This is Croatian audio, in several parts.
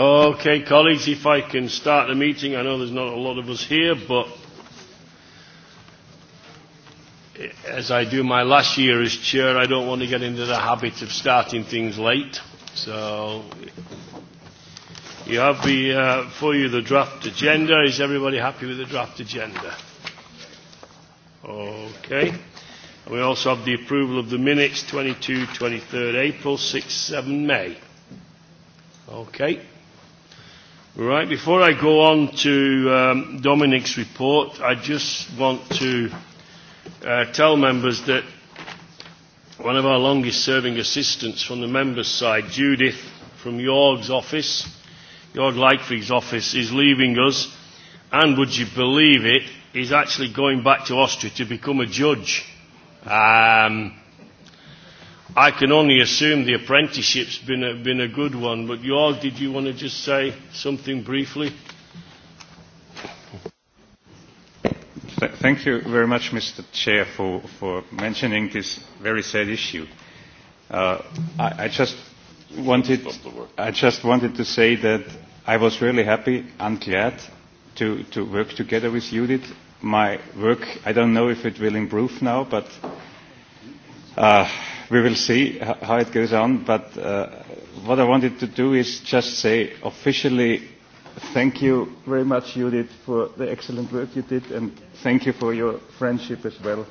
Okay, colleagues, if I can start the meeting, I know there's not a lot of us here, but as I do my last year as chair, I don't want to get into the habit of starting things late. So You have the uh, you the draft agenda. Is everybody happy with the draft agenda? Okay. And we also have the approval of the minutes 22, 23rd April, 6, 7 May. Okay. Right, before I go on to um, Dominic's report, I just want to uh, tell members that one of our longest serving assistants from the members' side, Judith from York's office, Jörg Leichfried's office is leaving us and would you believe it, is actually going back to Austria to become a judge. Um, I can only assume the apprenticeship's been a, been a good one, but Jorg, did you want to just say something briefly? thank you very much, Mr. Chair, for, for mentioning this very sad issue. Uh, I, I, just wanted, I just wanted to say that i was really happy and glad to, to work together with Judith. My work, I don't know if it will improve now, but uh, we will see how it goes on. But uh, what I wanted to do is just say officially thank you very much, Judith, for the excellent work you did, and thank you for your friendship as well.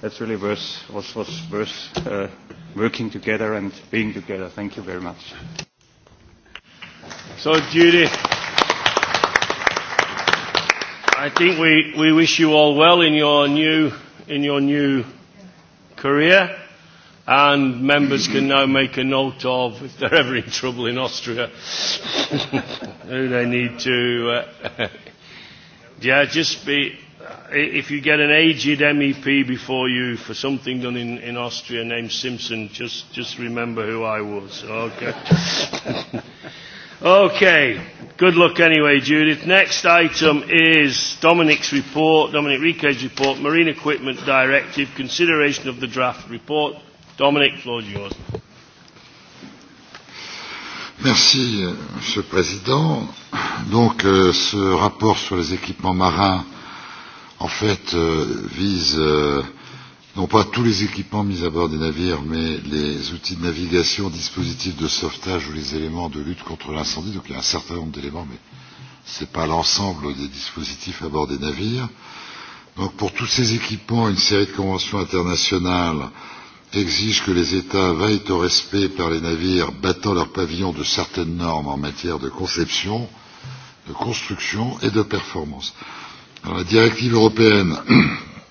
That's really worth, was, was worth uh, working together and being together. Thank you very much. So, Judy, I think we, we wish you all well in your new, in your new career. And members can now make a note of if they're ever in trouble in Austria, who they need to. Uh, yeah, just be. If you get an aged MEP before you for something done in, in Austria named Simpson, just, just remember who I was. Okay. Okay. Good luck anyway, Judith. Next item is Dominic's report, Dominic Rique's report, Marine Equipment Directive, consideration of the draft report. Dominic, floor is yours. Merci, euh, Monsieur le Président. Donc, euh, ce rapport sur les équipements marins, en fait, euh, vise euh, non pas tous les équipements mis à bord des navires, mais les outils de navigation, dispositifs de sauvetage ou les éléments de lutte contre l'incendie. Donc il y a un certain nombre d'éléments, mais ce n'est pas l'ensemble des dispositifs à bord des navires. Donc pour tous ces équipements, une série de conventions internationales exige que les États veillent au respect par les navires battant leur pavillon de certaines normes en matière de conception, de construction et de performance. Alors, la directive européenne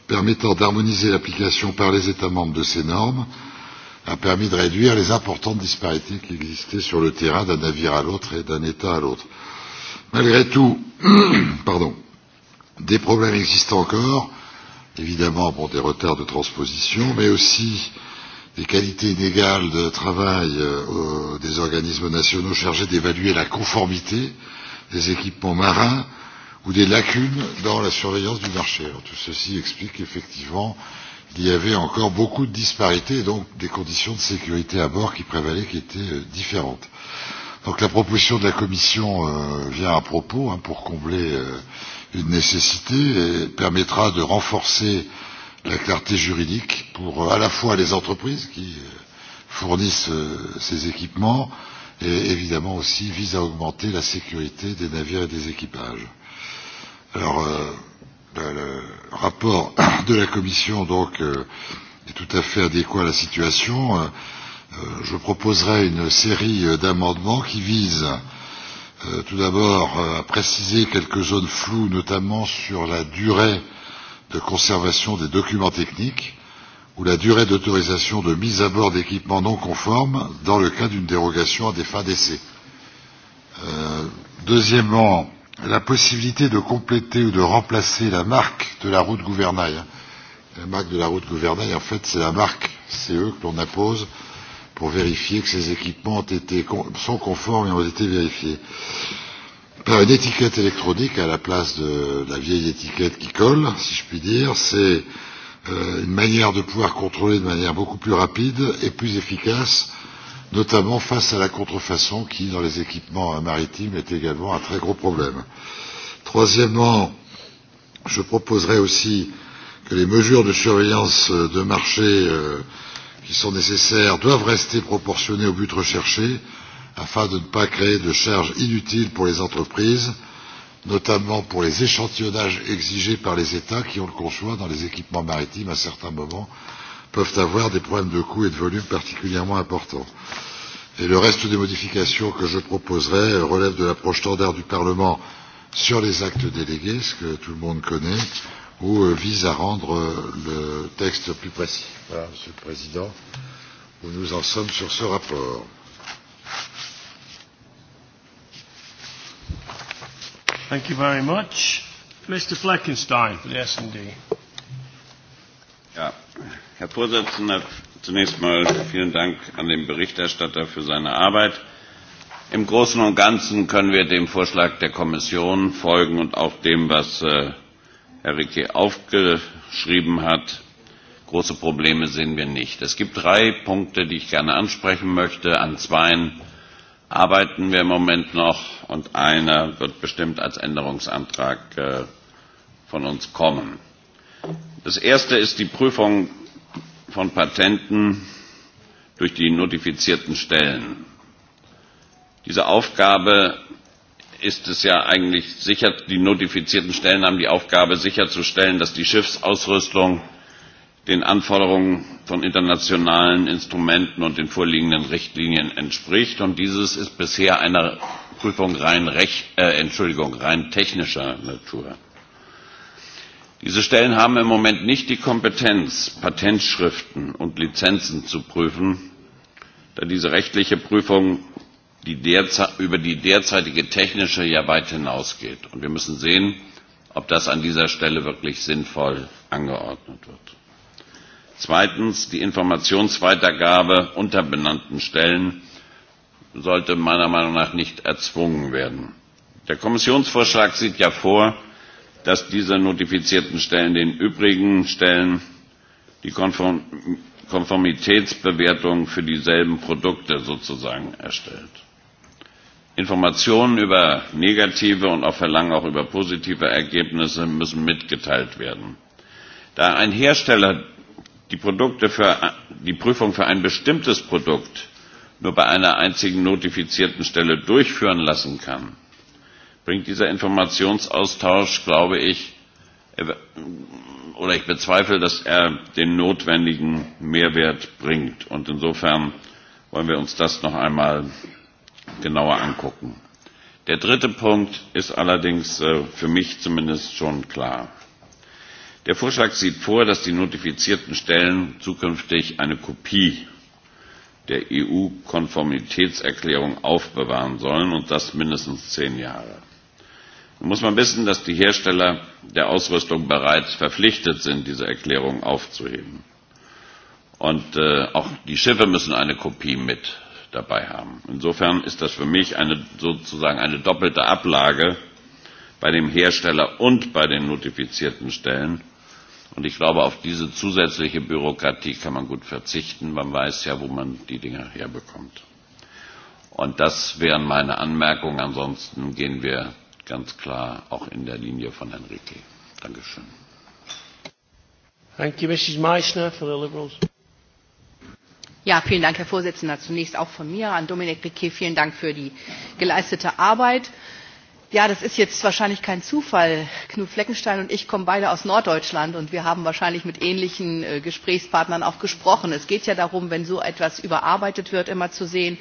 permettant d'harmoniser l'application par les États membres de ces normes a permis de réduire les importantes disparités qui existaient sur le terrain d'un navire à l'autre et d'un État à l'autre. Malgré tout, pardon, des problèmes existent encore, évidemment pour des retards de transposition, mais aussi des qualités inégales de travail euh, des organismes nationaux chargés d'évaluer la conformité des équipements marins ou des lacunes dans la surveillance du marché. Alors, tout ceci explique effectivement il y avait encore beaucoup de disparités et donc des conditions de sécurité à bord qui prévalaient, qui étaient euh, différentes. Donc la proposition de la Commission euh, vient à propos hein, pour combler euh, une nécessité et permettra de renforcer la clarté juridique pour euh, à la fois les entreprises qui euh, fournissent euh, ces équipements et évidemment aussi vise à augmenter la sécurité des navires et des équipages. Alors, euh, le, le rapport de la Commission, donc, euh, est tout à fait adéquat à la situation. Euh, euh je proposerai une série euh, d'amendements qui visent euh, tout d'abord à préciser quelques zones floues, notamment sur la durée de conservation des documents techniques ou la durée d'autorisation de mise à bord d'équipements non conformes dans le cas d'une dérogation à des fins d'essai. Euh, deuxièmement, la possibilité de compléter ou de remplacer la marque de la route gouvernail. La marque de la route gouvernail, en fait, c'est la marque CE que l'on impose pour vérifier que ces équipements ont été, sont conformes et ont été vérifiés. Par euh, une étiquette électronique à la place de la vieille étiquette qui colle, si je puis dire, c'est euh, une manière de pouvoir contrôler de manière beaucoup plus rapide et plus efficace notamment face à la contrefaçon qui, dans les équipements maritimes, est également un très gros problème. Troisièmement, je proposerai aussi que les mesures de surveillance de marché euh, qui sont nécessaires doivent rester proportionnées au but recherché afin de ne pas créer de charges inutiles pour les entreprises, notamment pour les échantillonnages exigés par les États qui ont le conçoit dans les équipements maritimes à certains moments peuvent avoir des problèmes de coût et de volume particulièrement importants. Et le reste des modifications que je proposerai relève de l'approche standard du Parlement sur les actes délégués, ce que tout le monde connaît, ou euh, vise à rendre euh, le texte plus précis. Voilà, Monsieur le Président, où nous en sommes sur ce rapport. Thank you very much. Mr. Fleckenstein for the S&D. Herr Vorsitzender, zunächst mal vielen Dank an den Berichterstatter für seine Arbeit. Im Großen und Ganzen können wir dem Vorschlag der Kommission folgen und auch dem, was äh, Herr Riquet aufgeschrieben hat. Große Probleme sehen wir nicht. Es gibt drei Punkte, die ich gerne ansprechen möchte. An zweien arbeiten wir im Moment noch und einer wird bestimmt als Änderungsantrag äh, von uns kommen. Das erste ist die Prüfung von Patenten durch die notifizierten Stellen. Diese Aufgabe ist es ja eigentlich sicher, die notifizierten Stellen haben die Aufgabe sicherzustellen, dass die Schiffsausrüstung den Anforderungen von internationalen Instrumenten und den vorliegenden Richtlinien entspricht. Und dieses ist bisher einer Prüfung rein, Rech, äh, Entschuldigung, rein technischer Natur. Diese Stellen haben im Moment nicht die Kompetenz, Patentschriften und Lizenzen zu prüfen, da diese rechtliche Prüfung die über die derzeitige technische ja weit hinausgeht. Und wir müssen sehen, ob das an dieser Stelle wirklich sinnvoll angeordnet wird. Zweitens, die Informationsweitergabe unter benannten Stellen sollte meiner Meinung nach nicht erzwungen werden. Der Kommissionsvorschlag sieht ja vor, dass diese notifizierten Stellen den übrigen Stellen die Konformitätsbewertung für dieselben Produkte sozusagen erstellt. Informationen über negative und auf Verlangen auch über positive Ergebnisse müssen mitgeteilt werden. Da ein Hersteller die, Produkte für, die Prüfung für ein bestimmtes Produkt nur bei einer einzigen notifizierten Stelle durchführen lassen kann, bringt dieser Informationsaustausch, glaube ich, äh, oder ich bezweifle, dass er den notwendigen Mehrwert bringt. Und insofern wollen wir uns das noch einmal genauer angucken. Der dritte Punkt ist allerdings äh, für mich zumindest schon klar. Der Vorschlag sieht vor, dass die notifizierten Stellen zukünftig eine Kopie der EU-Konformitätserklärung aufbewahren sollen und das mindestens zehn Jahre muss man wissen, dass die Hersteller der Ausrüstung bereits verpflichtet sind, diese Erklärung aufzuheben. Und äh, auch die Schiffe müssen eine Kopie mit dabei haben. Insofern ist das für mich eine, sozusagen eine doppelte Ablage bei dem Hersteller und bei den notifizierten Stellen. Und ich glaube, auf diese zusätzliche Bürokratie kann man gut verzichten. Man weiß ja, wo man die Dinger herbekommt. Und das wären meine Anmerkungen. Ansonsten gehen wir ganz klar auch in der Linie von Herrn Dankeschön. Thank you, the Liberals. Ja, vielen Dank, Herr Vorsitzender. Zunächst auch von mir an Dominik Riquet vielen Dank für die geleistete Arbeit. Ja, das ist jetzt wahrscheinlich kein Zufall. Knut Fleckenstein und ich kommen beide aus Norddeutschland und wir haben wahrscheinlich mit ähnlichen äh, Gesprächspartnern auch gesprochen. Es geht ja darum, wenn so etwas überarbeitet wird, immer zu sehen,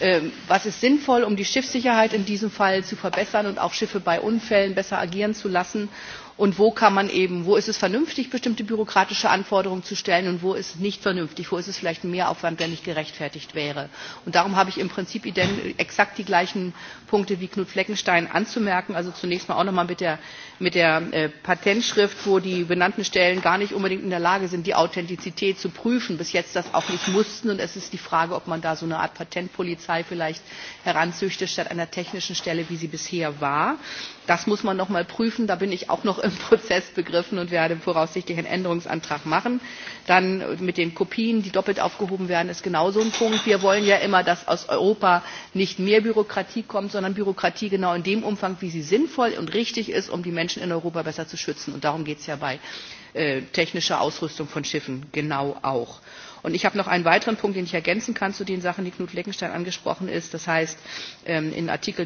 Ähm, was ist sinnvoll um die schiffssicherheit in diesem fall zu verbessern und auch schiffe bei unfällen besser agieren zu lassen und wo kann man eben wo ist es vernünftig bestimmte bürokratische anforderungen zu stellen und wo ist es nicht vernünftig wo ist es vielleicht ein mehraufwand der nicht gerechtfertigt wäre? Und darum habe ich im prinzip exakt die gleichen punkte wie knut fleckenstein anzumerken also zunächst mal auch noch einmal mit der mit der äh, patentschrift wo die benannten stellen gar nicht unbedingt in der lage sind die authentizität zu prüfen bis jetzt das auch nicht mussten und es ist die frage ob man da so eine art patentpolizei vielleicht heranzüchtet statt einer technischen stelle wie sie bisher war. das muss man noch mal prüfen da bin ich auch noch im prozess begriffen und werde voraussichtlich einen änderungsantrag machen. dann mit den kopien die doppelt aufgehoben werden ist genauso ein punkt. wir wollen ja immer dass aus europa nicht mehr bürokratie kommt sondern bürokratie genau in dem umfang wie sie sinnvoll und richtig ist um die menschen in europa besser zu schützen. Und darum geht es ja bei äh, technischer Ausrüstung von Schiffen genau auch. Und ich habe noch einen weiteren Punkt, den ich ergänzen kann zu den Sachen, die Knut Fleckenstein angesprochen ist. Das heißt, ähm, in Artikel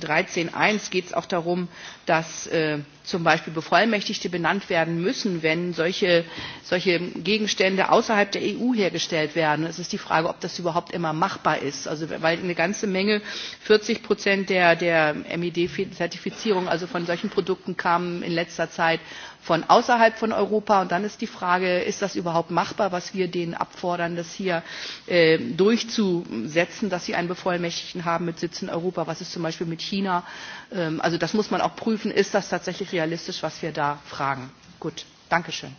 eins geht es auch darum, dass äh, zum Beispiel Bevollmächtigte benannt werden müssen, wenn solche, solche Gegenstände außerhalb der EU hergestellt werden. Es ist die Frage, ob das überhaupt immer machbar ist. Also, weil eine ganze Menge, 40 Prozent der, der MED-Zertifizierung, also von solchen Produkten kamen in letzter Zeit von außerhalb von Europa. Und dann ist die Frage, ist das überhaupt machbar, was wir denen abfordern, das hier äh, durchzusetzen, dass sie einen Bevollmächtigten haben mit Sitz in Europa? Was ist zum Beispiel mit China? Ähm, also das muss man auch prüfen, ist das tatsächlich realistisch, was wir da fragen. Gut, danke schön.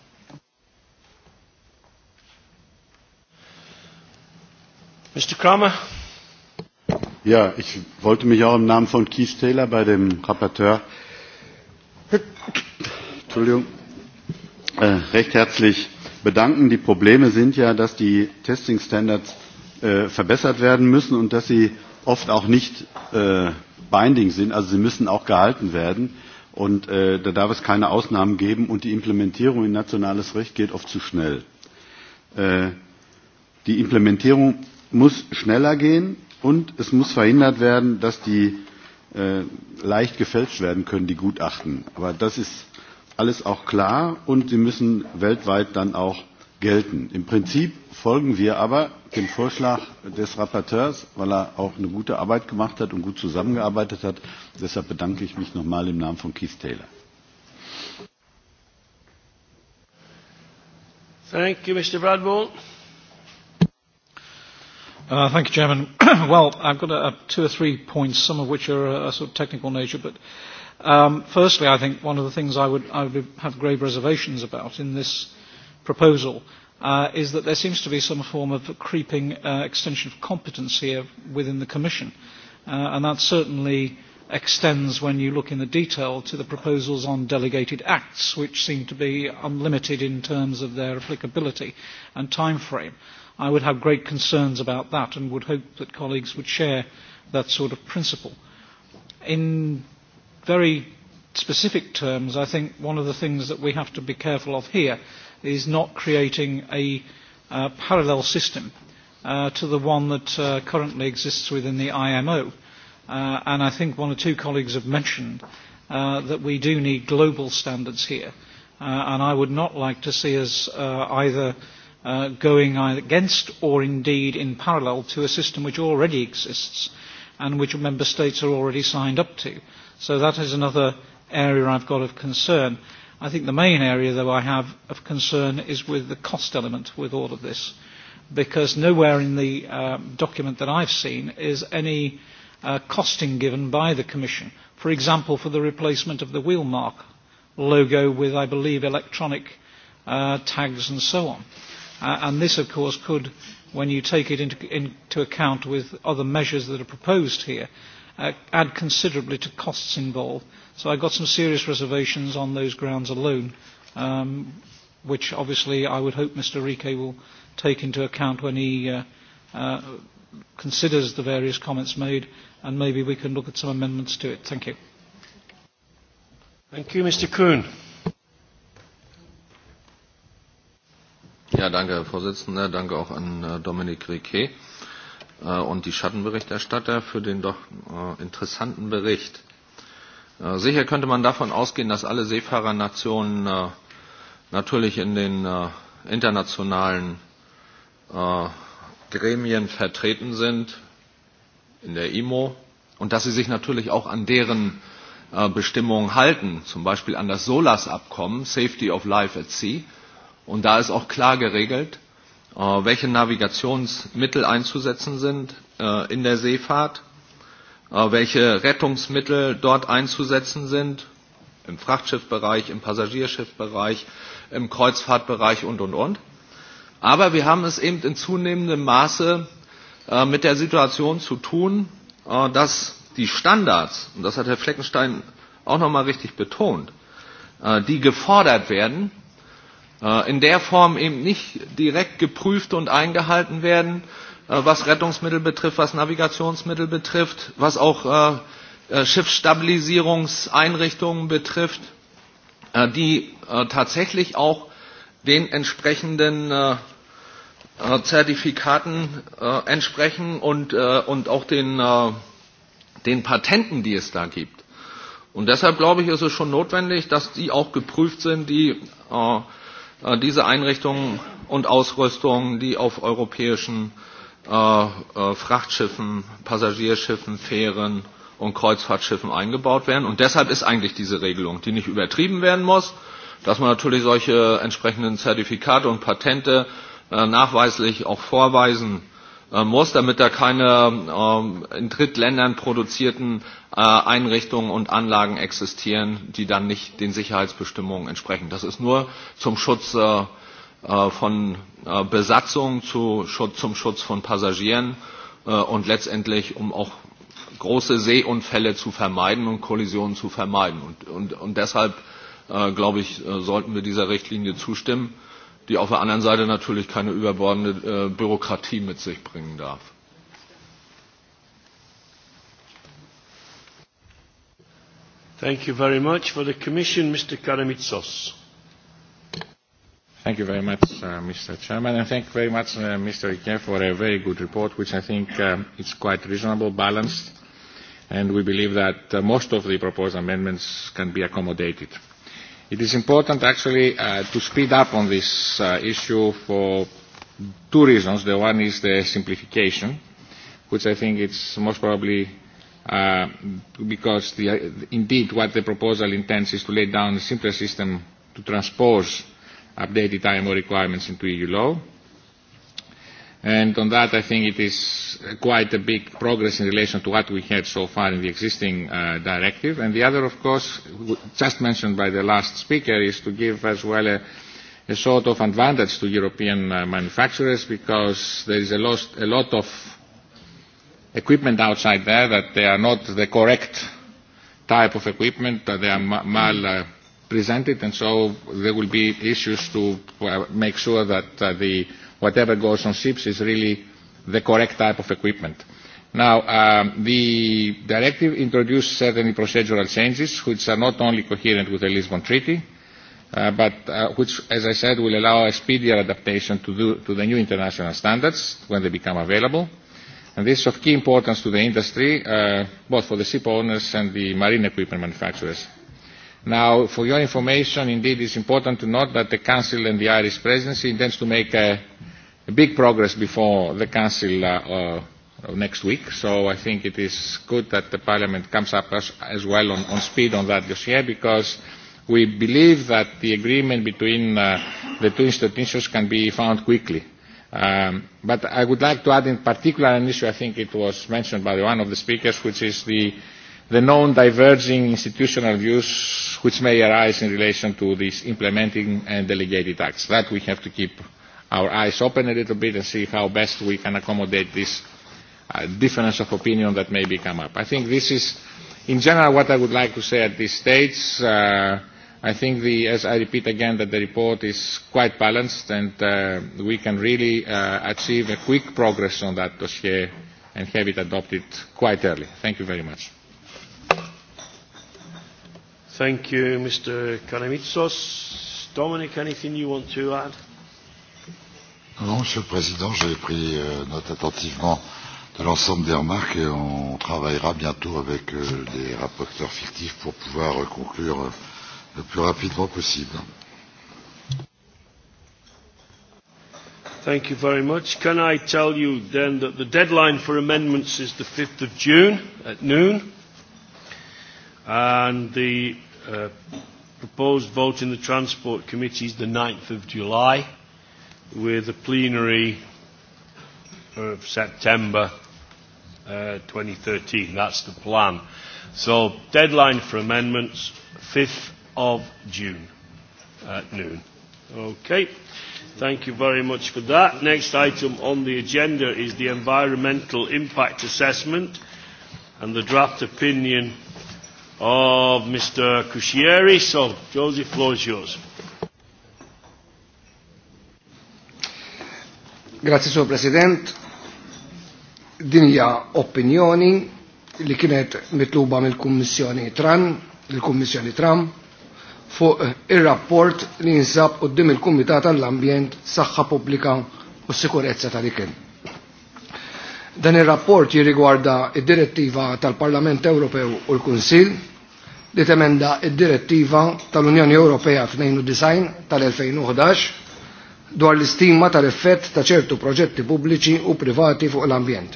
Mr. Kramer. Ja, ich wollte mich auch im Namen von Keith Taylor bei dem Rapporteur Entschuldigung, äh, recht herzlich bedanken. Die Probleme sind ja, dass die Testing Standards äh, verbessert werden müssen und dass sie oft auch nicht äh, binding sind, also sie müssen auch gehalten werden und äh, da darf es keine Ausnahmen geben und die Implementierung in nationales Recht geht oft zu schnell. Äh, die Implementierung muss schneller gehen und es muss verhindert werden, dass die äh, leicht gefälscht werden können, die Gutachten. Aber das ist alles auch klar und sie müssen weltweit dann auch gelten. Im Prinzip folgen wir aber dem Vorschlag des Rapporteurs, weil er auch eine gute Arbeit gemacht hat und gut zusammengearbeitet hat. Deshalb bedanke ich mich nochmal im Namen von Keith Taylor. Thank you, Mr. Bradbourne. Uh, thank you, Chairman. well, I've got a, a two or three points, some of which are a, uh, a sort of technical nature, but um, firstly, I think one of the things I would, I would have grave reservations about in this proposal uh, is that there seems to be some form of creeping uh, extension of competence here within the Commission. Uh, and that certainly extends, when you look in the detail, to the proposals on delegated acts, which seem to be unlimited in terms of their applicability and time frame. I would have great concerns about that and would hope that colleagues would share that sort of principle. In very specific terms, I think one of the things that we have to be careful of here is not creating a uh, parallel system uh, to the one that uh, currently exists within the IMO. and I think one or two colleagues have mentioned that we do need global standards here. and I would not like to see us either going against or indeed in parallel to a system which already exists and which member states are already signed up to. So that is another area I've got of concern. I think the main area, though, I have of concern is with the cost element with all of this, because nowhere in the um, document that I've seen is any uh, costing given by the Commission. For example, for the replacement of the wheelmark logo with, I believe, electronic uh, tags and so on. Uh, and this, of course, could, when you take it into, into account with other measures that are proposed here, uh, add considerably to costs involved So I got some serious reservations on those grounds alone, um, which obviously I would hope Mr. Rike will take into account when he uh, uh, considers the various comments made, and maybe we can look at some amendments to it. Thank you. Thank you, Mr. Kuhn. Ja, danke, Herr Vorsitzender. Danke auch an äh, Dominik Riquet äh, und die Schattenberichterstatter für den doch äh, interessanten Bericht. Äh, sicher könnte man davon ausgehen, dass alle Seefahrernationen äh, natürlich in den äh, internationalen Gremien vertreten sind, in der IMO, und dass sie sich natürlich auch an deren Bestimmungen halten, zum Beispiel an das SOLAS-Abkommen, Safety of Life at Sea. Und da ist auch klar geregelt, welche Navigationsmittel einzusetzen sind in der Seefahrt Äh, welche Rettungsmittel dort einzusetzen sind, im Frachtschiffbereich, im Passagierschiffbereich, im Kreuzfahrtbereich und, und, und. Aber wir haben es eben in zunehmendem Maße äh, mit der Situation zu tun, äh, dass die Standards, und das hat Herr Fleckenstein auch nochmal richtig betont, die gefordert werden, in der Form eben nicht direkt geprüft und eingehalten werden, Äh, was Rettungsmittel betrifft, was Navigationsmittel betrifft, was auch äh, äh, Schiffsstabilisierungseinrichtungen betrifft, die tatsächlich auch den entsprechenden Zertifikaten entsprechen und, auch den, den Patenten, die es da gibt. Und deshalb glaube ich, ist es schon notwendig, dass die auch geprüft sind, die, diese Einrichtungen und Ausrüstungen, die auf europäischen Äh, äh, Frachtschiffen, Passagierschiffen, Fähren und Kreuzfahrtschiffen eingebaut werden. Und deshalb ist eigentlich diese Regelung, die nicht übertrieben werden muss, dass man natürlich solche entsprechenden Zertifikate und Patente äh, nachweislich auch vorweisen muss, damit da keine ähm, in Drittländern produzierten Einrichtungen und Anlagen existieren, die dann nicht den Sicherheitsbestimmungen entsprechen. Das ist nur zum Schutz Äh, von äh, Besatzung zu, zum Schutz von Passagieren äh, und letztendlich um auch große Seeunfälle zu vermeiden und Kollisionen zu vermeiden. Und, und, und deshalb, glaube ich, sollten wir dieser Richtlinie zustimmen, die auf der anderen Seite natürlich keine überbordende Bürokratie mit sich bringen darf. Thank you very much for the Commission, Mr. Karamitsos. Thank you very much, uh, Mr. Chairman, and thank you very much, uh, Mr. Ike, for a very good report, which I think um, uh, is quite reasonable, balanced, and we believe that uh, most of the proposed amendments can be accommodated. It is important, actually, uh, to speed up on this uh, issue for two reasons. The one is the simplification, which I think is most probably uh, because, the, uh, indeed, what the proposal intends is to lay down a simpler system to transpose updated IMO requirements into EU law. And on that, I think it is quite a big progress in relation to what we had so far in the existing uh, directive. And the other, of course, just mentioned by the last speaker, is to give as well a, sort of advantage to European uh, manufacturers because there is a, lost, a lot of equipment outside there that they are not the correct type of equipment, that they are mal. Uh, presented and so there will be issues to uh, make sure that uh, the whatever goes on ships is really the correct type of equipment. Now, um, the directive introduced certain procedural changes which are not only coherent with the Lisbon Treaty, uh, but which, as I said, will allow a speedier adaptation to, the new international standards when they become available. And this is of key importance to the industry, both for the ship owners and the marine equipment manufacturers Now, for your information, indeed, it is important to note that the Council and the Irish Presidency intends to make a, big progress before the Council uh, uh, next week. So I think it is good that the Parliament comes up as, well on, on speed on that dossier because we believe that the agreement between uh, the two institutions can be found quickly. Um, but I would like to add in particular an issue I think it was mentioned by one of the speakers, which is the the known diverging institutional views which may arise in relation to these implementing and delegated acts. That we have to keep our eyes open a little bit and see how best we can accommodate this uh, difference of opinion that may come up. I think this is, in general, what I would like to say at this stage. Uh, I think, the, as I repeat again, that the report is quite balanced and uh, we can really achieve a quick progress on that dossier and have it adopted quite early. Thank you very much. Thank you, Mr. Kanemitsos. Dominic, anything you want to add? Non, Monsieur le Président, j'ai pris euh, note attentivement de l'ensemble des remarques et on travaillera bientôt avec euh, des rapporteurs fictifs pour pouvoir euh, conclure le plus rapidement possible. Thank you very much. Can I tell you then that the deadline for amendments is the 5th of June at noon and the Uh, proposed vote in the Transport Committee is the 9th of July, with the plenary of September uh, 2013. That's the plan. So, deadline for amendments, 5th of June at noon. Okay. Thank you very much for that. Next item on the agenda is the environmental impact assessment and the draft opinion of Mr. Cuscieri. So, Josie, floor is yours. Grazie, Sur President. Dinja opinioni li kienet mitluba mill-Kummissjoni Tran, il-Kummissjoni Tram, fuq eh, ir-rapport li jinsab qudiem il-Kumitat tal-Ambjent, Saħħa Pubblika u Sikurezza tal Dan ir-rapport riguarda id-direttiva tal-Parlament Ewropew u l kunsil li temenda id-direttiva tal-Unjoni Ewropea design tal-2011 dwar l-istima tal-effett ta' ċertu proġetti pubbliċi u privati fuq l-ambjent.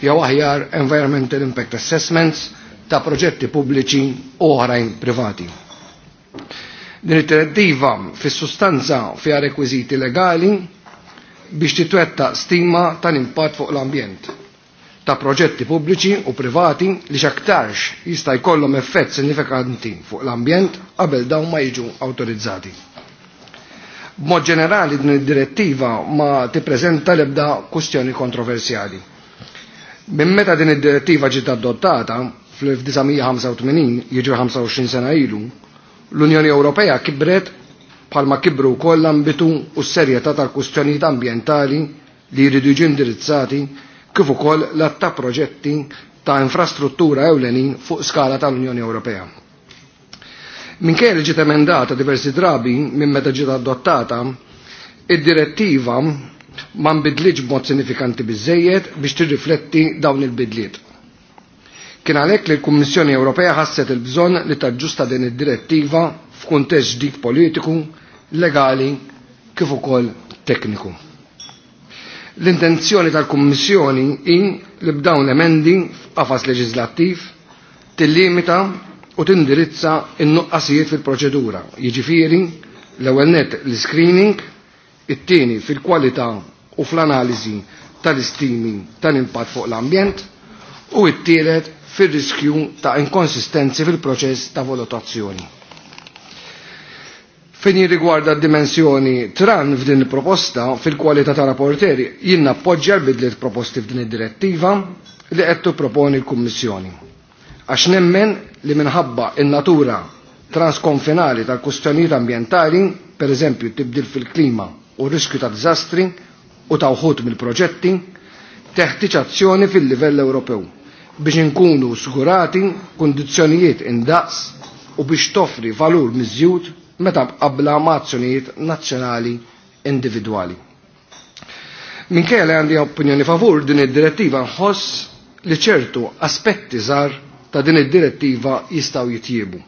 Jew aħjar Environmental Impact Assessments ta' proġetti pubbliċi u oħrajn privati. Din id direttiva fis-sustanza fiha rekwiżiti legali biex titwetta stima tal-impatt fuq l-ambjent ta' proġetti pubbliċi u privati li xaktarx jista' jkollhom effett sinifikanti fuq l-ambjent qabel dawn ma jiġu awtorizzati. B'mod ġenerali din id-direttiva ma tippreżenta l-ebda kwistjoni kontroversjali. Minn meta din id-direttiva ġiet adottata fl-1985 jiġu 25 sena ilu, l-Unjoni Ewropea kibret bħalma kibru wkoll l-ambitu u s-serjetà tal-kwistjonijiet ambjentali li jridu jiġu indirizzati kif ukoll l-atta proġetti ta' infrastruttura ewlenin fuq skala tal-Unjoni Ewropea. Min kien ġiet emendata diversi drabi minn meta ġiet adottata, id-direttiva ma nbidliġ b'mod sinifikanti biżejjed biex tirrifletti dawn il-bidliet. Kien għalhekk li l-Kummissjoni Ewropea ħasset il-bżonn li taġġusta din id-direttiva f'kuntest ġdid politiku, legali kif ukoll tekniku. L-intenzjoni tal-Kummissjoni in li b'dawn emendi f'qafas leġislattiv tillimita u tindirizza in-nuqqasijiet fil-proċedura, jiġifieri l-ewwel net l-screening, it-tieni fil-kwalità u fl-analiżi tal-istimi tal-impatt fuq l-ambjent u it-tielet riskju ta' inkonsistenzi fil-proċess ta' valutazzjoni fejn jirrigwarda d-dimensjoni tran f'din proposta fil-kwalità ta' rapporteri jien nappoġġja l-bidliet proposti f'din id-direttiva li qed proponi l-Kummissjoni. Għax nemmen li minħabba in-natura transkonfinali tal-kustjonijiet ambientali, per eżempju tibdil fil-klima u riskju ta' diżastri u ta' uħut mill-proġetti, teħtieġ azzjoni fil-livell Ewropew biex inkunu sigurati kundizzjonijiet indaqs u biex toffri valur miżjud meta mqabbla mazzjonijiet nazzjonali individwali. Minkejja li għandi opinjoni favur din id-direttiva nħoss li ċertu aspetti żgħar ta' din id-direttiva jistgħu jitjiebu.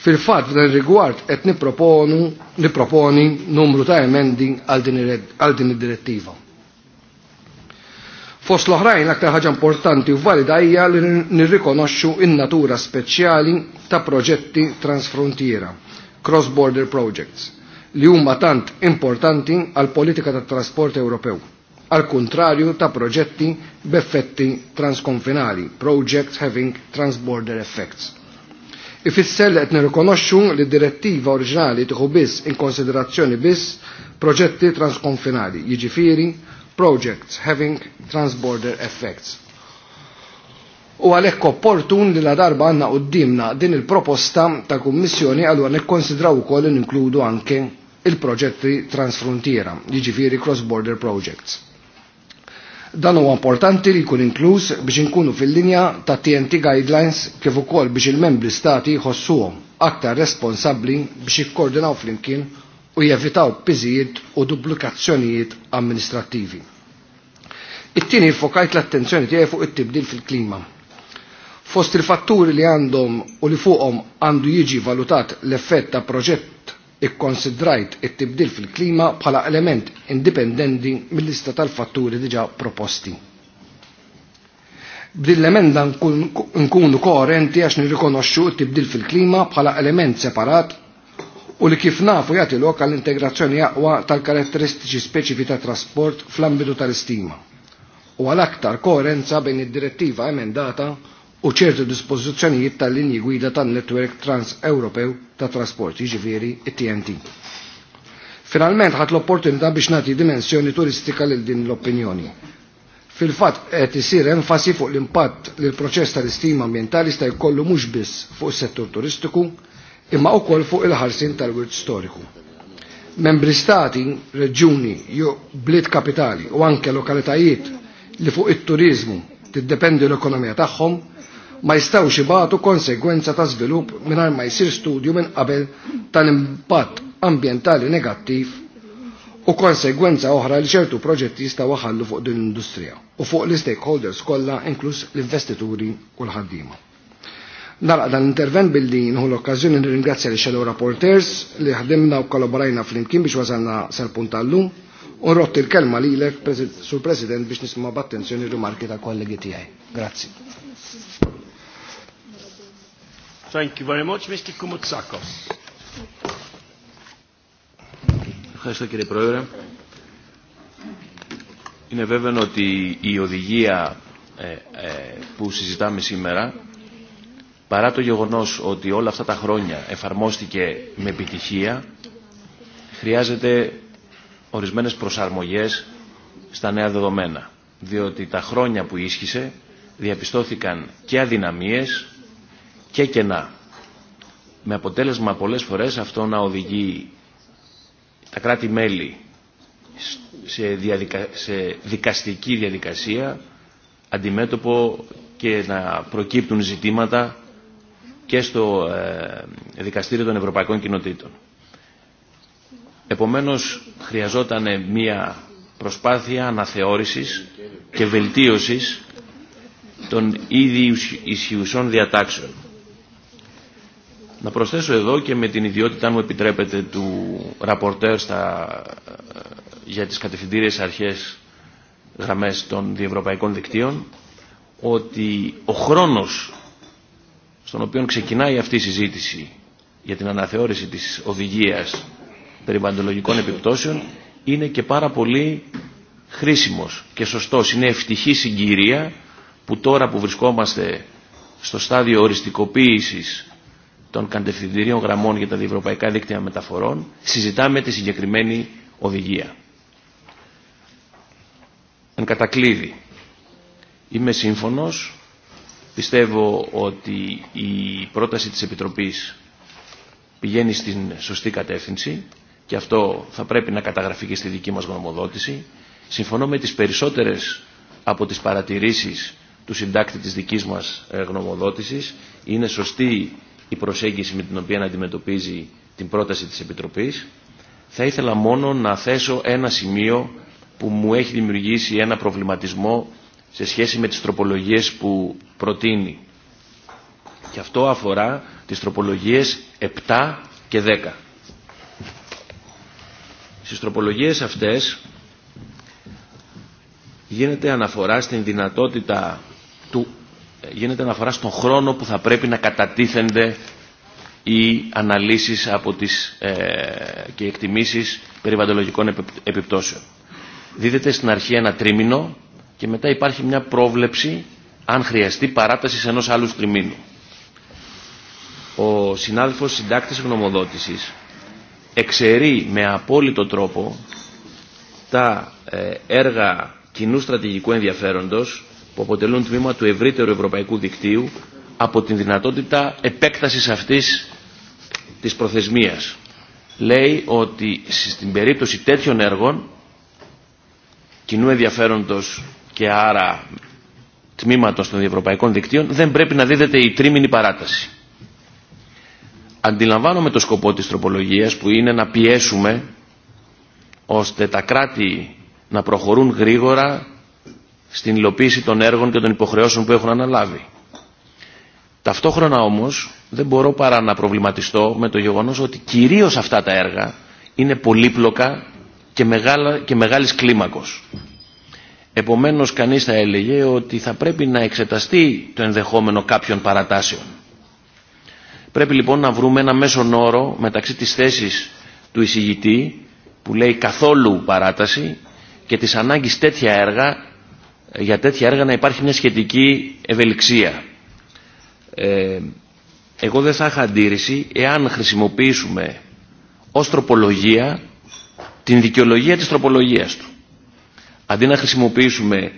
Fil-fatt f'dan rigward qed niproponu nipproponi numru ta' emendi għal din id-direttiva. Fost l-oħrajn aktar ħaġa importanti u valida hija li nirrikonoxxu in-natura speċjali ta' proġetti transfrontiera cross-border projects li huma tant importanti għal politika tat trasport europeu, għal kuntrarju ta' proġetti b'effetti transkonfinali, projects having transborder effects. Ifisser et qed nirrikonoxxu li direttiva oriġinali tieħu biss in konsiderazzjoni bis proġetti transkonfinali, jiġifieri projects having transborder effects u għalhekk opportun li la darba għandna qudiemna din il-proposta ta' kummissjoni għalwa nikkonsidraw ukoll inkludu anke il-proġetti transfrontiera, jiġifieri cross-border projects. Dan huwa importanti li jkun inkluż biex inkunu fil-linja ta' TNT guidelines kif ukoll biex il-membri stati jħossuhom aktar responsabbli biex jikkoordinaw flimkien u jevitaw piżijiet u duplikazzjonijiet amministrattivi. It-tieni fokajt l-attenzjoni tiegħi fuq it-tibdil fil-klima fost il-fatturi li għandhom u li fuqhom għandu jiġi valutat l-effett ta' proġett ikkonsidrajt e it-tibdil fil-klima bħala element indipendenti mill-lista tal-fatturi diġa proposti. B'din l-emenda nkunu koherenti għax nirrikonoxxu t-tibdil fil-klima bħala element separat u li kif nafu jagħti lok għall-integrazzjoni aqwa tal-karatteristiċi speċifi ta' trasport fl-ambitu tal-istima u għal aktar koerenza bejn id-direttiva emendata u ċertu dispożizzjonijiet tal-linji gwida tan-netwerk trans-Ewropew ta' trasporti ġifiri tnt e Finalment ħat l-opportunità biex nagħti dimensjoni turistika lil din l-opinjoni. Fil-fatt qed isir enfasi fuq l-impatt li l-proċess tal-istima ambjentali sta jkollu mhux biss fuq is-settur turistiku, imma wkoll fuq il-ħarsin tal-wirt storiku. Membri stati, reġuni, jew bliet kapitali u anke lokalitajiet li fuq it-turizmu tiddependi l-ekonomija tagħhom ma jistgħux ibatu konsegwenza ta' żvilupp mingħajr ma jsir studju minn qabel tal-impatt ambjentali negattiv u konsegwenza oħra li ċertu proġetti jistgħu ħallu fuq din l-industrija u fuq l-stakeholders kollha inkluż l-investituri u l-ħaddiema. Naraq dan l-intervent billi nħu l okkażjoni nirringrazzja li shadow rapporters li ħdimna u kollaborajna fl-imkien biex wasalna sal-punt tal-lum u rotti l'kelma kelma li sur president biex nisma b'attenzjoni r-rimarki ta' kollegi tiegħi. Grazzi. Thank you very much, Mr. Ευχαριστώ κύριε Πρόεδρε. Είναι βέβαιο ότι η οδηγία ε, ε, που συζητάμε σήμερα, παρά το γεγονός ότι όλα αυτά τα χρόνια εφαρμόστηκε με επιτυχία, χρειάζεται ορισμένες προσαρμογές στα νέα δεδομένα. Διότι τα χρόνια που ίσχυσε διαπιστώθηκαν και αδυναμίες και κενά. Με αποτέλεσμα πολλές φορές αυτό να οδηγεί τα κράτη-μέλη σε, διαδικα... σε δικαστική διαδικασία αντιμέτωπο και να προκύπτουν ζητήματα και στο ε, Δικαστήριο των Ευρωπαϊκών Κοινοτήτων. Επομένως, χρειαζόταν μία προσπάθεια αναθεώρησης και βελτίωσης των ήδη ισχυουσών διατάξεων. Να προσθέσω εδώ και με την ιδιότητά μου επιτρέπεται του ραπορτέρ στα, για τις κατευθυντήριες αρχές γραμμές των διευρωπαϊκών δικτύων ότι ο χρόνος στον οποίο ξεκινάει αυτή η συζήτηση για την αναθεώρηση της οδηγίας περιβαντολογικών επιπτώσεων είναι και πάρα πολύ χρήσιμος και σωστός. Είναι ευτυχή συγκυρία που τώρα που βρισκόμαστε στο στάδιο οριστικοποίησης των κατευθυντηρίων γραμμών για τα διευρωπαϊκά δίκτυα μεταφορών, συζητάμε τη συγκεκριμένη οδηγία. Εν κατακλείδη, είμαι σύμφωνος, πιστεύω ότι η πρόταση της Επιτροπής πηγαίνει στην σωστή κατεύθυνση και αυτό θα πρέπει να καταγραφεί και στη δική μας γνωμοδότηση. Συμφωνώ με τις περισσότερες από τις παρατηρήσεις του συντάκτη της δικής μας γνωμοδότησης. Είναι σωστή η προσέγγιση με την οποία αντιμετωπίζει την πρόταση της Επιτροπής. Θα ήθελα μόνο να θέσω ένα σημείο που μου έχει δημιουργήσει ένα προβληματισμό σε σχέση με τις τροπολογίες που προτείνει. Και αυτό αφορά τις τροπολογίες 7 και 10. Στις τροπολογίες αυτές γίνεται αναφορά στην δυνατότητα του γίνεται αναφορά στον χρόνο που θα πρέπει να κατατίθενται οι αναλύσεις από τις, ε, και εκτιμήσεις περιβαλλοντολογικών επιπτώσεων. Δίδεται στην αρχή ένα τρίμηνο και μετά υπάρχει μια πρόβλεψη αν χρειαστεί παράταση ενός άλλου τριμήνου. Ο συνάδελφος συντάκτης γνωμοδότησης εξαιρεί με απόλυτο τρόπο τα έργα κοινού στρατηγικού ενδιαφέροντος που αποτελούν τμήμα του ευρύτερου ευρωπαϊκού δικτύου από την δυνατότητα επέκτασης αυτής της προθεσμίας. Λέει ότι στην περίπτωση τέτοιων έργων κοινού ενδιαφέροντος και άρα τμήματος των ευρωπαϊκών δικτύων δεν πρέπει να δίδεται η τρίμηνη παράταση. Αντιλαμβάνομαι το σκοπό της τροπολογίας που είναι να πιέσουμε ώστε τα κράτη να προχωρούν γρήγορα στην υλοποίηση των έργων και των υποχρεώσεων που έχουν αναλάβει. Ταυτόχρονα όμως δεν μπορώ παρά να προβληματιστώ με το γεγονός ότι κυρίως αυτά τα έργα είναι πολύπλοκα και, μεγάλα, και μεγάλης κλίμακος. Επομένως κανείς θα έλεγε ότι θα πρέπει να εξεταστεί το ενδεχόμενο κάποιων παρατάσεων. Πρέπει λοιπόν να βρούμε ένα μέσο όρο μεταξύ της θέσης του εισηγητή που λέει καθόλου παράταση και της ανάγκης τέτοια έργα για τέτοια έργα να υπάρχει μια σχετική ευελιξία. Ε, εγώ δεν θα είχα αντίρρηση εάν χρησιμοποιήσουμε ως τροπολογία την δικαιολογία της τροπολογίας του. Αντί να χρησιμοποιήσουμε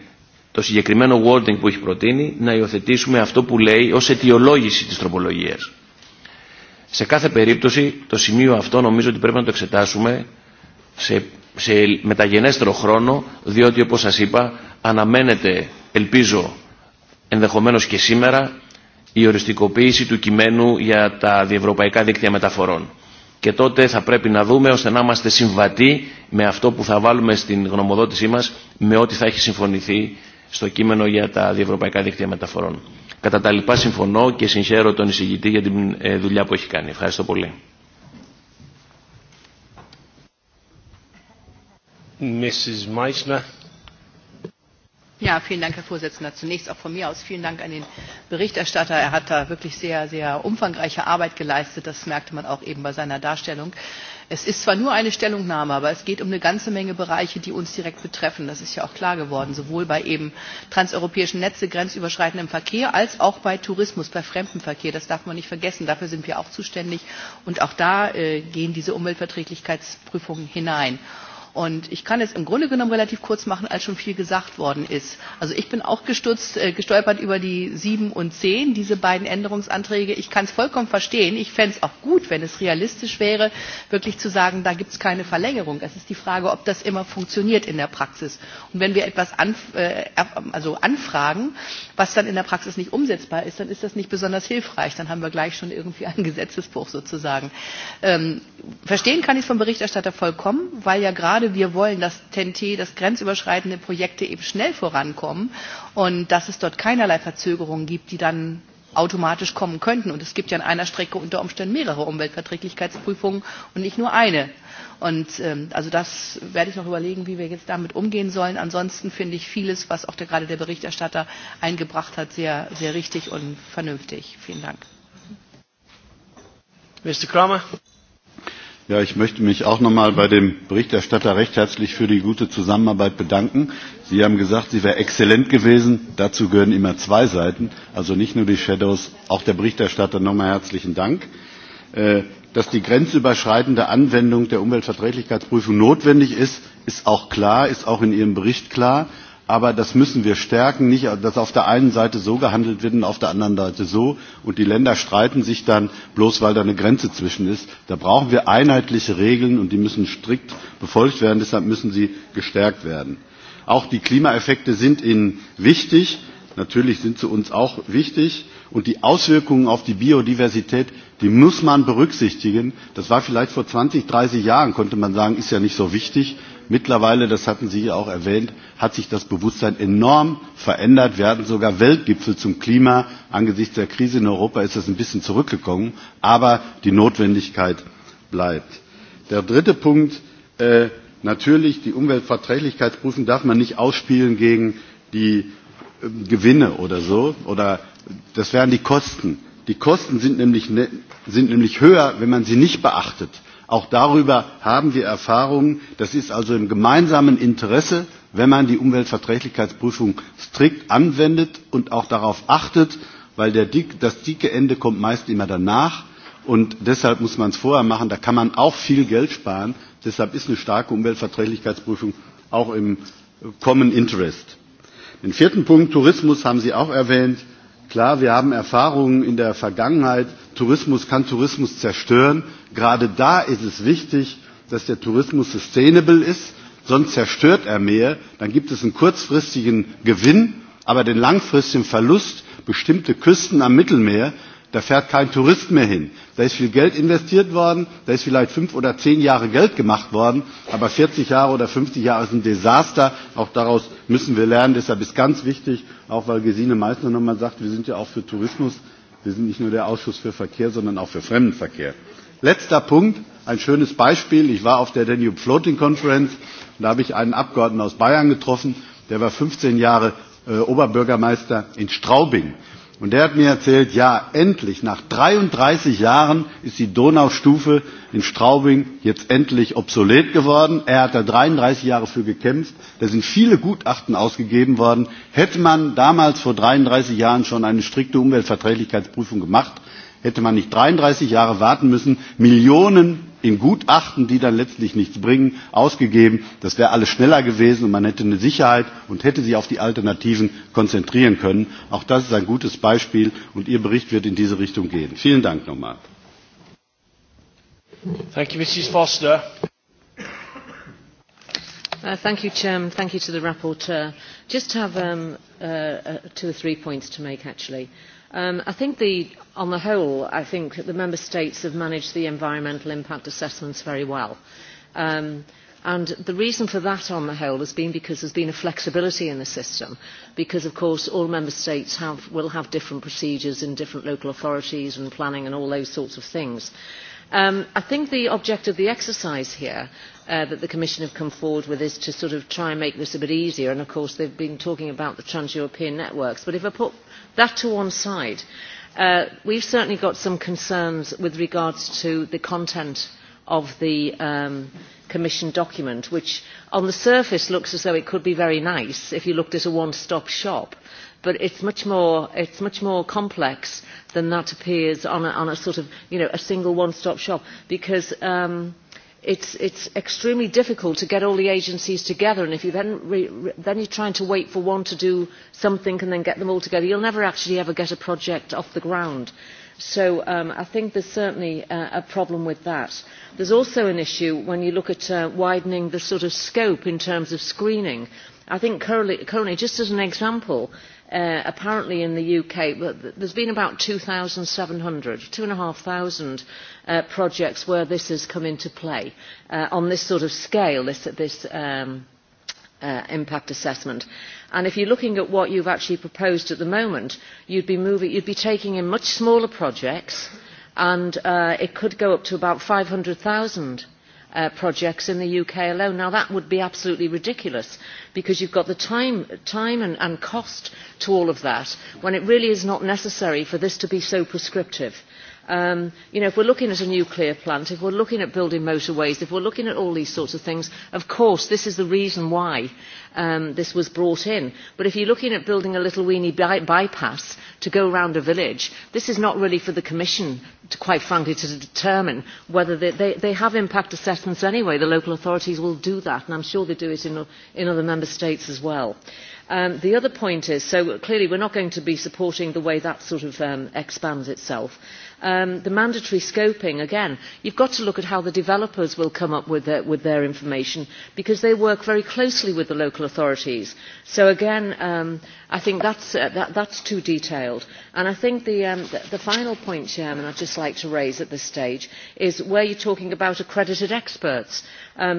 το συγκεκριμένο wording που έχει προτείνει, να υιοθετήσουμε αυτό που λέει ως αιτιολόγηση της τροπολογίας. Σε κάθε περίπτωση το σημείο αυτό νομίζω ότι πρέπει να το εξετάσουμε σε σε μεταγενέστερο χρόνο, διότι όπως σας είπα αναμένεται, ελπίζω, ενδεχομένως και σήμερα, η οριστικοποίηση του κειμένου για τα διευρωπαϊκά δίκτυα μεταφορών. Και τότε θα πρέπει να δούμε ώστε να είμαστε συμβατοί με αυτό που θα βάλουμε στην γνωμοδότησή μας με ό,τι θα έχει συμφωνηθεί στο κείμενο για τα διευρωπαϊκά δίκτυα μεταφορών. Κατά τα λοιπά συμφωνώ και συγχαίρω τον εισηγητή για την δουλειά που έχει κάνει. Ευχαριστώ πολύ. vielen Herr Vorsitzender. Zunächst auch von mir aus vielen Dank an den Berichterstatter. Er hat da wirklich sehr, sehr umfangreiche Arbeit geleistet. Das merkte man auch eben bei seiner Darstellung. Es ist zwar nur eine Stellungnahme, aber es geht um eine ganze Menge Bereiche, die uns direkt betreffen. Das ist ja auch klar geworden, sowohl bei eben transeuropäischen Netze, grenzüberschreitendem Verkehr, als auch bei Tourismus, bei Fremdenverkehr. Das darf man nicht vergessen. Dafür sind wir auch zuständig. Und auch da äh, gehen diese Umweltverträglichkeitsprüfungen hinein. Und ich kann es im Grunde genommen relativ kurz machen, als schon viel gesagt worden ist. Also ich bin auch gestutzt, äh, gestolpert über die sieben und zehn diese beiden Änderungsanträge. Ich kann es vollkommen verstehen. Ich fände es auch gut, wenn es realistisch wäre, wirklich zu sagen, da gibt es keine Verlängerung. Es ist die Frage, ob das immer funktioniert in der Praxis. Und wenn wir etwas anf äh, also anfragen, was dann in der Praxis nicht umsetzbar ist, dann ist das nicht besonders hilfreich. Dann haben wir gleich schon irgendwie einen Gesetzesbruch sozusagen. Ähm, verstehen kann ich vom Berichterstatter vollkommen, weil ja gerade gerade wir wollen, dass TEN-T, dass grenzüberschreitende Projekte eben schnell vorankommen und dass es dort keinerlei Verzögerungen gibt, die dann automatisch kommen könnten. Und es gibt ja an einer Strecke unter Umständen mehrere Umweltverträglichkeitsprüfungen und nicht nur eine. Und ähm, also das werde ich noch überlegen, wie wir jetzt damit umgehen sollen. Ansonsten finde ich vieles, was auch der, gerade der Berichterstatter eingebracht hat, sehr, sehr richtig und vernünftig. Vielen Dank. Mr. Kramer. Ja, ich möchte mich auch noch einmal bei dem Berichterstatter recht herzlich für die gute Zusammenarbeit bedanken. Sie haben gesagt, sie wäre exzellent gewesen. Dazu gehören immer zwei Seiten, also nicht nur die Shadows, auch der Berichterstatter noch einmal herzlichen Dank. Äh, dass die grenzüberschreitende Anwendung der Umweltverträglichkeitsprüfung notwendig ist, ist auch klar, ist auch in Ihrem Bericht klar aber das müssen wir stärken nicht dass auf der einen seite so gehandelt wird und auf der anderen seite so und die länder streiten sich dann bloß weil da eine grenze zwischen ist. da brauchen wir einheitliche regeln und die müssen strikt befolgt werden deshalb müssen sie gestärkt werden. auch die klimaeffekte sind ihnen wichtig natürlich sind sie uns auch wichtig und die auswirkungen auf die biodiversität die muss man berücksichtigen. das war vielleicht vor zwanzig dreißig jahren konnte man sagen ist ja nicht so wichtig mittlerweile das hatten sie ja auch erwähnt hat sich das bewusstsein enorm verändert wir hatten sogar weltgipfel zum klima angesichts der krise in europa ist das ein bisschen zurückgekommen aber die notwendigkeit bleibt. der dritte punkt äh, natürlich die umweltverträglichkeitsprüfung darf man nicht ausspielen gegen die ähm, gewinne oder so oder das wären die kosten. die kosten sind nämlich, sind nämlich höher wenn man sie nicht beachtet. Auch darüber haben wir Erfahrungen. Das ist also im gemeinsamen Interesse, wenn man die Umweltverträglichkeitsprüfung strikt anwendet und auch darauf achtet, weil der dick, das dicke Ende kommt meist immer danach. Und deshalb muss man es vorher machen. Da kann man auch viel Geld sparen. Deshalb ist eine starke Umweltverträglichkeitsprüfung auch im Common Interest. Den vierten Punkt, Tourismus, haben Sie auch erwähnt. Klar, wir haben Erfahrungen in der Vergangenheit. Tourismus kann Tourismus zerstören gerade da ist es wichtig dass der tourismus sustainable ist sonst zerstört er mehr dann gibt es einen kurzfristigen gewinn aber den langfristigen verlust bestimmte küsten am mittelmeer da fährt kein tourist mehr hin. da ist viel geld investiert worden da ist vielleicht fünf oder zehn jahre geld gemacht worden aber 40 jahre oder fünfzig jahre ist ein desaster. auch daraus müssen wir lernen. deshalb ist ganz wichtig auch weil gesine meissner noch einmal sagt wir sind ja auch für tourismus wir sind nicht nur der ausschuss für verkehr sondern auch für fremdenverkehr letzter punkt ein schönes beispiel ich war auf der danube floating conference und da habe ich einen abgeordneten aus bayern getroffen der war 15 jahre äh, oberbürgermeister in straubing und der hat mir erzählt ja endlich nach 33 jahren ist die donaustufe in straubing jetzt endlich obsolet geworden er hat da 33 jahre für gekämpft da sind viele gutachten ausgegeben worden hätte man damals vor 33 jahren schon eine strikte umweltverträglichkeitsprüfung gemacht hätte man nicht 33 Jahre warten müssen, Millionen in Gutachten, die dann letztlich nichts bringen, ausgegeben. Das wäre alles schneller gewesen und man hätte eine Sicherheit und hätte sich auf die Alternativen konzentrieren können. Auch das ist ein gutes Beispiel und Ihr Bericht wird in diese Richtung gehen. Vielen Dank nochmal. Thank you, Foster. Uh, thank you, Chairman. Thank you to the Rapporteur. Just have um, uh, uh, two or three points to make, actually. Um, I think the, on the whole, I think that the Member States have managed the environmental impact assessments very well. Um, and the reason for that on the whole has been because has been a flexibility in the system because of course all member states will have different procedures in different local authorities and planning and all those sorts of things. Um, I think the object of the exercise here uh, that the Commission have come forward with is to sort of try and make this a bit easier and of course they've been talking about the trans-European networks but if I put that to one side uh, we've certainly got some concerns with regards to the content of the um, commission document which on the surface looks as though it could be very nice if you looked at a one stop shop but it's much more it's much more complex than that appears on a, on a sort of you know a single one stop shop because um, it is extremely difficult to get all the agencies together and if you then, you are trying to wait for one to do something and then get them all together you will never actually ever get a project off the ground. so um, i think there is certainly uh, a problem with that. there is also an issue when you look at uh, widening the sort of scope in terms of screening. i think currently, currently just as an example Uh, apparently in the UK, there have been about a half thousand uh, projects where this has come into play uh, on this sort of scale, this, this um, impact assessment. And if you're looking at what you've actually proposed at the moment, you'd be, moving, you'd be taking in much smaller projects, and it could go up to about 500,000 Uh, projects in the uk alone. now that would be absolutely ridiculous because you have got the time, and, cost to all of that when it really is not necessary for this to be so prescriptive. Um, you know, if we are looking at a nuclear plant if we are looking at building motorways if we are looking at all these sorts of things of course this is the reason why um, this was brought in but if you are looking at building a little weeny bypass to go around a village this is not really for the commission to, quite frankly, to determine whether they, they, they have impact assessments anyway. The local authorities will do that, and I'm sure they do it in, in other member states as well. Um, the other point is so clearly we are not going to be supporting the way that sort of um, expands itself. Um, the mandatory scoping again you have got to look at how the developers will come up with their, with their information because they work very closely with the local authorities. so again um, i think that's, uh, that is too detailed. and i think the, the, the final point chairman i would just like to raise at this stage is where you are talking about accredited experts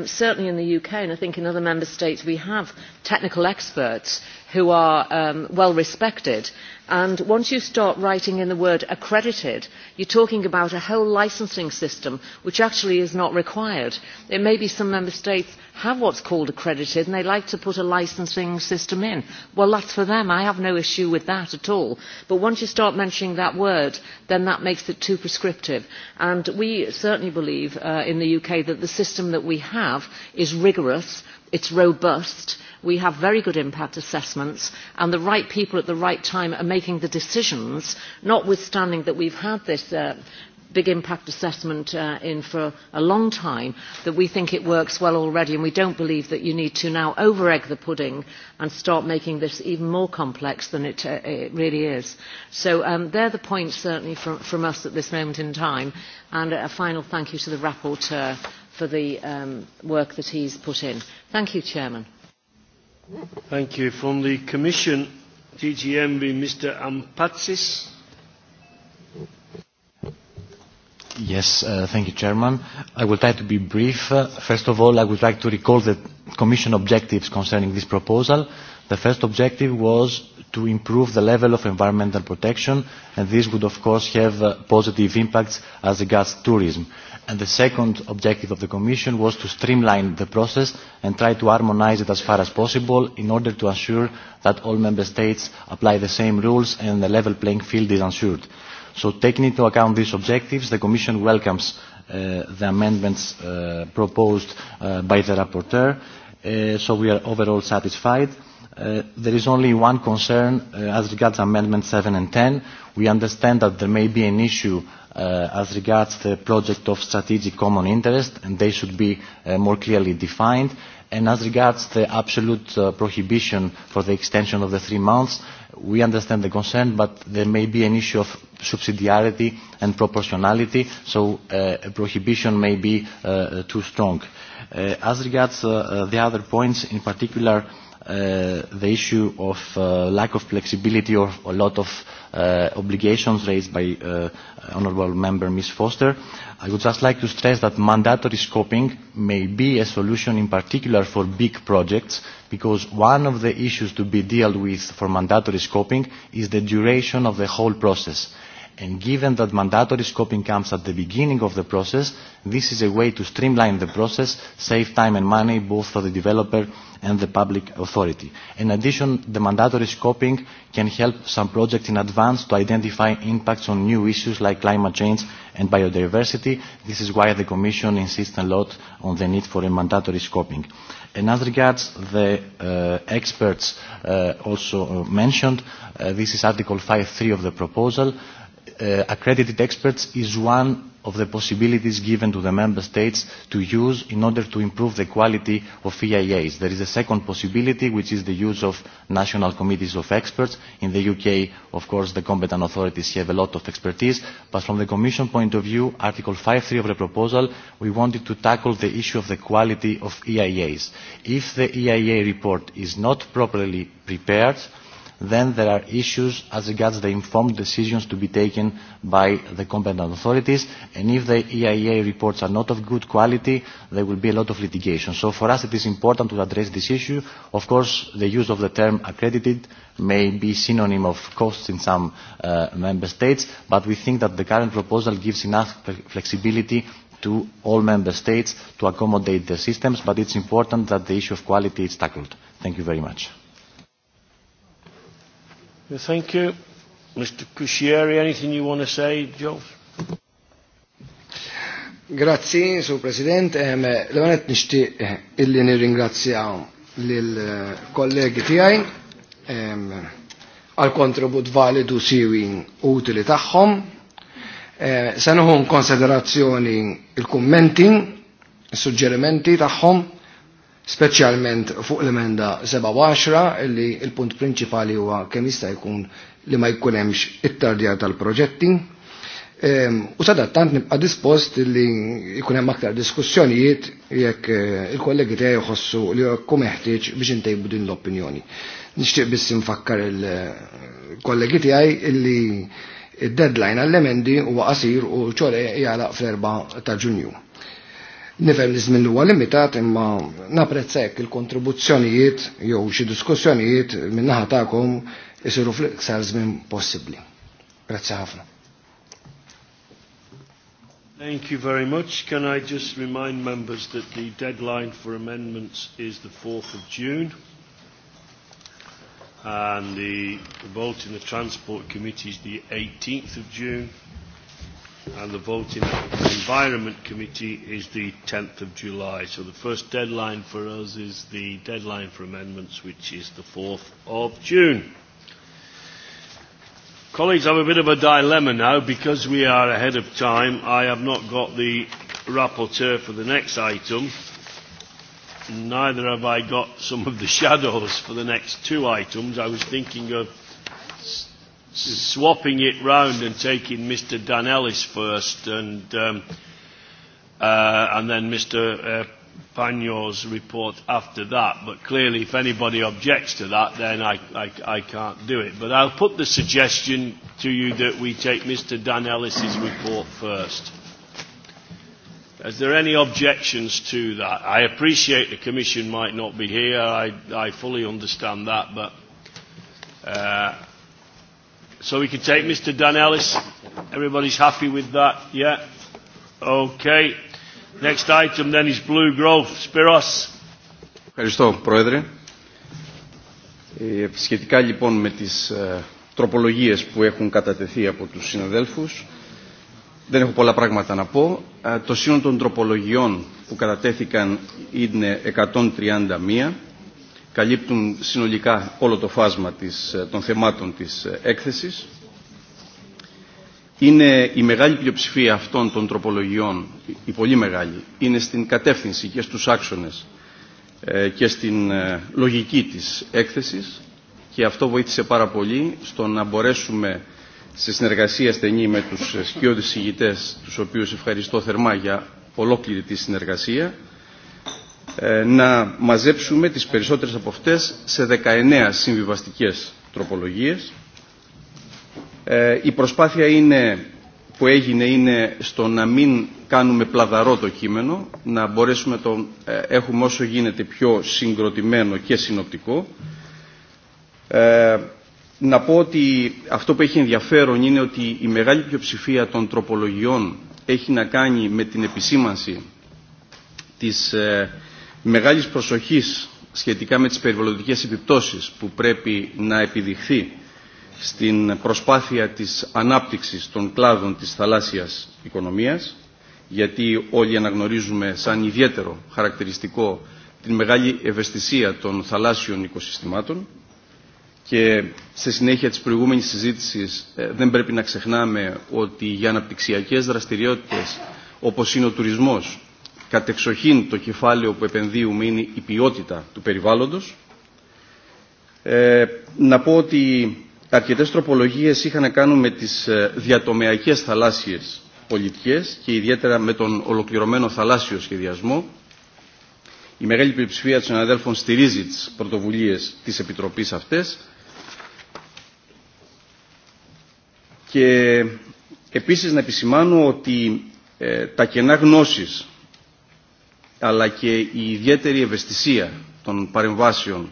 certainly in the uk and i think in other member states we have technical experts who are um, well respected and once you start writing in the word accredited you are talking about a whole licensing system which actually is not required. it may be some member states have what is called accredited and they like to put a licensing system in. well that is for them i have no issue with that at all but once you start mentioning that word then that makes it too prescriptive and we certainly believe uh, in the uk that the system that we have is rigorous it's robust we have very good impact assessments and the right people at the right time are making the decisions notwithstanding that we've had this uh, big impact assessment uh, in for a long time that we think it works well already and we don't believe that you need to now over egg the pudding and start making this even more complex than it, uh, really is. So um, they are the points certainly from, from us at this moment in time and a final thank you to the rapporteur for the um, work that he's put in. Thank you, Chairman. Thank you. From the Commission, Mr. Ampatsis. Yes, uh, thank you, Chairman. I will try to be brief. Uh, first of all, I would like to recall the Commission objectives concerning this proposal. The first objective was to improve the level of environmental protection, and this would, of course, have uh, positive impacts as regards tourism. And the second objective of the Commission was to streamline the process and try to harmonise it as far as possible in order to ensure that all Member States apply the same rules and the level playing field is ensured. So taking into account these objectives, the Commission welcomes uh, the amendments uh, proposed uh, by the rapporteur, uh, so we are overall satisfied. Uh, there is only one concern uh, as regards Amendment 7 and 10. We understand that there may be an issue uh, Uh, as regards the project of strategic common interest and they should be uh, more clearly defined and as regards the absolute uh, prohibition for the extension of the three months we understand the concern but there may be an issue of subsidiarity and proportionality so uh, a prohibition may be uh, too strong. Uh, as regards the other points in particular Uh, the issue of uh, lack of flexibility or a lot of uh, obligations raised by uh, honourable member Ms Foster. I would just like to stress that mandatory scoping may be a solution in particular for big projects because one of the issues to be dealt with for mandatory scoping is the duration of the whole process And given that mandatory scoping comes at the beginning of the process, this is a way to streamline the process, save time and money both for the developer and the public authority. In addition, the mandatory scoping can help some projects in advance to identify impacts on new issues like climate change and biodiversity. This is why the Commission insists a lot on the need for a mandatory scoping. And as regards the uh, experts uh, also uh, mentioned, uh, this is Article 5.3 of the proposal uh, accredited experts is one of the possibilities given to the member states to use in order to improve the quality of EIAs. There is a second possibility, which is the use of national committees of experts. In the UK, of course, the competent authorities have a lot of expertise, but from the Commission point of view, Article 5.3 of the proposal, we wanted to tackle the issue of the quality of EIAs. If the EIA report is not properly prepared, then there are issues as regards the informed decisions to be taken by the competent authorities and if the EIA reports are not of good quality there will be a lot of litigation. So for us it is important to address this issue. Of course the use of the term accredited may be synonym of costs in some uh, member states but we think that the current proposal gives enough flexibility to all member states to accommodate the systems but it's important that the issue of quality is tackled. Thank you very much. Thank you. Mr. Cuscieri, anything you want to say, Joe? Grazzi, su President. Le għanet nishtiq illi il l-kollegi tijaj contributo kontribut validu siwi utili taħħom. Sanuħun konsiderazzjoni il-kommenti, il suggerimenti taħħom speċjalment fuq l-emenda 7 illi il-punt prinċipali huwa kemm jista' jkun li ma jkun hemmx it tardija tal-proġetti. Ehm, u sadat tant nibqa' dispost li jkun hemm aktar diskussjonijiet jekk eh, il-kollegi tiegħi jħossu li jekku meħtieġ biex intejbu din l-opinjoni. Nixtieq biss infakkar il-kollegi tiegħi illi id-deadline għall-emendi huwa qasir u ċore jagħlaq fl-4 ta' Ġunju nifhem li żmien huwa limitat imma napprezz il-kontribuzzjonijiet jew xi diskussjonijiet min naħa tagħkom isiru fl-iqsar żmien possibbli. Grazzi ħafna. Thank you very much. Can I just remind members that the deadline for amendments is the 4th of June and the vote in the Transport Committee is the 18th of June and the voting the Environment Committee is the 10th of July. So the first deadline for us is the deadline for amendments, which is the 4th of June. Colleagues, I have a bit of a dilemma now because we are ahead of time. I have not got the rapporteur for the next item. Neither have I got some of the shadows for the next two items. I was thinking of swapping it round and taking Mr. Danellis first and, um, uh, and then Mr. Uh, Pagno's report after that. But clearly, if anybody objects to that, then I, I, I can't do it. But I'll put the suggestion to you that we take Mr. Dan Ellis's report first. Is there any objections to that? I appreciate the Commission might not be here. I, I fully understand that, but uh, So we can take Mr. Dan Ellis. Everybody's happy with that, yeah? Okay. Next item then is Blue Growth. Spiros. Ευχαριστώ, Πρόεδρε. Ε, σχετικά λοιπόν με τις ε, τροπολογίες που έχουν κατατεθεί από τους συναδέλφους, δεν έχω πολλά πράγματα να πω. Ε, το σύνολο των τροπολογιών που κατατέθηκαν είναι 131 καλύπτουν συνολικά όλο το φάσμα της, των θεμάτων της έκθεσης. Είναι η μεγάλη πλειοψηφία αυτών των τροπολογιών, η πολύ μεγάλη, είναι στην κατεύθυνση και στους άξονες και στην λογική της έκθεσης και αυτό βοήθησε πάρα πολύ στο να μπορέσουμε σε συνεργασία στενή με τους σκιώδης ηγητές, τους οποίους ευχαριστώ θερμά για ολόκληρη τη συνεργασία, να μαζέψουμε τις περισσότερες από αυτές σε 19 συμβιβαστικές τροπολογίες. Η προσπάθεια είναι, που έγινε είναι στο να μην κάνουμε πλαδαρό το κείμενο, να μπορέσουμε το έχουμε όσο γίνεται πιο συγκροτημένο και συνοπτικό. Να πω ότι αυτό που έχει ενδιαφέρον είναι ότι η μεγάλη πλειοψηφία των τροπολογιών έχει να κάνει με την επισήμανση της μεγάλης προσοχής σχετικά με τις περιβαλλοντικές επιπτώσεις που πρέπει να επιδειχθεί στην προσπάθεια της ανάπτυξης των κλάδων της θαλάσσιας οικονομίας γιατί όλοι αναγνωρίζουμε σαν ιδιαίτερο χαρακτηριστικό την μεγάλη ευαισθησία των θαλάσσιων οικοσυστημάτων και σε συνέχεια της προηγούμενης συζήτησης δεν πρέπει να ξεχνάμε ότι για αναπτυξιακές δραστηριότητες όπως είναι ο τουρισμός κατεξοχήν το κεφάλαιο που επενδύουμε είναι η ποιότητα του περιβάλλοντος. Ε, να πω ότι αρκετές τροπολογίες είχαν να κάνουν με τις διατομεακές θαλάσσιες πολιτικές και ιδιαίτερα με τον ολοκληρωμένο θαλάσσιο σχεδιασμό. Η μεγάλη πλειοψηφία των αδέλφων στηρίζει τις πρωτοβουλίες της Επιτροπής αυτές. Και επίσης να επισημάνω ότι ε, τα κενά γνώσης αλλά και η ιδιαίτερη ευαισθησία των παρεμβάσεων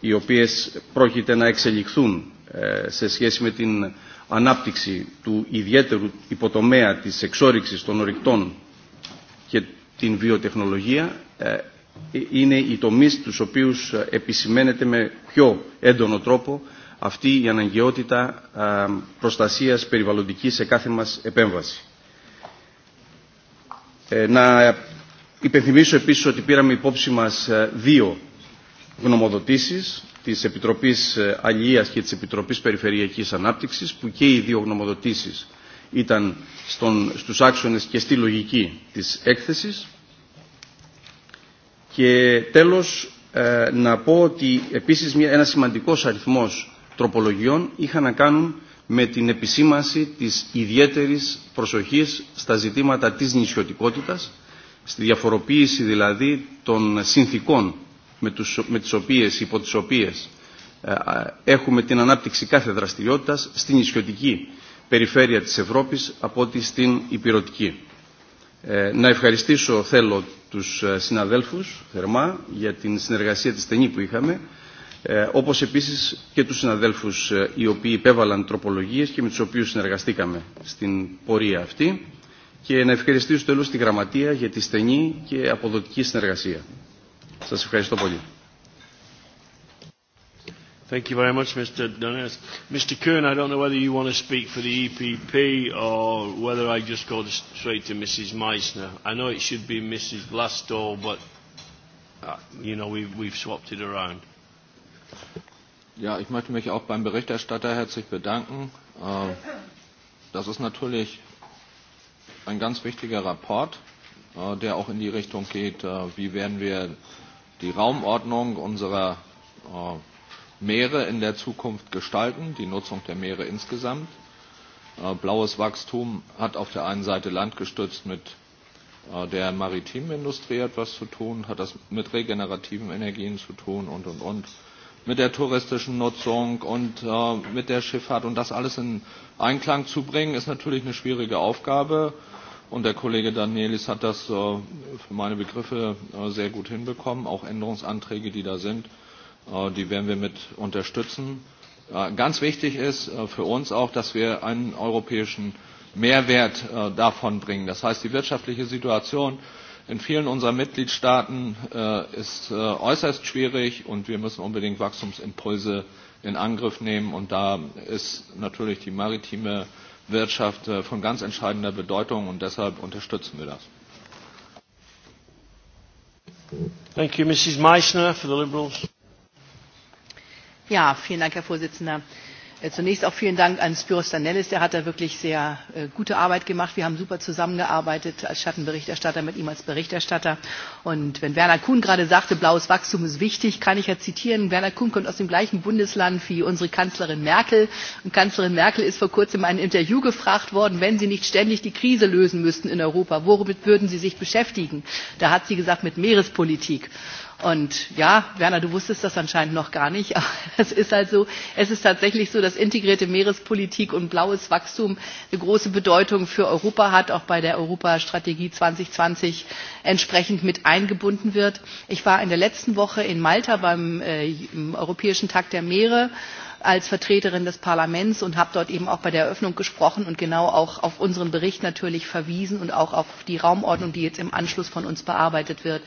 οι οποίες πρόκειται να εξελιχθούν σε σχέση με την ανάπτυξη του ιδιαίτερου υποτομέα της εξόριξης των ορυκτών και την βιοτεχνολογία είναι οι τομείς τους οποίους επισημαίνεται με πιο έντονο τρόπο αυτή η αναγκαιότητα προστασίας περιβαλλοντικής σε κάθε μας επέμβαση. Να Υπενθυμίσω επίσης ότι πήραμε υπόψη μας δύο γνωμοδοτήσεις της Επιτροπής Αλληλείας και της Επιτροπής Περιφερειακής Ανάπτυξης που και οι δύο γνωμοδοτήσεις ήταν στον, στους άξονες και στη λογική της έκθεσης. Και τέλος ε, να πω ότι επίσης μια, ένα σημαντικός αριθμός τροπολογιών είχαν να κάνουν με την επισήμαση της ιδιαίτερης προσοχής στα ζητήματα της νησιωτικότητας στη διαφοροποίηση δηλαδή των συνθήκων με, τους, με τις οποίες, υπό τις οποίες έχουμε την ανάπτυξη κάθε δραστηριότητας στην ισιωτική περιφέρεια της Ευρώπης από ό,τι στην υπηρετική. Να ευχαριστήσω θέλω τους συναδέλφους θερμά για την συνεργασία της στενή που είχαμε όπως επίσης και τους συναδέλφους οι οποίοι υπέβαλαν τροπολογίες και με τους οποίους συνεργαστήκαμε στην πορεία αυτή και να ευχαριστήσω στο τέλος τη Γραμματεία για τη στενή και αποδοτική συνεργασία. Σας ευχαριστώ πολύ. Thank you very much, Mr. Donetsk. Mr. Kern, I don't know whether you want to speak for the EPP or whether I just go straight to Mrs. Meissner. I know it should be Mrs. Glastow, but, uh, you know, we've, we've swapped it around. Ja, ich möchte mich auch beim Berichterstatter herzlich bedanken. Ähm, das ist natürlich ein ganz wichtiger Rapport, äh, der auch in die Richtung geht, äh, wie werden wir die Raumordnung unserer äh, Meere in der Zukunft gestalten, die Nutzung der Meere insgesamt. Blaues Wachstum hat auf der einen Seite Land gestützt mit der maritimen Industrie etwas zu tun, hat das mit regenerativen Energien zu tun und, und, und mit der touristischen Nutzung und äh, mit der Schifffahrt und das alles in Einklang zu bringen, ist natürlich eine schwierige Aufgabe. Und der Kollege Danielis hat das äh, für meine Begriffe äh, sehr gut hinbekommen. Auch Änderungsanträge, die da sind, äh, die werden wir mit unterstützen. Äh, ganz wichtig ist äh, für uns auch, dass wir einen europäischen Mehrwert äh, davon bringen. Das heißt, die wirtschaftliche Situation in vielen unserer Mitgliedstaaten äh, ist äh, äußerst schwierig und wir müssen unbedingt Wachstumsimpulse in Angriff nehmen. Und da ist natürlich die maritime Wirtschaft äh, von ganz entscheidender Bedeutung und deshalb unterstützen wir das. Thank you, Mrs. Meissner for the Liberals. Ja, vielen Dank, Herr Vorsitzender. Zunächst auch vielen Dank an Spyros Danellis. Der hat da wirklich sehr äh, gute Arbeit gemacht. Wir haben super zusammengearbeitet als Schattenberichterstatter mit ihm als Berichterstatter. Und wenn Werner Kuhn gerade sagte, blaues Wachstum ist wichtig, kann ich ja zitieren. Werner Kuhn kommt aus dem gleichen Bundesland wie unsere Kanzlerin Merkel. Und Kanzlerin Merkel ist vor kurzem in einem Interview gefragt worden, wenn Sie nicht ständig die Krise lösen müssten in Europa, womit würden Sie sich beschäftigen? Da hat sie gesagt, mit Meerespolitik. Und ja, Werner, du wusstest das anscheinend noch gar nicht, es ist halt es ist tatsächlich so, dass integrierte Meerespolitik und blaues Wachstum eine große Bedeutung für Europa hat, auch bei der Europastrategie 2020 entsprechend mit eingebunden wird. Ich war in der letzten Woche in Malta beim äh, Europäischen Tag der Meere als Vertreterin des Parlaments und habe dort eben auch bei der Eröffnung gesprochen und genau auch auf unseren Bericht natürlich verwiesen und auch auf die Raumordnung, die jetzt im Anschluss von uns bearbeitet wird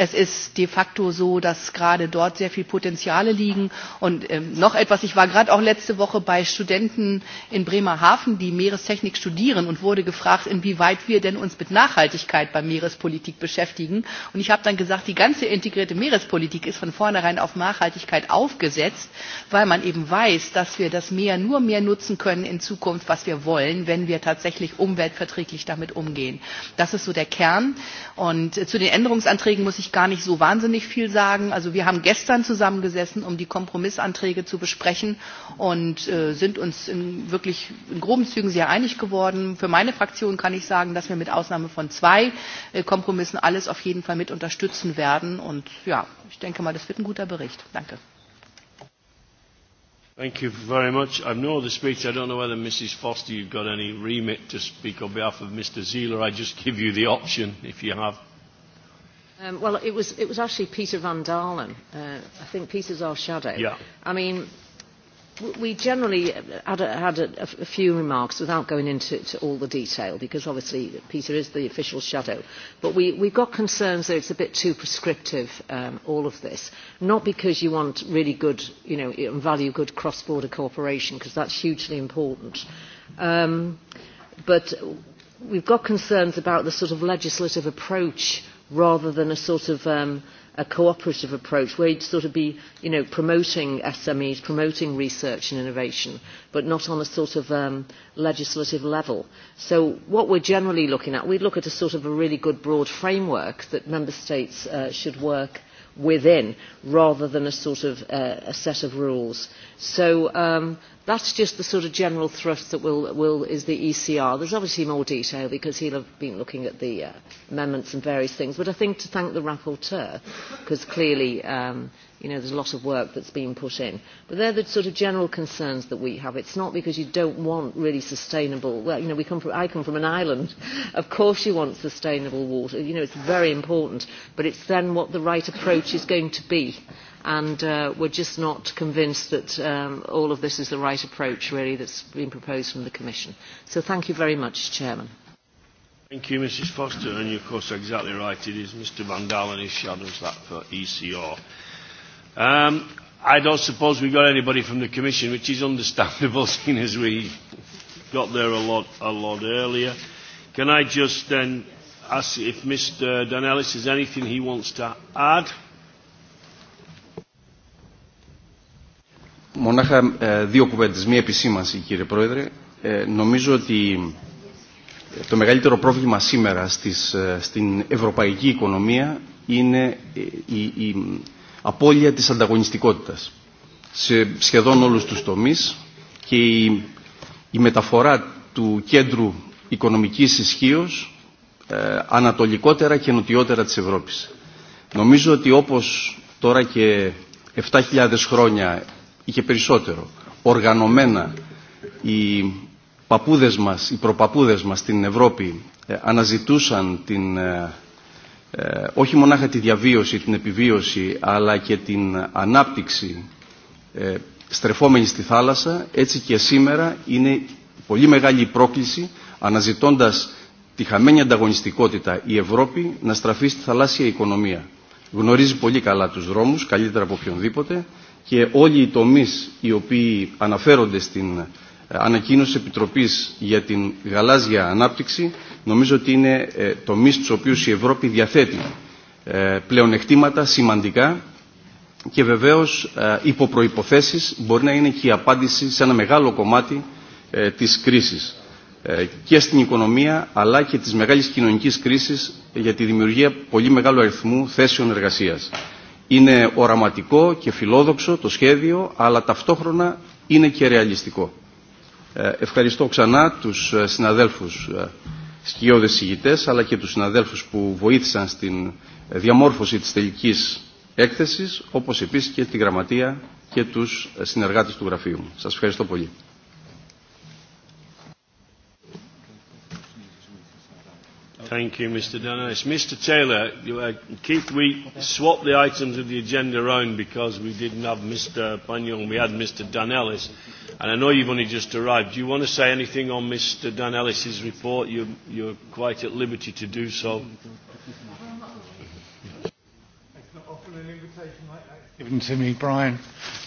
es ist de facto so dass gerade dort sehr viel potenziale liegen und ähm, noch etwas ich war gerade auch letzte woche bei studenten in bremerhaven die meerestechnik studieren und wurde gefragt inwieweit wir denn uns mit nachhaltigkeit bei meerespolitik beschäftigen und ich habe dann gesagt die ganze integrierte meerespolitik ist von vornherein auf nachhaltigkeit aufgesetzt weil man eben weiß dass wir das meer nur mehr nutzen können in zukunft was wir wollen wenn wir tatsächlich umweltverträglich damit umgehen. das ist so der kern und äh, zu den änderungsanträgen muss ich gar nicht so wahnsinnig viel sagen. Also wir haben gestern zusammengesessen, um die Kompromissanträge zu besprechen und äh, sind uns in, wirklich in groben Zügen sehr einig geworden. Für meine Fraktion kann ich sagen, dass wir mit Ausnahme von zwei äh, Kompromissen alles auf jeden Fall mit unterstützen werden. Und ja, ich denke mal, das wird ein guter Bericht. Danke. Thank you very much. I know the speech. I don't know whether Mrs. Foster, you've got any remit to speak on behalf of Mr. Zieler. I just give you the option if you have Um, well, it was, it was actually Peter Van Dalen. Uh, I think Peter's our shadow. Yeah. I mean, we generally had, a, had a, a few remarks without going into to all the detail because obviously Peter is the official shadow. But we, we've got concerns that it's a bit too prescriptive, um, all of this. Not because you want really good, you know, and value good cross-border cooperation because that's hugely important. Um, but we've got concerns about the sort of legislative approach rather than a sort of um, a cooperative approach where you'd sort of be you know, promoting SMEs, promoting research and innovation, but not on a sort of um, legislative level. So what we're generally looking at, we look at a sort of a really good broad framework that member states uh, should work within rather than a sort of uh, a set of rules. So um, That is just the sort of general thrust that will, will is the ECR. There is obviously more detail because he will have been looking at the uh, amendments and various things. But I think to thank the rapporteur, because clearly um, you know, there's a lot of work that's been put in. But are the sort of general concerns that we have. is not because you not want really sustainable, well, you know, we come from, I come from an island. Of course you want sustainable water. You know, is very important. But it is then what the right approach is going to be and uh, we're just not convinced that um, all of this is the right approach really that's been proposed from the Commission. So thank you very much, Chairman. Thank you, Mrs Foster, and you're of course exactly right. It is Mr Van Dalen is shadows that for ECR. Um, I don't suppose we got anybody from the Commission, which is understandable, seeing as we got there a lot, a lot earlier. Can I just then ask if Mr Danellis has anything he wants to add? Μονάχα δύο κουβέντες, μία επισήμανση κύριε Πρόεδρε. νομίζω ότι το μεγαλύτερο πρόβλημα σήμερα στις, στην ευρωπαϊκή οικονομία είναι η, η απώλεια της ανταγωνιστικότητας σε σχεδόν όλους τους τομείς και η, η μεταφορά του κέντρου οικονομικής ισχύω ε, ανατολικότερα και νοτιότερα της Ευρώπης. Νομίζω ότι όπως τώρα και 7.000 χρόνια είχε περισσότερο. Οργανωμένα οι παππούδες μας, οι προπαππούδες μας στην Ευρώπη αναζητούσαν την, όχι μονάχα τη διαβίωση, την επιβίωση, αλλά και την ανάπτυξη στρεφόμενη στη θάλασσα, έτσι και σήμερα είναι πολύ μεγάλη η πρόκληση αναζητώντας τη χαμένη ανταγωνιστικότητα η Ευρώπη να στραφεί στη θαλάσσια οικονομία. Γνωρίζει πολύ καλά τους δρόμους, καλύτερα από οποιονδήποτε και όλοι οι τομείς οι οποίοι αναφέρονται στην ανακοίνωση Επιτροπής για την γαλάζια ανάπτυξη νομίζω ότι είναι τομείς του οποίους η Ευρώπη διαθέτει πλεονεκτήματα σημαντικά και βεβαίως υποπροϋποθέσεις μπορεί να είναι και η απάντηση σε ένα μεγάλο κομμάτι της κρίσης και στην οικονομία αλλά και της μεγάλης κοινωνικής κρίσης για τη δημιουργία πολύ μεγάλου αριθμού θέσεων εργασίας. Είναι οραματικό και φιλόδοξο το σχέδιο, αλλά ταυτόχρονα είναι και ρεαλιστικό. Ευχαριστώ ξανά τους συναδέλφους σκιώδες συγητές, αλλά και τους συναδέλφους που βοήθησαν στην διαμόρφωση της τελικής έκθεσης, όπως επίσης και τη γραμματεία και τους συνεργάτες του γραφείου μου. Σας ευχαριστώ πολύ. Thank you, Mr. Dennis. Mr. Taylor, you, uh, Keith, we swapped the items of the agenda around because we didn't have Mr. Pagnon, we had Mr. Ellis. And I know you've only just arrived. Do you want to say anything on Mr. Ellis's report? You you're quite at liberty to do so. given to me, Brian.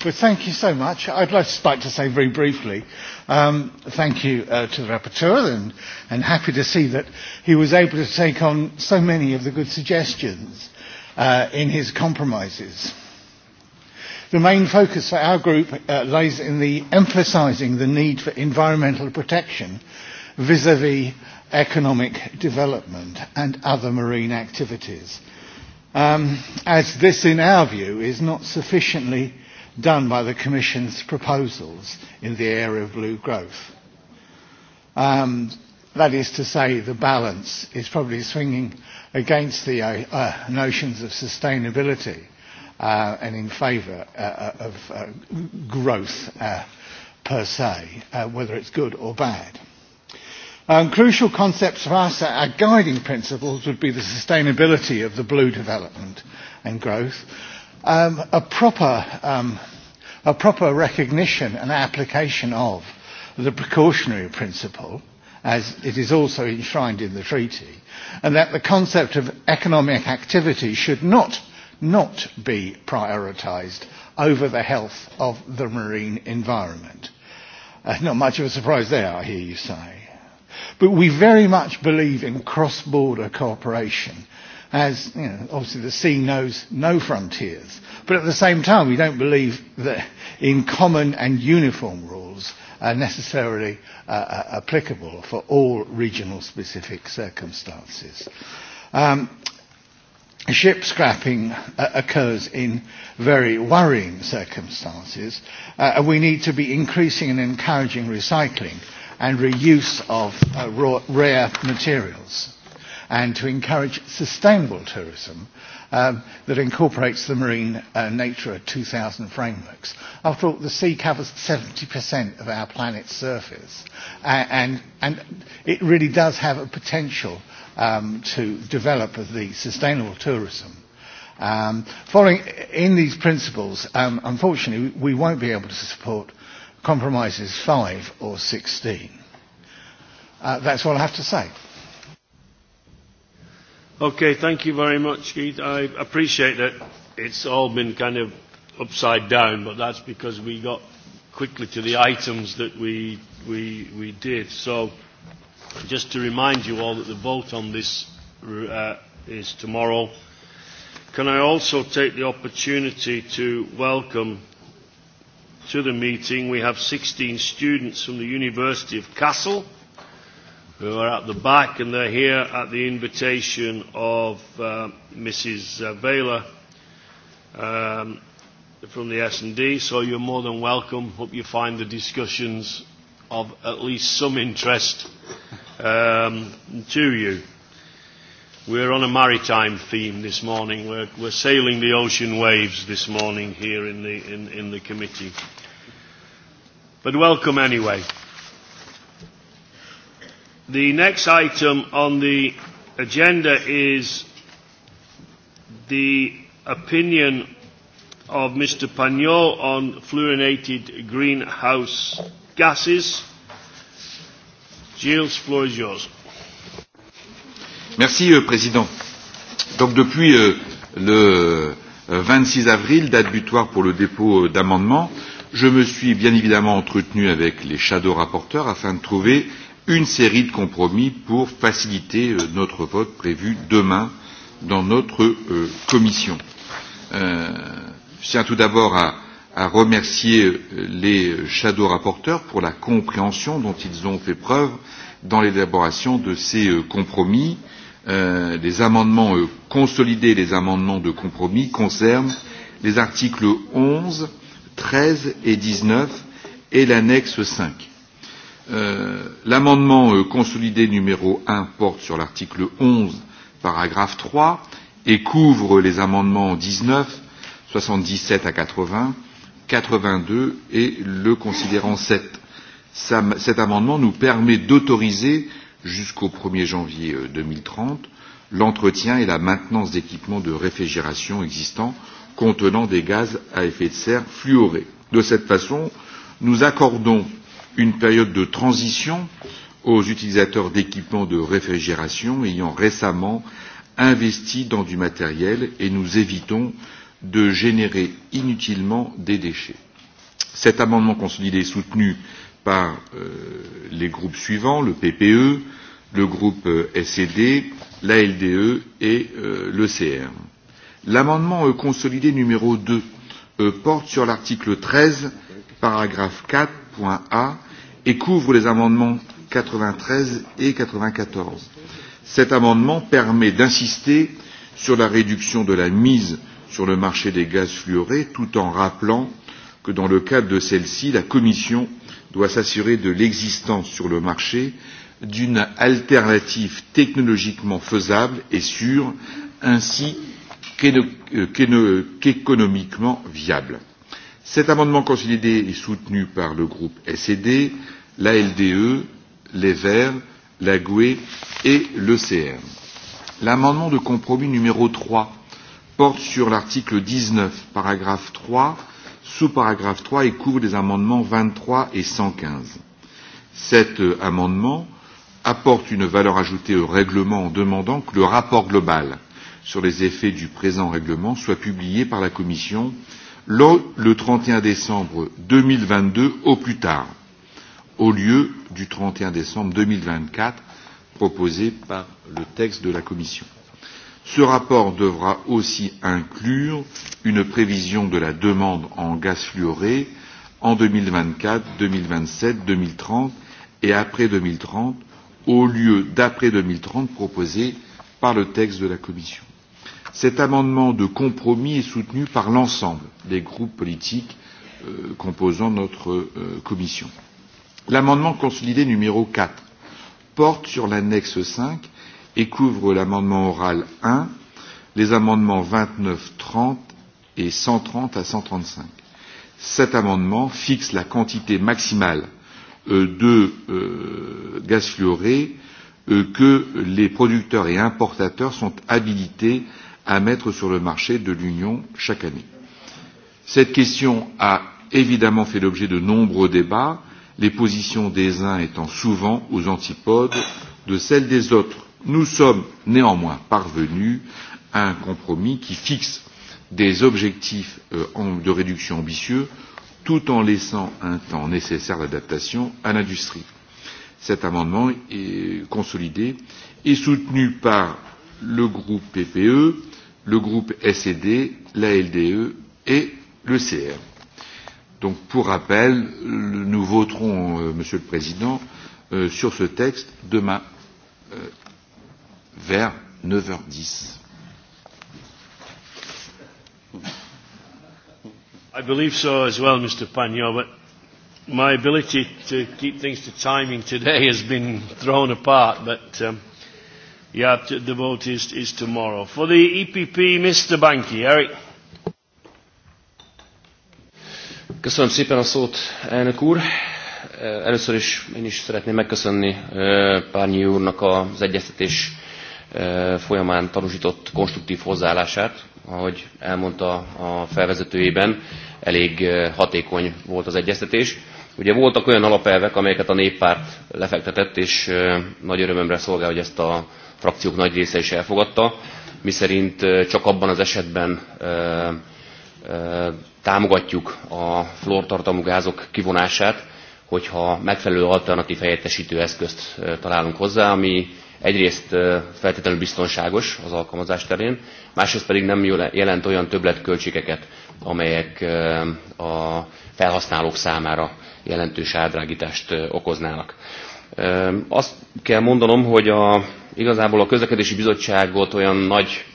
but thank you so much. I'd just like to say very briefly, um, thank you uh, to the rapporteur and, and happy to see that he was able to take on so many of the good suggestions uh, in his compromises. The main focus for our group uh, lies in the emphasising the need for environmental protection vis-à-vis -vis economic development and other marine activities um, as this, in our view, is not sufficiently done by the Commission's proposals in the area of blue growth. Um, that is to say, the balance is probably swinging against the uh, uh, notions of sustainability uh, and in favour uh, of uh, growth uh, per se, whether it's good or bad crucial concepts for us, our guiding principles, would be the sustainability of the blue development and growth, um, a, proper, um, a proper recognition and application of the precautionary principle, as it is also enshrined in the treaty, and that the concept of economic activity should not, not be prioritised over the health of the marine environment. Uh, not much of a surprise there, I hear you say. But we very much believe in cross-border cooperation as you know, obviously the sea knows no frontiers. But at the same time, we don't believe that in common and uniform rules are necessarily uh, uh applicable for all regional specific circumstances. Um, ship scrapping uh, occurs in very worrying circumstances, uh, and we need to be increasing and encouraging recycling and reuse of uh, raw, rare materials and to encourage sustainable tourism um, that incorporates the Marine uh, Nature 2000 frameworks. After all, the sea covers 70% of our planet's surface and, and, and it really does have a potential um, to develop the sustainable tourism. Um, following in these principles, um, unfortunately, we won't be able to support compromises 5 or 16. Uh, that's all I have to say. Okay, thank you very much, Keith. I appreciate that it's all been kind of upside down, but that's because we got quickly to the items that we, we, we did. So just to remind you all that the vote on this uh, is tomorrow. Can I also take the opportunity to welcome to the meeting. We have 16 students from the University of Kassel who are at the back and they're here at the invitation of uh, Mrs. Baylor uh, um, from the S&D. So you're more than welcome. Hope you find the discussions of at least some interest um, to you. We're on a maritime theme this morning. We're, we're sailing the ocean waves this morning here in the, in, in the committee. But welcome anyway. The next item on the agenda is the opinion of Mr. Pagnol on fluorinated greenhouse gases. Gilles, floor is yours. Monsieur euh, le Président. depuis le vingt six avril, date butoir pour le dépôt euh, d'amendements, je me suis bien évidemment entretenu avec les shadow rapporteurs afin de trouver une série de compromis pour faciliter euh, notre vote prévu demain dans notre commission. je tiens tout d'abord à, à remercier les shadow rapporteurs pour la compréhension dont ils ont fait preuve dans l'élaboration de ces compromis. Euh, les amendements euh, consolidés les amendements de compromis concernent les articles 11 13 et 19 et l'annexe 5 euh, l'amendement consolidé numéro 1 porte sur l'article 11 paragraphe 3 et couvre les amendements 19 77 à 80 82 et le considérant 7 cet amendement nous permet d'autoriser jusqu'au 1er janvier 2030 euh, l'entretien et la maintenance d'équipements de réfrigération existants contenant des gaz à effet de serre fluorés. De cette façon, nous accordons une période de transition aux utilisateurs d'équipements de réfrigération ayant récemment investi dans du matériel et nous évitons de générer inutilement des déchets. Cet amendement consolidé est soutenu par euh, les groupes suivants, le PPE, le groupe euh, SED, l'ALDE et euh, le l'ECR. L'amendement consolidé numéro 2 porte sur l'article 13, paragraphe 4, point A, et couvre les amendements 93 et 94. Cet amendement permet d'insister sur la réduction de la mise sur le marché des gaz fluorés, tout en rappelant que dans le cadre de celle-ci, la Commission doit s'assurer de l'existence sur le marché d'une alternative technologiquement faisable et sûre, ainsi euh, qu'économiquement viable. Cet amendement consolidé est soutenu par le groupe SED, LDE, les Verts, la GUE et l'ECR. L'amendement de compromis numéro 3 porte sur l'article 19, paragraphe 3, sous paragraphe 3 et couvre les amendements 23 et 115. Cet euh, amendement apporte une valeur ajoutée au règlement en demandant que le rapport global sur les effets du présent règlement soit publié par la Commission le 31 décembre 2022 au plus tard, au lieu du 31 décembre 2024 proposé par le texte de la Commission. Ce rapport devra aussi inclure une prévision de la demande en gaz fluoré en 2024, 2027, 2030 et après 2030, au lieu d'après 2030 proposé par le texte de la Commission. Cet amendement de compromis est soutenu par l'ensemble des groupes politiques euh, composant notre euh, Commission. L'amendement consolidé numéro 4 porte sur l'annexe 5 et couvre l'amendement oral 1, les amendements 29, 30 et 130 à 135. Cet amendement fixe la quantité maximale euh, de euh, gaz fluoré euh, que les producteurs et importateurs sont habilités à mettre sur le marché de l'Union chaque année. Cette question a évidemment fait l'objet de nombreux débats, les positions des uns étant souvent aux antipodes de celles des autres nous sommes néanmoins parvenus à un compromis qui fixe des objectifs euh, de réduction ambitieux tout en laissant un temps nécessaire d'adaptation à l'industrie. Cet amendement est consolidé et soutenu par le groupe PPE, le groupe SED, LDE et le CR. Donc, pour rappel, nous voterons, euh, Monsieur le Président, euh, sur ce texte demain vers 9h10. I believe so as well, Mr. Pagno, but my ability to keep things to timing today has been thrown apart, but um, yeah, the vote is, is tomorrow. For the EPP, Mr. Banky, Eric. Köszönöm szépen a szót, elnök úr. Először is én is szeretném megköszönni Párnyi úrnak az egyeztetés folyamán tanúsított konstruktív hozzáállását, ahogy elmondta a felvezetőjében, elég hatékony volt az egyeztetés. Ugye voltak olyan alapelvek, amelyeket a néppárt lefektetett, és nagy örömömre szolgál, hogy ezt a frakciók nagy része is elfogadta, miszerint csak abban az esetben támogatjuk a flortartalmú gázok kivonását, hogyha megfelelő alternatív helyettesítő eszközt találunk hozzá, ami egyrészt feltétlenül biztonságos az alkalmazás terén, másrészt pedig nem jelent olyan többletköltségeket, amelyek a felhasználók számára jelentős áldrágítást okoznának. Azt kell mondanom, hogy a, igazából a közlekedési bizottságot olyan nagy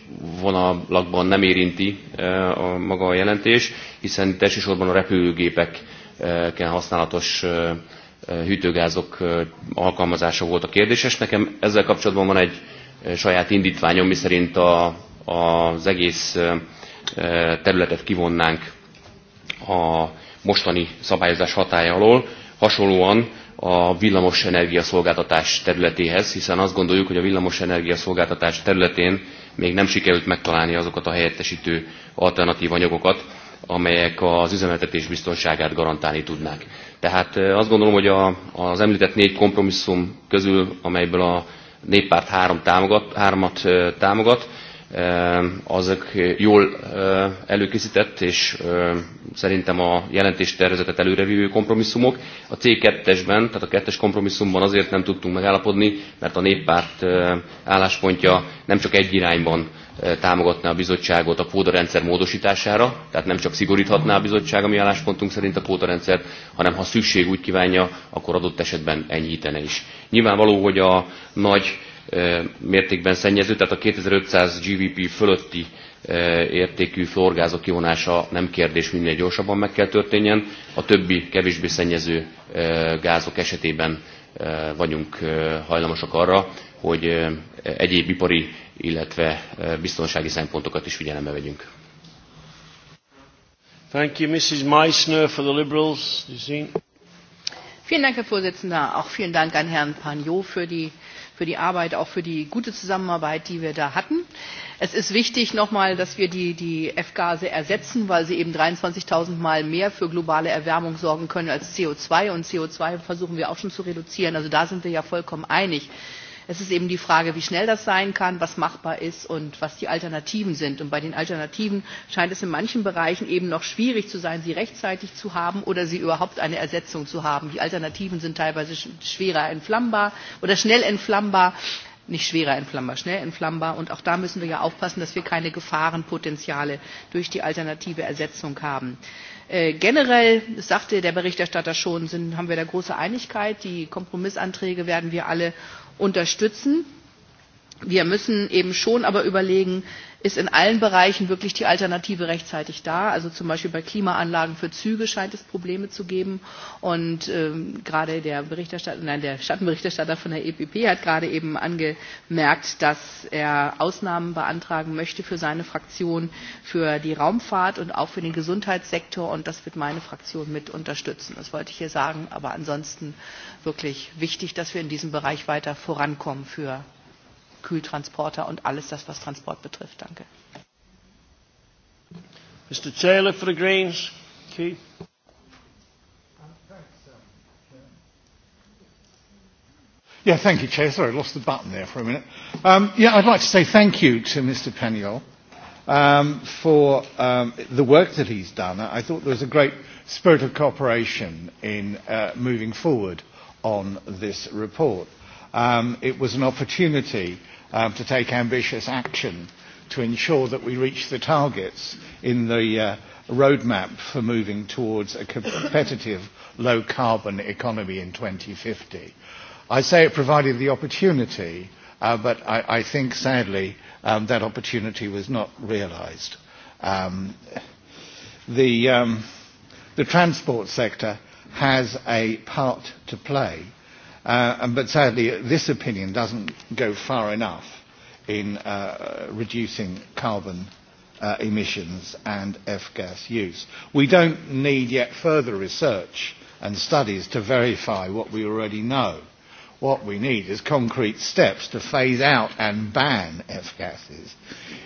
vonalakban nem érinti a maga a jelentés, hiszen itt elsősorban a repülőgépek használatos hűtőgázok alkalmazása volt a kérdéses. Nekem ezzel kapcsolatban van egy saját indítványom, miszerint a, az egész területet kivonnánk a mostani szabályozás hatája alól, hasonlóan a villamos energiaszolgáltatás területéhez, hiszen azt gondoljuk, hogy a villamos energiaszolgáltatás területén még nem sikerült megtalálni azokat a helyettesítő alternatív anyagokat, amelyek az üzemeltetés biztonságát garantálni tudnák. Tehát azt gondolom, hogy a, az említett négy kompromisszum közül, amelyből a néppárt három támogat, háromat támogat, azok jól előkészített, és szerintem a jelentéstervezetet előrevívő kompromisszumok. A C2-esben, tehát a kettes kompromisszumban azért nem tudtunk megállapodni, mert a néppárt álláspontja nem csak egy irányban támogatná a bizottságot a pótarendszer módosítására, tehát nem csak szigoríthatná a bizottság a mi álláspontunk szerint a pótarendszert, hanem ha szükség úgy kívánja, akkor adott esetben enyhítene is. Nyilvánvaló, hogy a nagy mértékben szennyező, tehát a 2500 GVP fölötti értékű florgázok kivonása nem kérdés, minél gyorsabban meg kell történjen. A többi kevésbé szennyező gázok esetében vagyunk hajlamosak arra, hogy egyéb ipari illetve biztonsági szempontokat is figyelembe vegyünk. Thank you, Mrs. Meissner for the Liberals. Vielen Dank, Herr Vorsitzender. Auch vielen Dank an Herrn Pagnot für die, für die Arbeit, auch für die gute Zusammenarbeit, die wir da hatten. Es ist wichtig nochmal, dass wir die, die F-Gase ersetzen, weil sie eben 23.000 Mal mehr für globale Erwärmung sorgen können als CO2. Und CO2 versuchen wir auch schon zu reduzieren. Also da sind wir ja vollkommen einig es ist eben die frage wie schnell das sein kann was machbar ist und was die alternativen sind. und bei den alternativen scheint es in manchen bereichen eben noch schwierig zu sein sie rechtzeitig zu haben oder sie überhaupt eine ersetzung zu haben. die alternativen sind teilweise schwerer entflammbar oder schnell entflammbar nicht schwerer entflammbar, schnell entflammbar. Und auch da müssen wir ja aufpassen, dass wir keine Gefahrenpotenziale durch die alternative Ersetzung haben. Äh, generell, das sagte der Berichterstatter schon, sind, haben wir da große Einigkeit. Die Kompromissanträge werden wir alle unterstützen. Wir müssen eben schon aber überlegen, ist in allen Bereichen wirklich die Alternative rechtzeitig da? Also zum Beispiel bei Klimaanlagen für Züge scheint es Probleme zu geben. Und ähm, gerade der, Berichterstatter, nein, der Schattenberichterstatter von der EPP hat gerade eben angemerkt, dass er Ausnahmen beantragen möchte für seine Fraktion, für die Raumfahrt und auch für den Gesundheitssektor. Und das wird meine Fraktion mit unterstützen. Das wollte ich hier sagen. Aber ansonsten wirklich wichtig, dass wir in diesem Bereich weiter vorankommen für Kühltransporter und alles das, was Transport betrifft. Danke. Mr. Taylor for the Greens. Keith. Yeah, thank you, Chair. Sorry, I lost the button there for a minute. Um, yeah, I'd like to say thank you to Mr. Peniel um, for um, the work that he's done. I thought there was a great spirit of cooperation in uh, moving forward on this report. Um, it was an opportunity um, to take ambitious action to ensure that we reach the targets in the uh, roadmap for moving towards a competitive low carbon economy in 2050. I say it provided the opportunity, uh, but I, I think sadly um, that opportunity was not realised. Um, the, um, the transport sector has a part to play. Uh, but sadly, this opinion doesn't go far enough in uh, reducing carbon uh, emissions and F-gas use. We don't need yet further research and studies to verify what we already know. What we need is concrete steps to phase out and ban F-gases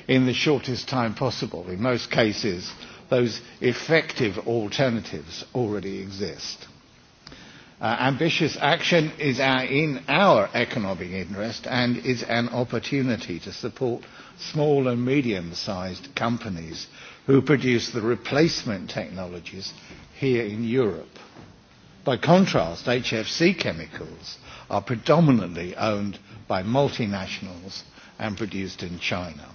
in the shortest time possible. In most cases, those effective alternatives already exist. Uh, ambitious action is uh, in our economic interest and is an opportunity to support small and medium sized companies who produce the replacement technologies here in Europe. By contrast, HFC chemicals are predominantly owned by multinationals and produced in China.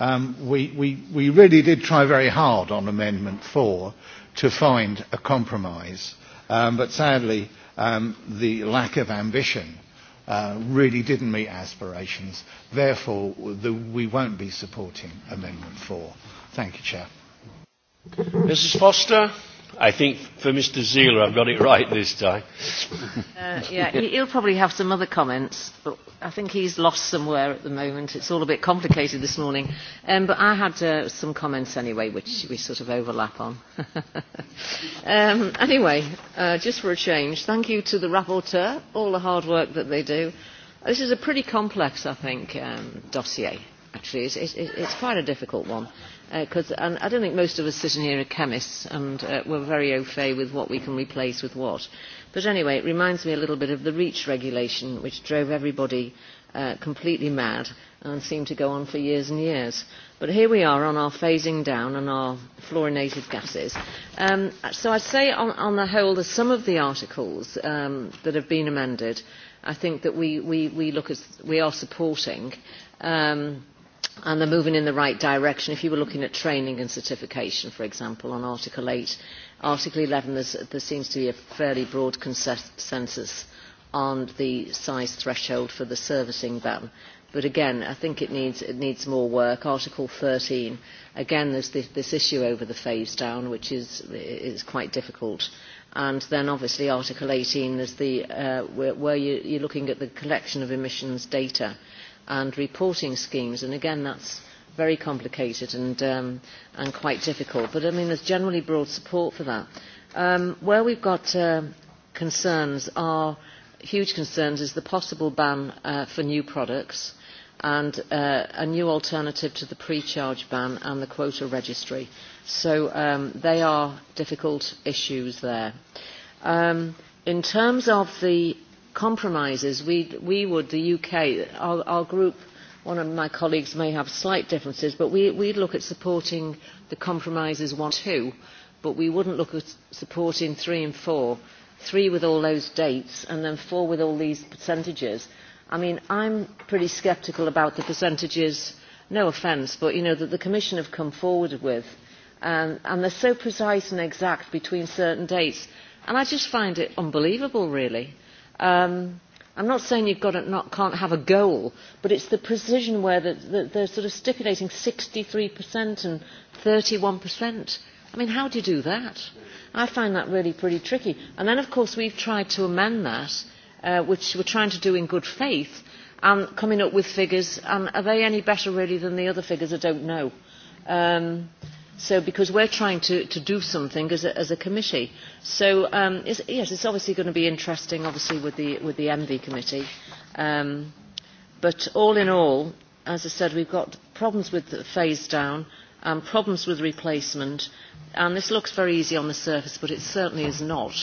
Um, we, we, we really did try very hard on Amendment 4 to find a compromise, um, but sadly um, the lack of ambition uh, really didn't meet aspirations. Therefore, the, we won't be supporting Amendment 4. Thank you, Chair. Mrs Foster. I think for Mr. Zeela, I've got it right this time. uh, yeah, he'll probably have some other comments, but I think he's lost somewhere at the moment. It's all a bit complicated this morning. Um, but I had uh, some comments anyway, which we sort of overlap on. um, anyway, uh, just for a change, thank you to the rapporteur, all the hard work that they do. This is a pretty complex, I think, um, dossier actually. It's, it's, it's quite a difficult one. Because uh, and I don't think most of us sitting here are chemists, and uh, we're very au fait with what we can replace with what. But anyway, it reminds me a little bit of the REACH regulation, which drove everybody uh, completely mad and seemed to go on for years and years. But here we are on our phasing down and our fluorinated gases. Um, so I'd say on, on the whole, that some of the articles um, that have been amended, I think that we, we, we, look as, we are supporting. Um, and they're moving in the right direction. If you were looking at training and certification, for example, on Article 8, Article 11, there seems to be a fairly broad consensus on the size threshold for the servicing ban. But again, I think it needs, it needs more work. Article 13, again, there's this, this issue over the phase down, which is, is quite difficult. And then obviously Article 18 is the, uh, where, where you, are looking at the collection of emissions data and reporting schemes. And again, that's very complicated um, and, quite difficult. But I mean, there's generally broad support for that. Um, where we've got uh, concerns are huge concerns is the possible ban uh, for new products and uh, a new alternative to the pre-charge ban and the quota registry. So um, they are difficult issues there. in terms of the compromises. We, we would, the UK, our, group, one of my colleagues may have slight differences, but we, would look at supporting the compromises one, and two, but we would not look at supporting three and four. Three with all those dates, and then four with all these percentages. I mean, am pretty sceptical about the percentages, no offence, but you know, that the Commission have come forward with. and and they're so precise and exact between certain dates. And I just find it unbelievable, really um, I'm not saying you got not, can't have a goal, but it's the precision where they are sort of stipulating sixty three and 31%. I mean, how do you do that? I find that really pretty tricky. And then, of course, we've tried to amend that, uh, which we're trying to do in good faith, and coming up with figures. And are they any better, really, than the other figures? I don't know. Um, so because we're trying to, to do something as a, as a committee. So um, it's, yes, it's obviously going to be interesting, obviously, with the, with the MV committee. Um, but all in all, as I said, we've got problems with the phase down and problems with replacement. And this looks very easy on the surface, but it certainly is not.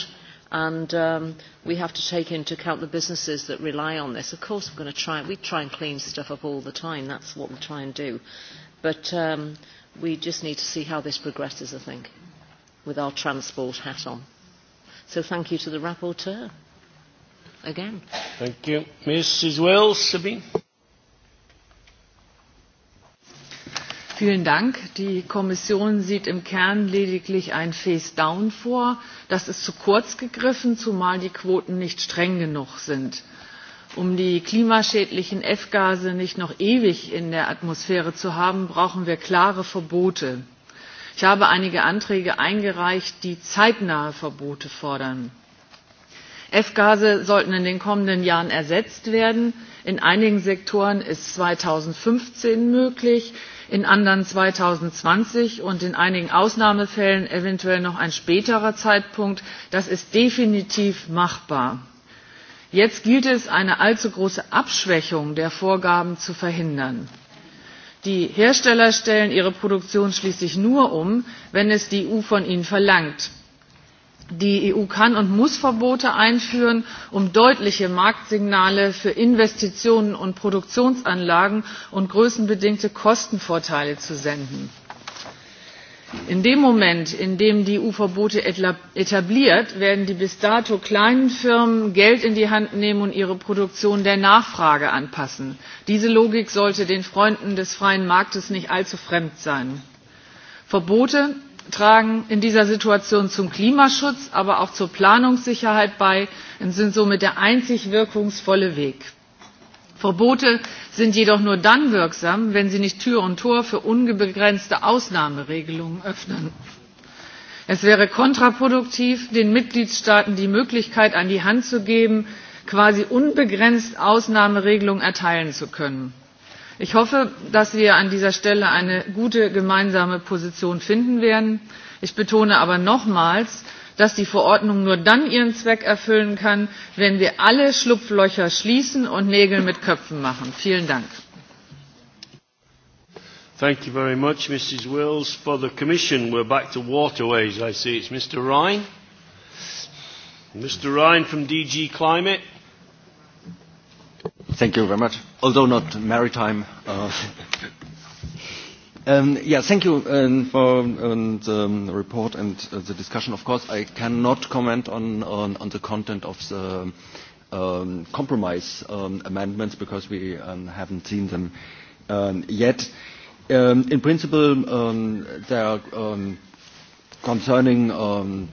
And um, we have to take into account the businesses that rely on this. Of course, we're going to try, we try and clean stuff up all the time. That's what we try and do. But um, we just need to see how this progresses, I think, with our transport hat on. So thank you to the rapporteur again. Thank you. Mrs. Wells, Sabine. Vielen Dank. Die Kommission sieht im Kern lediglich ein Face Down vor. Das ist zu kurz gegriffen, zumal die Quoten nicht streng genug sind um die klimaschädlichen f gase nicht noch ewig in der atmosphäre zu haben brauchen wir klare verbote. ich habe einige anträge eingereicht die zeitnahe verbote fordern. f gase sollten in den kommenden jahren ersetzt werden in einigen sektoren ist 2015 möglich in anderen 2020 und in einigen ausnahmefällen eventuell noch ein späterer zeitpunkt das ist definitiv machbar jetzt gilt es eine allzu große abschwächung der vorgaben zu verhindern. die hersteller stellen ihre produktion schließlich nur um wenn es die eu von ihnen verlangt. die eu kann und muss verbote einführen um deutliche marktsignale für investitionen und produktionsanlagen und größenbedingte kostenvorteile zu senden in dem moment in dem die eu verbote etabliert werden die bis dato kleinen firmen geld in die hand nehmen und ihre produktion der nachfrage anpassen. diese logik sollte den freunden des freien marktes nicht allzu fremd sein. verbote tragen in dieser situation zum klimaschutz aber auch zur planungssicherheit bei und sind somit der einzig wirkungsvolle weg verbote sind jedoch nur dann wirksam wenn sie nicht tür und tor für unbegrenzte ausnahmeregelungen öffnen. es wäre kontraproduktiv den mitgliedstaaten die möglichkeit an die hand zu geben quasi unbegrenzt ausnahmeregelungen erteilen zu können. ich hoffe dass wir an dieser stelle eine gute gemeinsame position finden werden. ich betone aber nochmals dass die verordnung nur dann ihren zweck erfüllen kann wenn wir alle schlupflöcher schließen und nägel mit köpfen machen. vielen dank! Thank you very much, Mrs. Wills. For the Commission, we're back to waterways, I see. It's Mr. Ryan. Mr. Ryan from DG Climate. Thank you very much. Although not maritime, uh, Um, yeah, thank you um, for um, the report and uh, the discussion. Of course, I cannot comment on, on, the content of the compromise amendments because we haven't seen them yet. in principle, they are concerning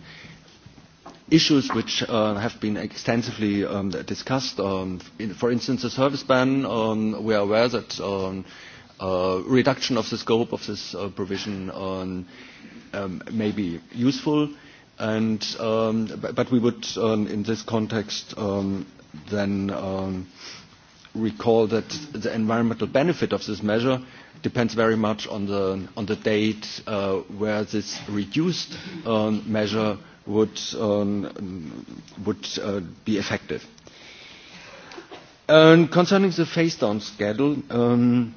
issues which uh, have been extensively discussed. Um, in, for instance, the service ban. Um, we are aware that um, uh, reduction of the scope of this uh, provision um, um, may be useful, and, um, but we would, um, in this context, um, then um, recall that the environmental benefit of this measure depends very much on the, on the date uh, where this reduced um, measure would, um, would uh, be effective. And concerning the phase-down schedule, um,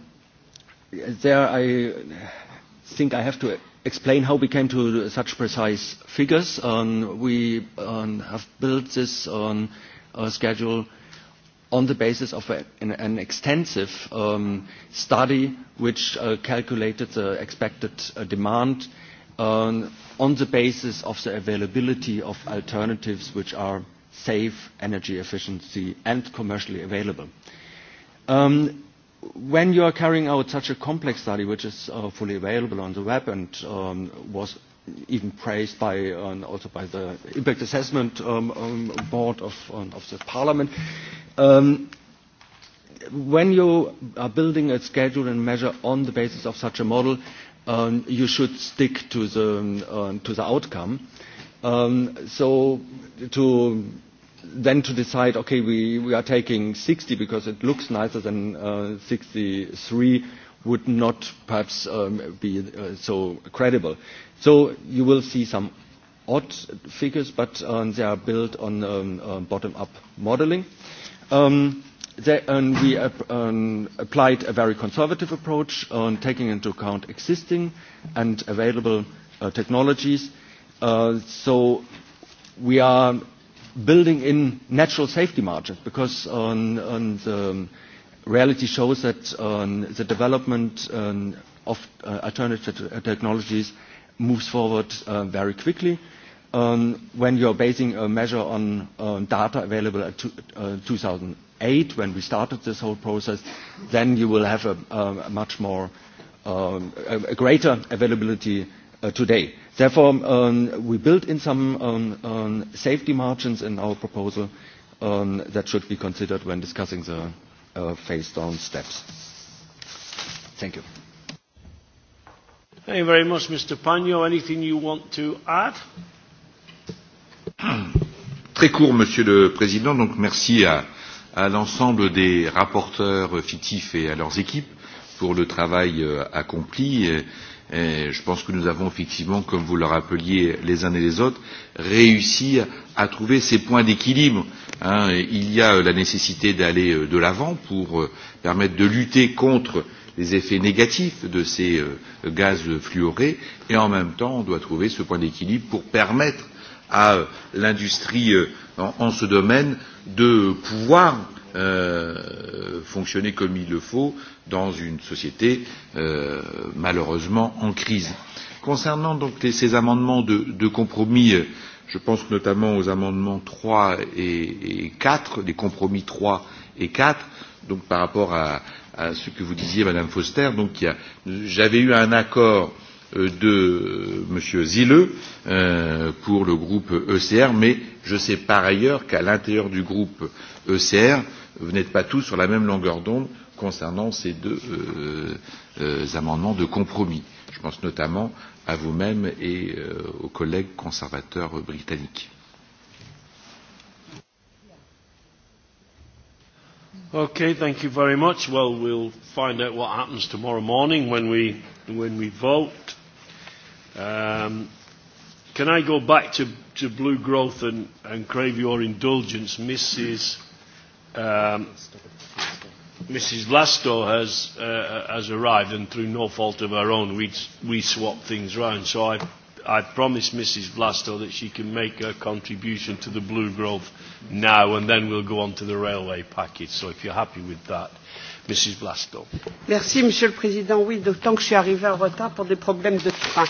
there I think I have to explain how we came to such precise figures. Um, we um, have built this on a schedule on the basis of a, an, an extensive um, study which uh, calculated the expected uh, demand um, on the basis of the availability of alternatives which are safe, energy efficiency and commercially available. Um, when you are carrying out such a complex study, which is uh, fully available on the web and um, was even praised by um, also by the impact assessment um, um, board of, um, of the parliament, um, when you are building a schedule and measure on the basis of such a model, um, you should stick to the, um, to the outcome. Um, so to then to decide, okay, we, we are taking 60 because it looks nicer than uh, 63 would not perhaps um, be uh, so credible. So you will see some odd figures, but um, they are built on um, uh, bottom-up modeling. Um, they, we ap um, applied a very conservative approach on taking into account existing and available uh, technologies. Uh, so we are building in natural safety margins because on, on the um, reality shows that the development um, of uh, alternative technologies moves forward uh, very quickly. Um, when you're basing a measure on data available at two, uh, 2008, when we started this whole process, then you will have a, a much more, um, a greater availability uh, today. Therefore, um, um, we built in some um, um, safety margins in our proposal um, that should be considered when discussing the uh, phase-down steps. Thank you. Thank you very much, Mr. Pagno. Anything you want to add? Très court, Monsieur le Président. Donc, merci à, à l'ensemble des rapporteurs fictifs et à leurs équipes pour le travail euh, accompli. Et, Et je pense que nous avons effectivement, comme vous le rappeliez les uns et les autres, réussi à trouver ces points d'équilibre. Hein. Il y a euh, la nécessité d'aller euh, de l'avant pour euh, permettre de lutter contre les effets négatifs de ces gaz fluorés et en même temps on doit trouver ce point d'équilibre pour permettre à l'industrie en ce domaine de pouvoir Euh, fonctionner comme il le faut dans une société euh, malheureusement en crise. Concernant donc ces amendements de, de compromis, je pense notamment aux amendements 3 et, 4, les compromis 3 et 4, donc par rapport à, à ce que vous disiez, Madame Foster, donc j'avais eu un accord euh, de M. Zilleux euh, pour le groupe ECR, mais je sais par ailleurs qu'à l'intérieur du groupe ECR, vous n'êtes pas tous sur la même longueur d'onde concernant ces deux euh, euh, amendements de compromis. Je pense notamment à vous-même et euh, aux collègues conservateurs britanniques. Okay, thank you very much. Well, we'll find out what happens tomorrow morning when we, when we vote. Um, can I go back to, to blue growth and, and crave your indulgence, Mrs. Um, Mrs. Vlasto has, uh, has arrived, and through no fault of her own, we, we swap things around So I, I promised Mrs. Vlasto that she can make her contribution to the Blue Grove now, and then we'll go on to the railway package. So if you're happy with that, Merci, Monsieur le Président. Oui, d'autant que je suis arrivée en retard pour des problèmes de train.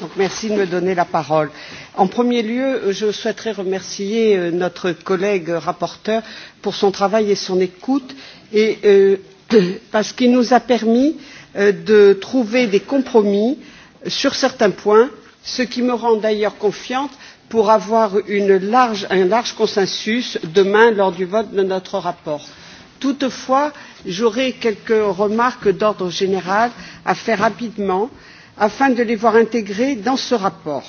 Donc, merci de me donner la parole. En premier lieu, je souhaiterais remercier euh, notre collègue rapporteur pour son travail et son écoute, et, euh, parce qu'il nous a permis euh, de trouver des compromis sur certains points, ce qui me rend d'ailleurs confiante pour avoir un large consensus demain lors du vote de notre rapport. Toutefois, j'aurai quelques remarques d'ordre général à faire rapidement afin de les voir intégrées dans ce rapport.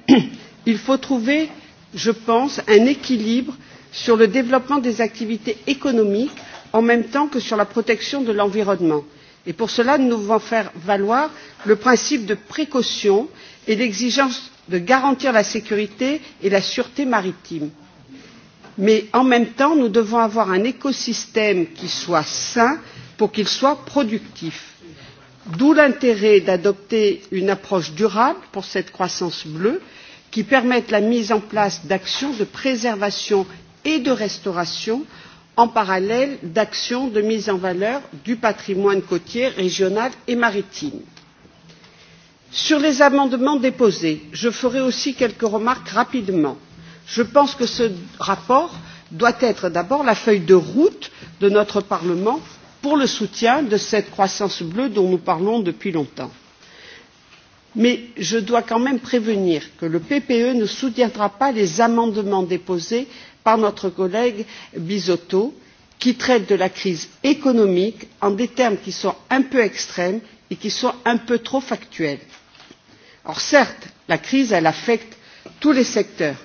il faut trouver je pense un équilibre sur le développement des activités économiques en même temps que sur la protection de l'environnement et pour cela nous devons faire valoir le principe de précaution et l'exigence de garantir la sécurité et la sûreté maritime mais en même temps nous devons avoir un écosystème qui soit sain pour qu'il soit productif d'où l'intérêt d'adopter une approche durable pour cette croissance bleue qui permette la mise en place d'actions de préservation et de restauration en parallèle d'actions de mise en valeur du patrimoine côtier régional et maritime. sur les amendements déposés je ferai aussi quelques remarques rapidement je pense que ce rapport doit être d'abord la feuille de route de notre parlement pour le soutien de cette croissance bleue dont nous parlons depuis longtemps mais je dois quand même prévenir que le ppe ne soutiendra pas les amendements déposés par notre collègue bisotto qui traitent de la crise économique en des termes qui sont un peu extrêmes et qui sont un peu trop factuels. Or, certes la crise affecte tous les secteurs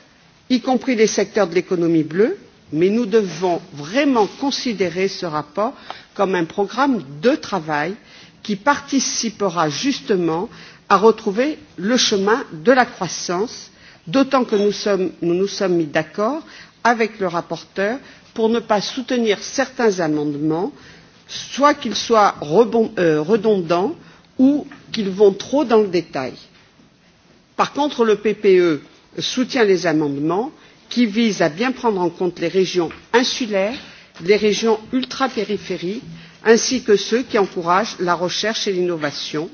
y compris les secteurs de l'économie bleue mais nous devons vraiment considérer ce rapport comme un programme de travail qui participera justement à retrouver le chemin de la croissance d'autant que nous, sommes, nous nous sommes mis d'accord avec le rapporteur pour ne pas soutenir certains amendements soit qu'ils soient rebond, euh, redondants ou qu'ils vont trop dans le détail. par contre le ppe soutient les amendements qui visent à bien prendre en compte les régions insulaires les régions ultrapériphériques ainsi que ceux qui encouragent la recherche et l'innovation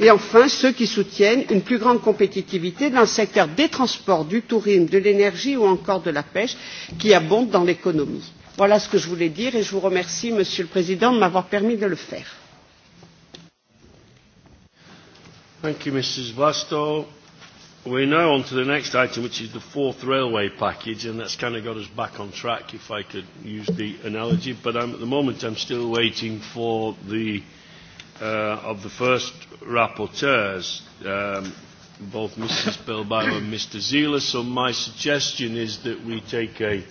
et enfin ceux qui soutiennent une plus grande compétitivité dans le secteur des transports du tourisme de l'énergie ou encore de la pêche qui abondent dans l'économie. voilà ce que je voulais dire et je vous remercie monsieur le président de m'avoir permis de le faire. Thank you, Mrs. We're now on to the next item, which is the fourth railway package, and that's kind of got us back on track, if I could use the analogy. But I'm, at the moment, I'm still waiting for the uh, of the first rapporteurs, um, both Mrs. Bilbao and Mr. Zila. So my suggestion is that we take a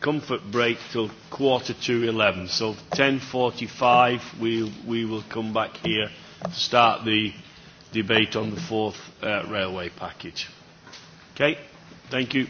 comfort break till quarter to 11. So 10:45, we we will come back here to start the debate on the fourth uh, railway package. Okay, thank you.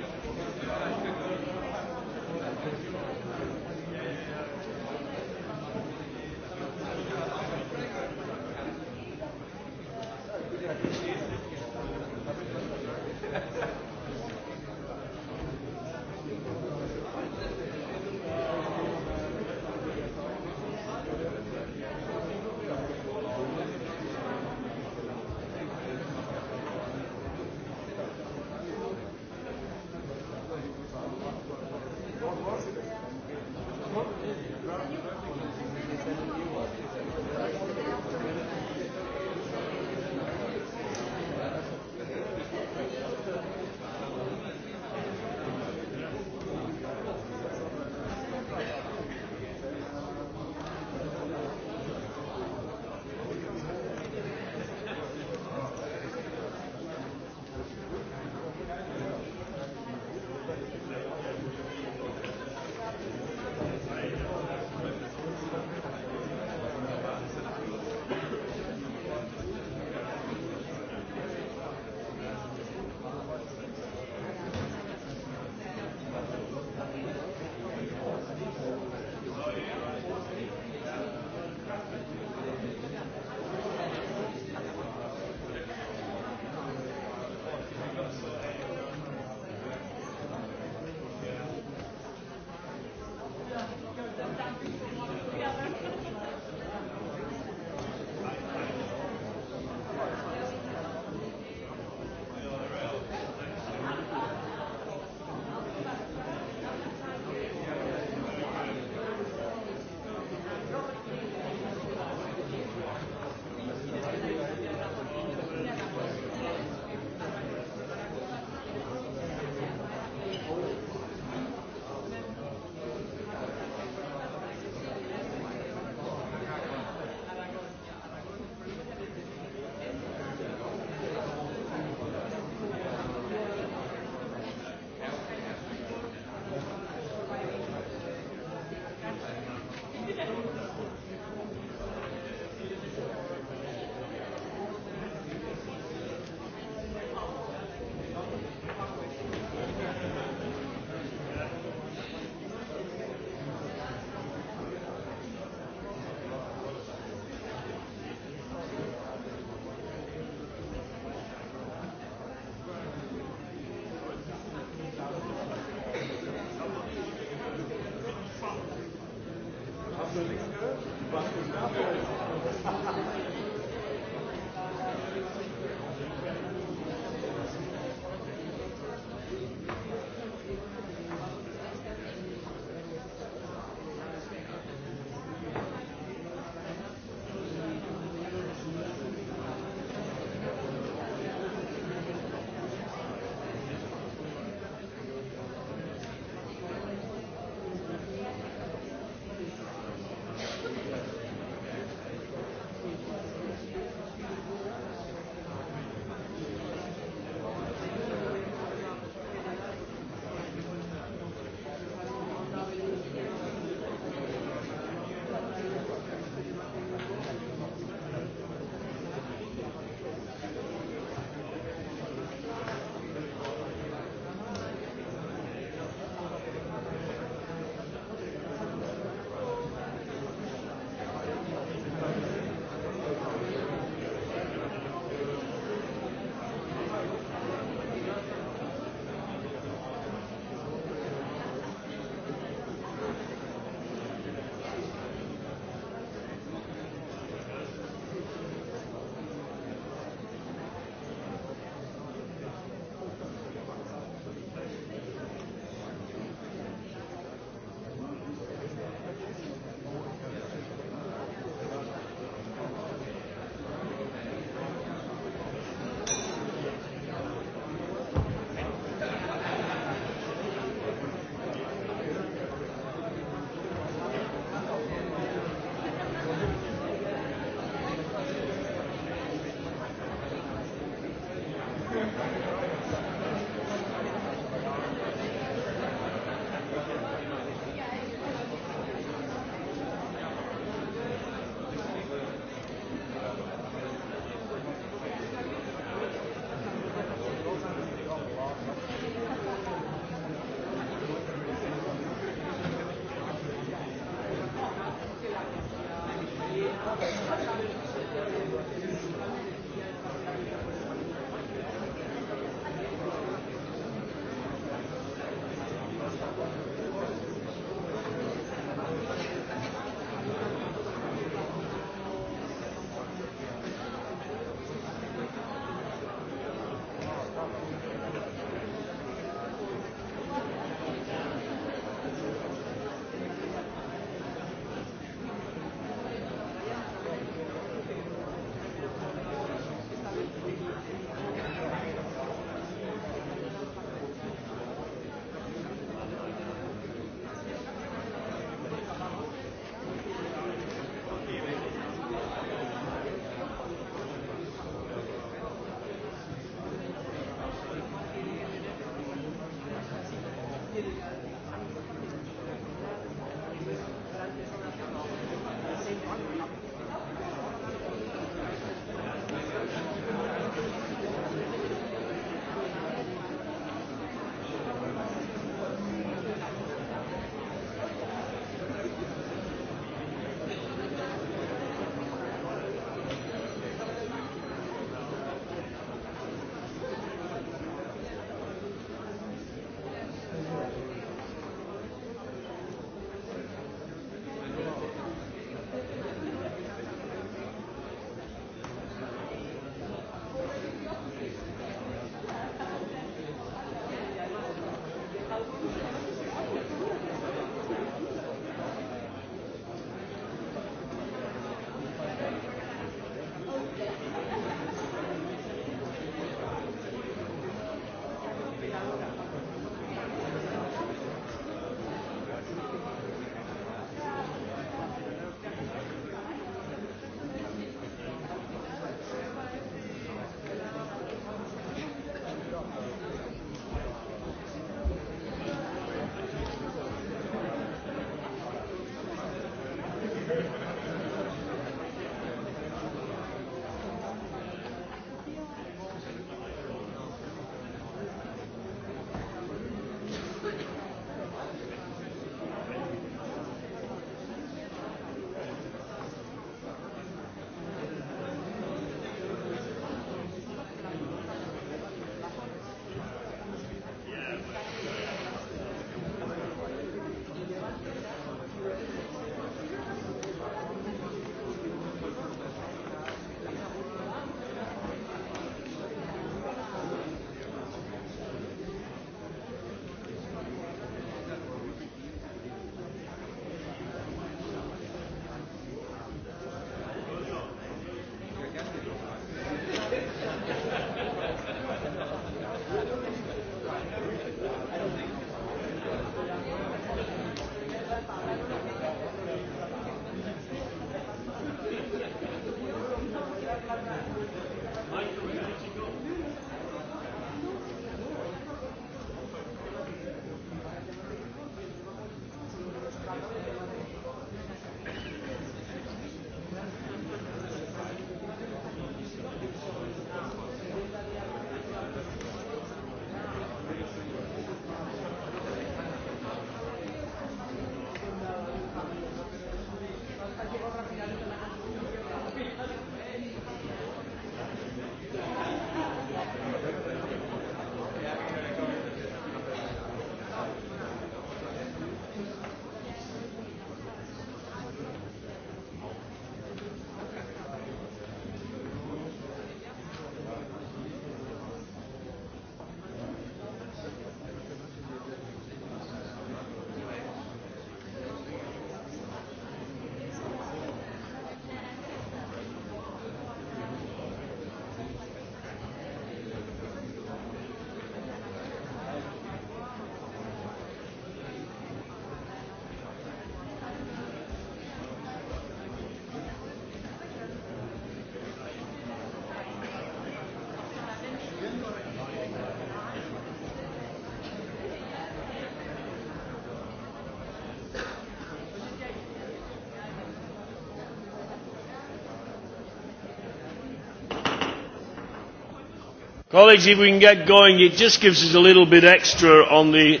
Colleagues, if we can get going, it just gives us a little bit extra on the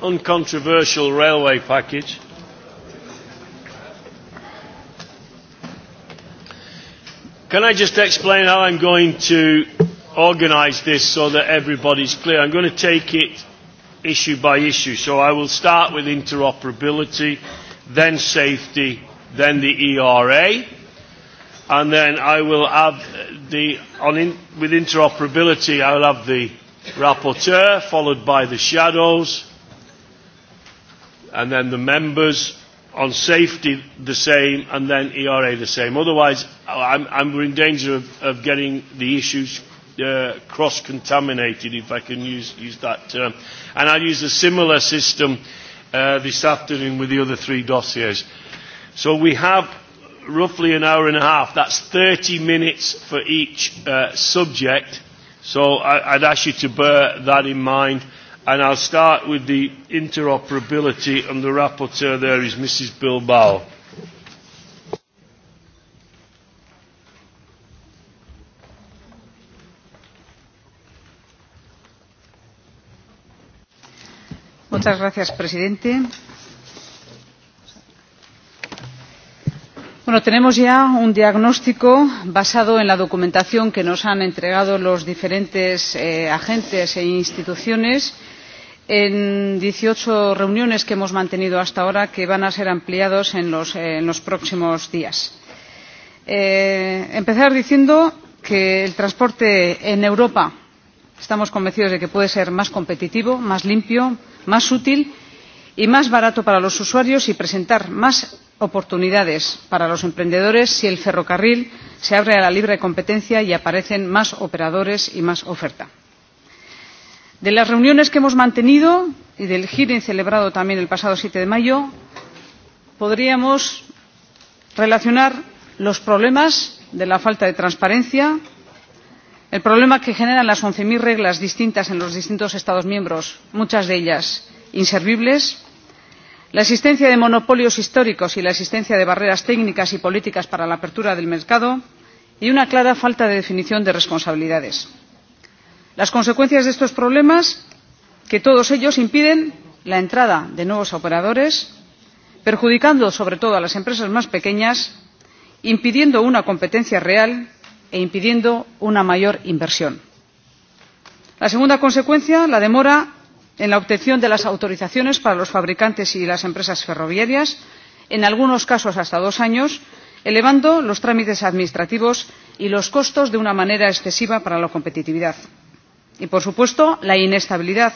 uncontroversial railway package. Can I just explain how I'm going to organise this so that everybody's clear? I'm going to take it issue by issue. So I will start with interoperability, then safety, then the ERA, and then I will have the, on in, with interoperability, I'll have the rapporteur, followed by the shadows, and then the members. On safety, the same, and then ERA, the same. Otherwise, I'm, I'm, in danger of, getting the issues uh, cross-contaminated, if I can use, use that term. And I'll use a similar system uh, this afternoon with the other three dossiers. So we have roughly an hour and a half. That's 30 minutes for each uh, subject. So I, I'd ask you to bear that in mind. And I'll start with the interoperability, and the rapporteur there is Mrs. Bilbao. Muchas gracias, presidente. tenemos ya un diagnóstico basado en la documentación que nos han entregado los diferentes eh, agentes e instituciones en dieciocho reuniones que hemos mantenido hasta ahora que van a ser ampliados en los, eh, próximos días. Eh, empezar diciendo que el transporte en Europa estamos convencidos de que puede ser más competitivo, más limpio, más útil y más barato para los usuarios y presentar más oportunidades para los emprendedores si el ferrocarril se abre a la libre competencia y aparecen más operadores y más oferta. de las reuniones que hemos mantenido y del hearing celebrado también el pasado 7 de mayo podríamos relacionar los problemas de la falta de transparencia el problema que generan las once reglas distintas en los distintos estados miembros muchas de ellas inservibles la existencia de monopolios históricos y la existencia de barreras técnicas y políticas para la apertura del mercado y una clara falta de definición de responsabilidades. las consecuencias de estos problemas que todos ellos impiden la entrada de nuevos operadores perjudicando sobre todo a las empresas más pequeñas impidiendo una competencia real e impidiendo una mayor inversión. la segunda consecuencia la demora en la obtención de las autorizaciones para los fabricantes y las empresas ferroviarias en algunos casos hasta dos años elevando los trámites administrativos y los costos de una manera excesiva para la competitividad y por supuesto la inestabilidad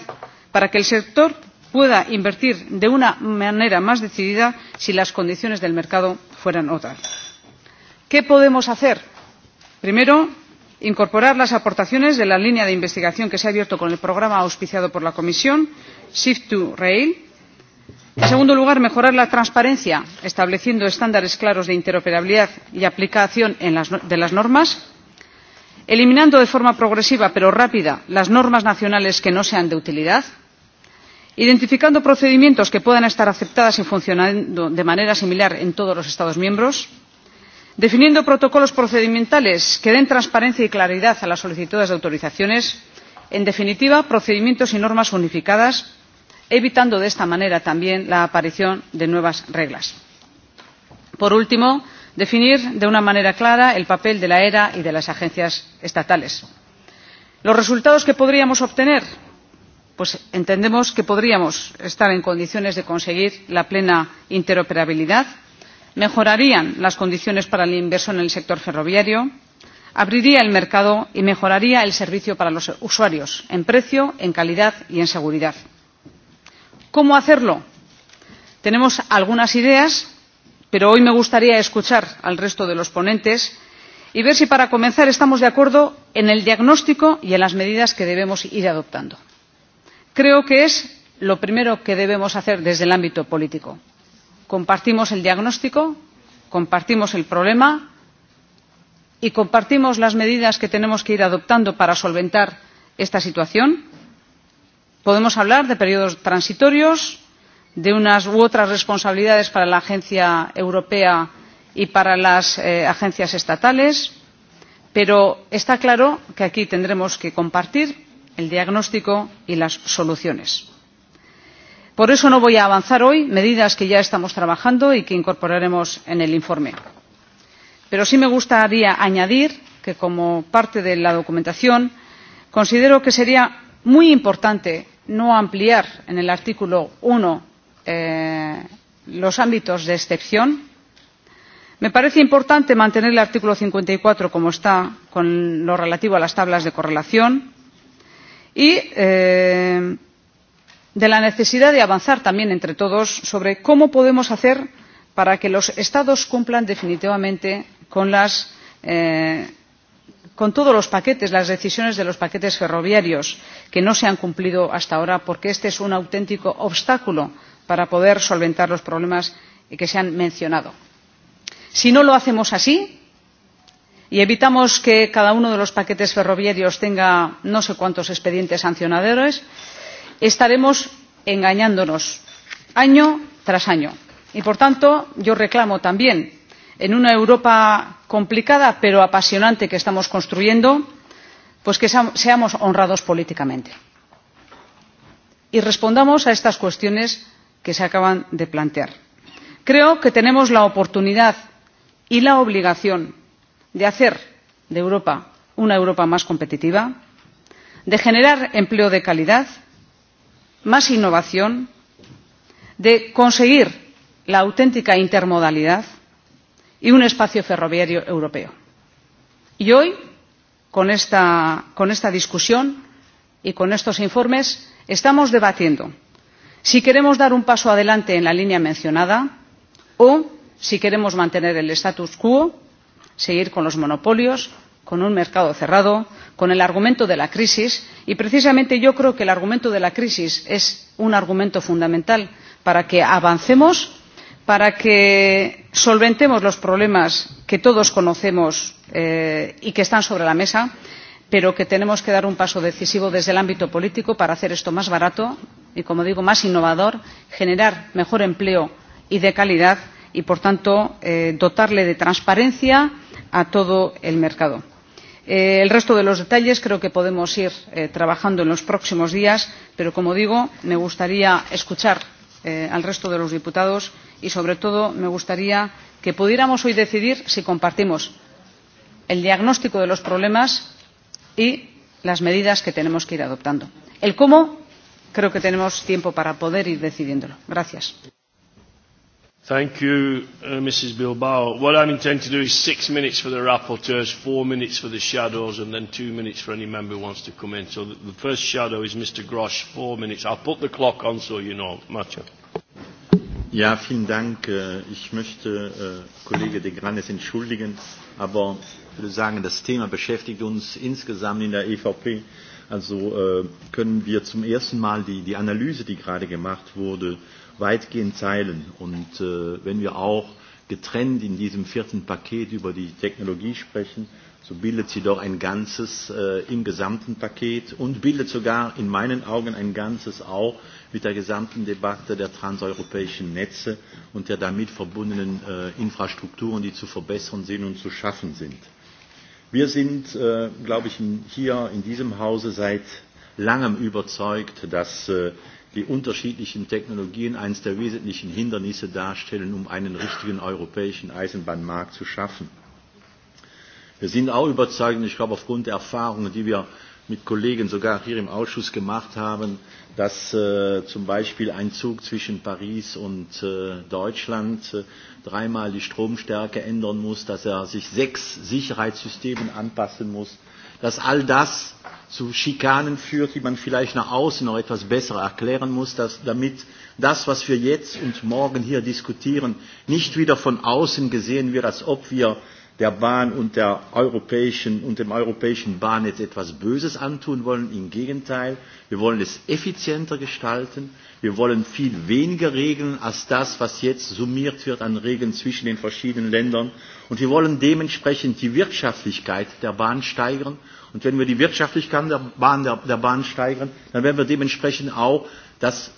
para que el sector pueda invertir de una manera más decidida si las condiciones del mercado fueran otras. qué podemos hacer? primero incorporar las aportaciones de la línea de investigación que se ha abierto con el programa auspiciado por la comisión shift to rail; en segundo lugar mejorar la transparencia estableciendo estándares claros de interoperabilidad y aplicación de las normas; eliminando de forma progresiva pero rápida las normas nacionales que no sean de utilidad; identificando procedimientos que puedan estar aceptadas y funcionando de manera similar en todos los estados miembros; definiendo protocolos procedimentales que den transparencia y claridad a las solicitudes de autorizaciones en definitiva procedimientos y normas unificadas evitando de esta manera también la aparición de nuevas reglas. por último definir de una manera clara el papel de la era y de las agencias estatales. los resultados que podríamos obtener pues entendemos que podríamos estar en condiciones de conseguir la plena interoperabilidad mejorarían las condiciones para el inversión en el sector ferroviario abriría el mercado y mejoraría el servicio para los usuarios en precio en calidad y en seguridad. cómo hacerlo? tenemos algunas ideas pero hoy me gustaría escuchar al resto de los ponentes y ver si para comenzar estamos de acuerdo en el diagnóstico y en las medidas que debemos ir adoptando. creo que es lo primero que debemos hacer desde el ámbito político compartimos el diagnóstico compartimos el problema y compartimos las medidas que tenemos que ir adoptando para solventar esta situación podemos hablar de periodos transitorios de unas u otras responsabilidades para la agencia europea y para las eh, agencias estatales pero está claro que aquí tendremos que compartir el diagnóstico y las soluciones por eso no voy a avanzar hoy medidas que ya estamos trabajando y que incorporaremos en el informe pero sí me gustaría añadir que como parte de la documentación considero que sería muy importante no ampliar en el artículo uno eh, los ámbitos de excepción. me parece importante mantener el artículo cincuenta y cuatro como está con lo relativo a las tablas de correlación y eh, de la necesidad de avanzar también entre todos sobre cómo podemos hacer para que los estados cumplan definitivamente eh, con, todos los paquetes las decisiones de los paquetes ferroviarios que no se han cumplido hasta ahora porque este es un auténtico obstáculo para poder solventar los problemas que se han mencionado. si no lo hacemos así y evitamos que cada uno de los paquetes ferroviarios tenga no sé cuántos expedientes sancionadores estaremos engañándonos año tras año. y por tanto yo reclamo también en una europa complicada pero apasionante que estamos construyendo pues que seamos honrados políticamente y respondamos a estas cuestiones que se acaban de plantear. creo que tenemos la oportunidad y la obligación de hacer de europa una europa más competitiva de generar empleo de calidad más innovación de conseguir la auténtica intermodalidad y un espacio ferroviario europeo. y hoy con esta, con esta discusión y con estos informes estamos debatiendo si queremos dar un paso adelante en la línea mencionada o si queremos mantener el status quo seguir con los monopolios con un mercado cerrado con el argumento de la crisis y precisamente yo creo que el argumento de la crisis es un argumento fundamental para que avancemos para que solventemos los problemas que todos conocemos eh, y que están sobre la mesa pero que tenemos que dar un paso decisivo desde el ámbito político para hacer esto más barato y como digo más innovador generar mejor empleo y de calidad y por tanto eh, dotarle de transparencia a todo el mercado. Eh, el resto de los detalles creo que podemos ir eh, trabajando en los próximos días pero como digo me gustaría escuchar eh, al resto de los diputados y sobre todo me gustaría que pudiéramos hoy decidir si compartimos el diagnóstico de los problemas y las medidas que tenemos que ir adoptando. el cómo creo que tenemos tiempo para poder ir decidiéndolo. gracias. Thank you, uh, Mrs. Bilbao. What I'm intending to do is six minutes for the rapporteurs, four minutes for the shadows, and then two minutes for any member who wants to come in. So the, the first shadow is Mr. Grosch, four minutes. I'll put the clock on so you know. Macho. Ja, vielen Dank. Äh, ich möchte äh, Kollege de Grandes entschuldigen, aber ich würde sagen, das Thema beschäftigt uns insgesamt in der EVP. Also äh, können wir zum ersten Mal die, die Analyse, die gerade gemacht wurde, weitgehend teilen. Und äh, wenn wir auch getrennt in diesem vierten Paket über die Technologie sprechen, so bildet sie doch ein Ganzes äh, im gesamten Paket und bildet sogar in meinen Augen ein Ganzes auch mit der gesamten Debatte der transeuropäischen Netze und der damit verbundenen äh, Infrastrukturen, die zu verbessern sind und zu schaffen sind. Wir sind, äh, glaube ich, in, hier in diesem Hause seit langem überzeugt, dass äh, die unterschiedlichen Technologien eines der wesentlichen Hindernisse darstellen, um einen richtigen europäischen Eisenbahnmarkt zu schaffen. Wir sind auch überzeugt, ich glaube aufgrund der Erfahrungen, die wir mit Kollegen sogar hier im Ausschuss gemacht haben, dass äh, zum Beispiel ein Zug zwischen Paris und äh, Deutschland äh, dreimal die Stromstärke ändern muss, dass er sich sechs Sicherheitssystemen anpassen muss, dass all das zu Schikanen führt, die man vielleicht nach außen noch etwas besser erklären muss, dass, damit das, was wir jetzt und morgen hier diskutieren, nicht wieder von außen gesehen wird, als ob wir der Bahn und, der europäischen, und dem europäischen Bahnnetz etwas Böses antun wollen. Im Gegenteil, wir wollen es effizienter gestalten. Wir wollen viel weniger Regeln als das, was jetzt summiert wird an Regeln zwischen den verschiedenen Ländern. Und wir wollen dementsprechend die Wirtschaftlichkeit der Bahn steigern Und wenn wir die Wirtschaftlichkeit der Bahn, der, der Bahn steigern, dann werden wir dementsprechend auch das,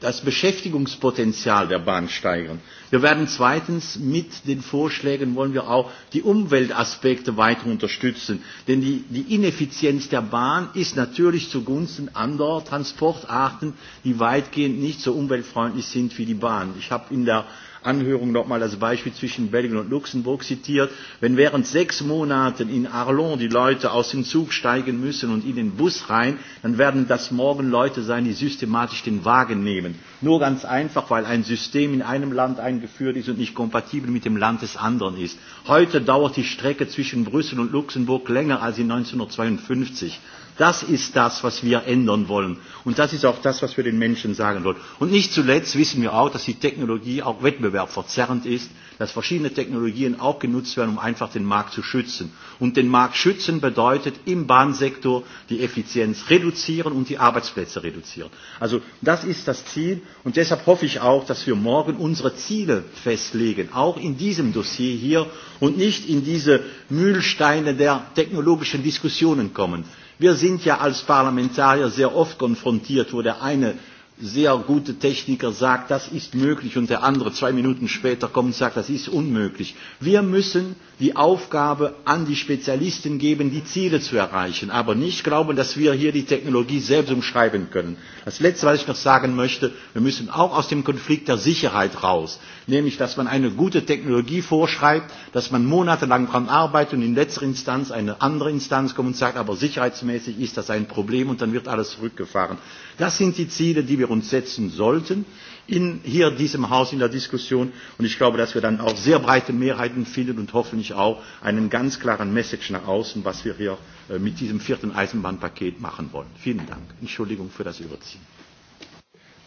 das Beschäftigungspotenzial der Bahn steigern. Wir werden zweitens mit den Vorschlägen wollen wir auch die Umweltaspekte weiter unterstützen. Denn die, die Ineffizienz der Bahn ist natürlich zugunsten anderer Transportarten, die weitgehend nicht so umweltfreundlich sind wie die Bahn. Ich habe in der Anhörung noch nochmal das Beispiel zwischen Belgien und Luxemburg zitiert. Wenn während sechs Monaten in Arlon die Leute aus dem Zug steigen müssen und in den Bus rein, dann werden das morgen Leute sein, die systematisch den Wagen nehmen Nur ganz einfach, weil ein System in einem Land eingeführt ist und nicht kompatibel mit dem Land des anderen ist. Heute dauert die Strecke zwischen Brüssel und Luxemburg länger als in 1952. Das ist das, was wir ändern wollen. Und das ist auch das, was wir den Menschen sagen wollen. Und nicht zuletzt wissen wir auch, dass die Technologie auch wettbewerbverzerrend ist, dass verschiedene Technologien auch genutzt werden, um einfach den Markt zu schützen. Und den Markt schützen bedeutet im Bahnsektor die Effizienz reduzieren und die Arbeitsplätze reduzieren. Also das ist das Ziel und deshalb hoffe ich auch, dass wir morgen unsere Ziele festlegen, auch in diesem Dossier hier und nicht in diese Mühlsteine der technologischen Diskussionen kommen. Wir sind ja als Parlamentarier sehr oft konfrontiert, wo der eine sehr gute Techniker sagt, das ist möglich und der andere zwei Minuten später kommt und sagt, das ist unmöglich. Wir müssen die Aufgabe an die Spezialisten geben, die Ziele zu erreichen, aber nicht glauben, dass wir hier die Technologie selbst umschreiben können. Das Letzte, was ich noch sagen möchte, wir müssen auch aus dem Konflikt der Sicherheit raus, nämlich, dass man eine gute Technologie vorschreibt, dass man monatelang daran arbeitet und in letzter Instanz eine andere Instanz kommt und sagt, aber sicherheitsmäßig ist das ein Problem und dann wird alles zurückgefahren. Das sind die Ziele, die wir uns setzen sollten in hier diesem Haus in der Diskussion. Und ich glaube, dass wir dann auch sehr breite Mehrheiten finden und hoffentlich auch einen ganz klaren Message nach außen, was wir hier äh, mit diesem vierten Eisenbahnpaket machen wollen. Vielen Dank. Entschuldigung für das Überziehen.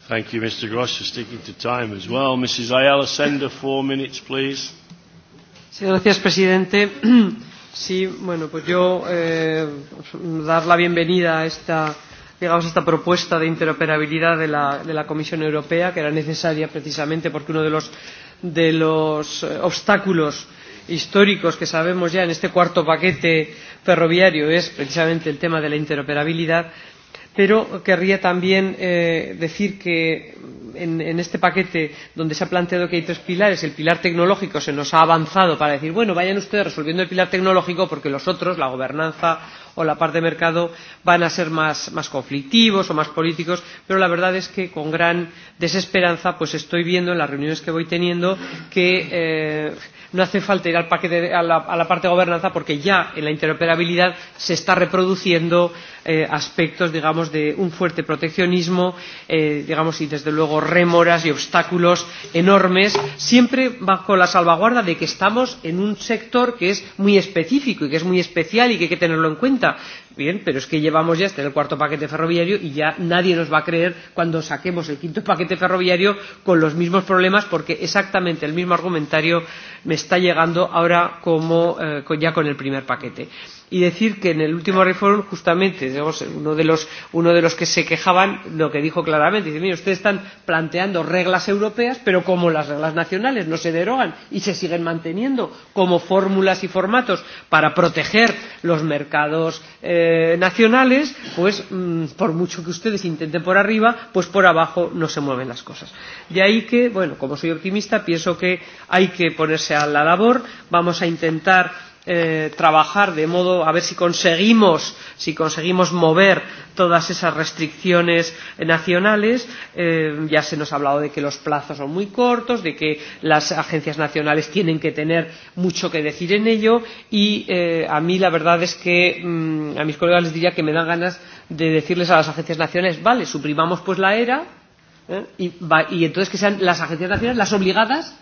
Thank you, Mr. Gross, for sticking to time as well. Mrs. Ayala her four minutes, please. Sí, gracias, presidente. Sí, bueno, pues yo eh, dar la bienvenida a esta llegamos esta propuesta de interoperabilidad de la, de la Comisión Europea, que era necesaria precisamente porque uno de los, de los eh, obstáculos históricos que sabemos ya en este cuarto paquete ferroviario es precisamente el tema de la interoperabilidad pero querría también eh, decir que en, en este paquete donde se ha planteado que hay tres pilares el pilar tecnológico se nos ha avanzado para decir bueno vayan ustedes resolviendo el pilar tecnológico porque los otros la gobernanza o la parte de mercado van a ser más, más conflictivos o más políticos pero la verdad es que con gran desesperanza pues estoy viendo en las reuniones que voy teniendo que eh, no hace falta ir al paquete, a, la, a la parte de gobernanza porque ya en la interoperabilidad se está reproduciendo eh, aspectos digamos de un fuerte proteccionismo eh, digamos y desde luego rémoras y obstáculos enormes siempre bajo la salvaguarda de que estamos en un sector que es muy específico y que es muy especial y que hay que tenerlo en cuenta Bien, pero es que llevamos ya hasta el cuarto paquete ferroviario y ya nadie nos va a creer cuando saquemos el quinto paquete ferroviario con los mismos problemas porque exactamente el mismo argumentario me está llegando ahora como eh, ya con el primer paquete y decir que en el último reform justamente digamos, uno de los uno de los que se quejaban lo que dijo claramente dice mire ustedes están planteando reglas europeas pero como las reglas nacionales no se derogan y se siguen manteniendo como fórmulas y formatos para proteger los mercados eh, nacionales pues mm, por mucho que ustedes intenten por arriba pues por abajo no se mueven las cosas de ahí que bueno como soy optimista pienso que hay que ponerse a la labor vamos a intentar eh, trabajar de modo a ver si conseguimos si conseguimos mover todas esas restricciones nacionales eh, ya se nos ha hablado de que los plazos son muy cortos de que las agencias nacionales tienen que tener mucho que decir en ello y eh, a mí la verdad es que mmm, a mis colegas les diría que me dan ganas de decirles a las agencias nacionales vale suprimamos pues la era ¿eh? y, va, y entonces que sean las agencias nacionales las obligadas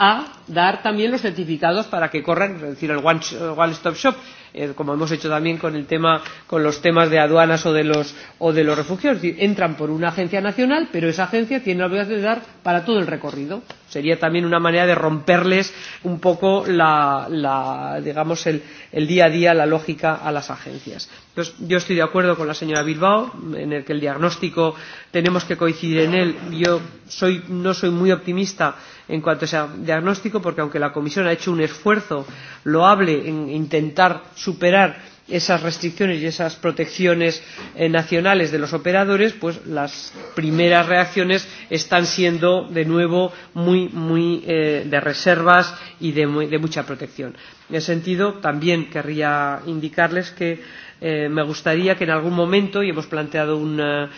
a dar también los certificados para que corran, es decir, el One, one Stop Shop eh, como hemos hecho también con el tema con los temas de aduanas o de los o de los refugiados es decir entran por una agencia nacional pero esa agencia tiene la obligación de dar para todo el recorrido sería también una manera de romperles un poco la, la digamos el, el día a día la lógica a las agencias entonces yo estoy de acuerdo con la señora Bilbao en el que el diagnóstico tenemos que coincidir en él yo soy no soy muy optimista en cuanto a ese diagnóstico porque aunque la comisión ha hecho un esfuerzo loable en intentar superar esas restricciones y esas protecciones eh, nacionales de los operadores pues las primeras reacciones están siendo de nuevo muy muy eh, de reservas y de, de mucha protección en ese sentido también querría indicarles que eh, me gustaría que en algún momento y hemos planteado una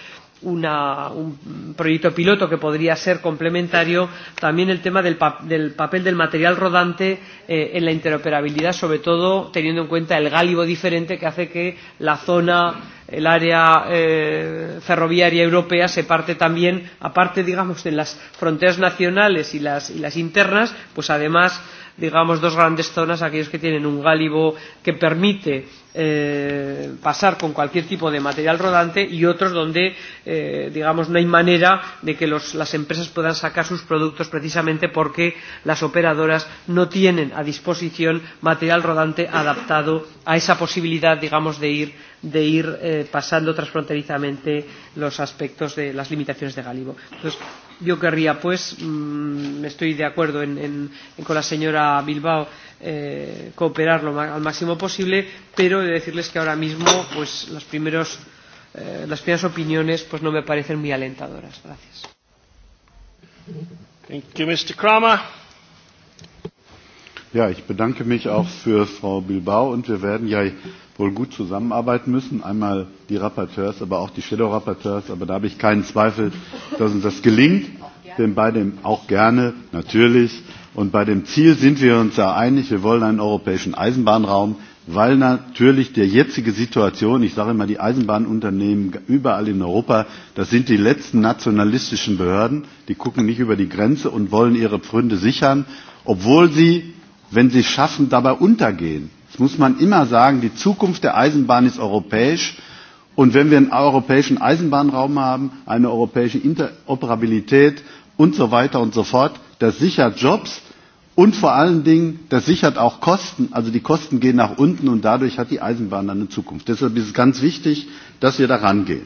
una, un proyecto piloto que podría ser complementario, también el tema del, pa del papel del material rodante eh, en la interoperabilidad, sobre todo teniendo en cuenta el gálibo diferente que hace que la zona, el área eh, ferroviaria europea se parte también, aparte digamos de las fronteras nacionales y las, y las internas, pues además digamos dos grandes zonas, aquellos que tienen un gálibo que permite eh, pasar con cualquier tipo de material rodante y otros donde eh, digamos no hay manera de que los, las empresas puedan sacar sus productos precisamente porque las operadoras no tienen a disposición material rodante adaptado a esa posibilidad digamos de ir de ir eh, pasando transfronterizamente los aspectos de las limitaciones de Galibo. Entonces, yo querría, pues, mmm, estoy de acuerdo en, con la señora Bilbao eh, cooperar lo, al máximo posible, pero he de decirles que ahora mismo pues, los primeros, eh, las primeras opiniones pues, no me parecen muy alentadoras. Gracias. Thank you, Mr. Kramer. Ja, ich bedanke mich auch für Frau Bilbao und wir werden ja wohl gut zusammenarbeiten müssen. Einmal die Rapporteurs, aber auch die Shadow Rapporteurs. Aber da habe ich keinen Zweifel, dass uns das gelingt. Denn bei dem auch gerne, natürlich, Und bei dem Ziel sind wir uns ja einig, wir wollen einen europäischen Eisenbahnraum, weil natürlich der jetzige Situation, ich sage immer die Eisenbahnunternehmen überall in Europa, das sind die letzten nationalistischen Behörden, die gucken nicht über die Grenze und wollen ihre Pfründe sichern, obwohl sie, wenn sie es schaffen, dabei untergehen. Das muss man immer sagen, die Zukunft der Eisenbahn ist europäisch. Und wenn wir einen europäischen Eisenbahnraum haben, eine europäische Interoperabilität und so weiter und so fort, das sichert Jobs und vor allen Dingen, das sichert auch Kosten. Also die Kosten gehen nach unten und dadurch hat die Eisenbahn dann eine Zukunft. Deshalb ist es ganz wichtig, dass wir da rangehen.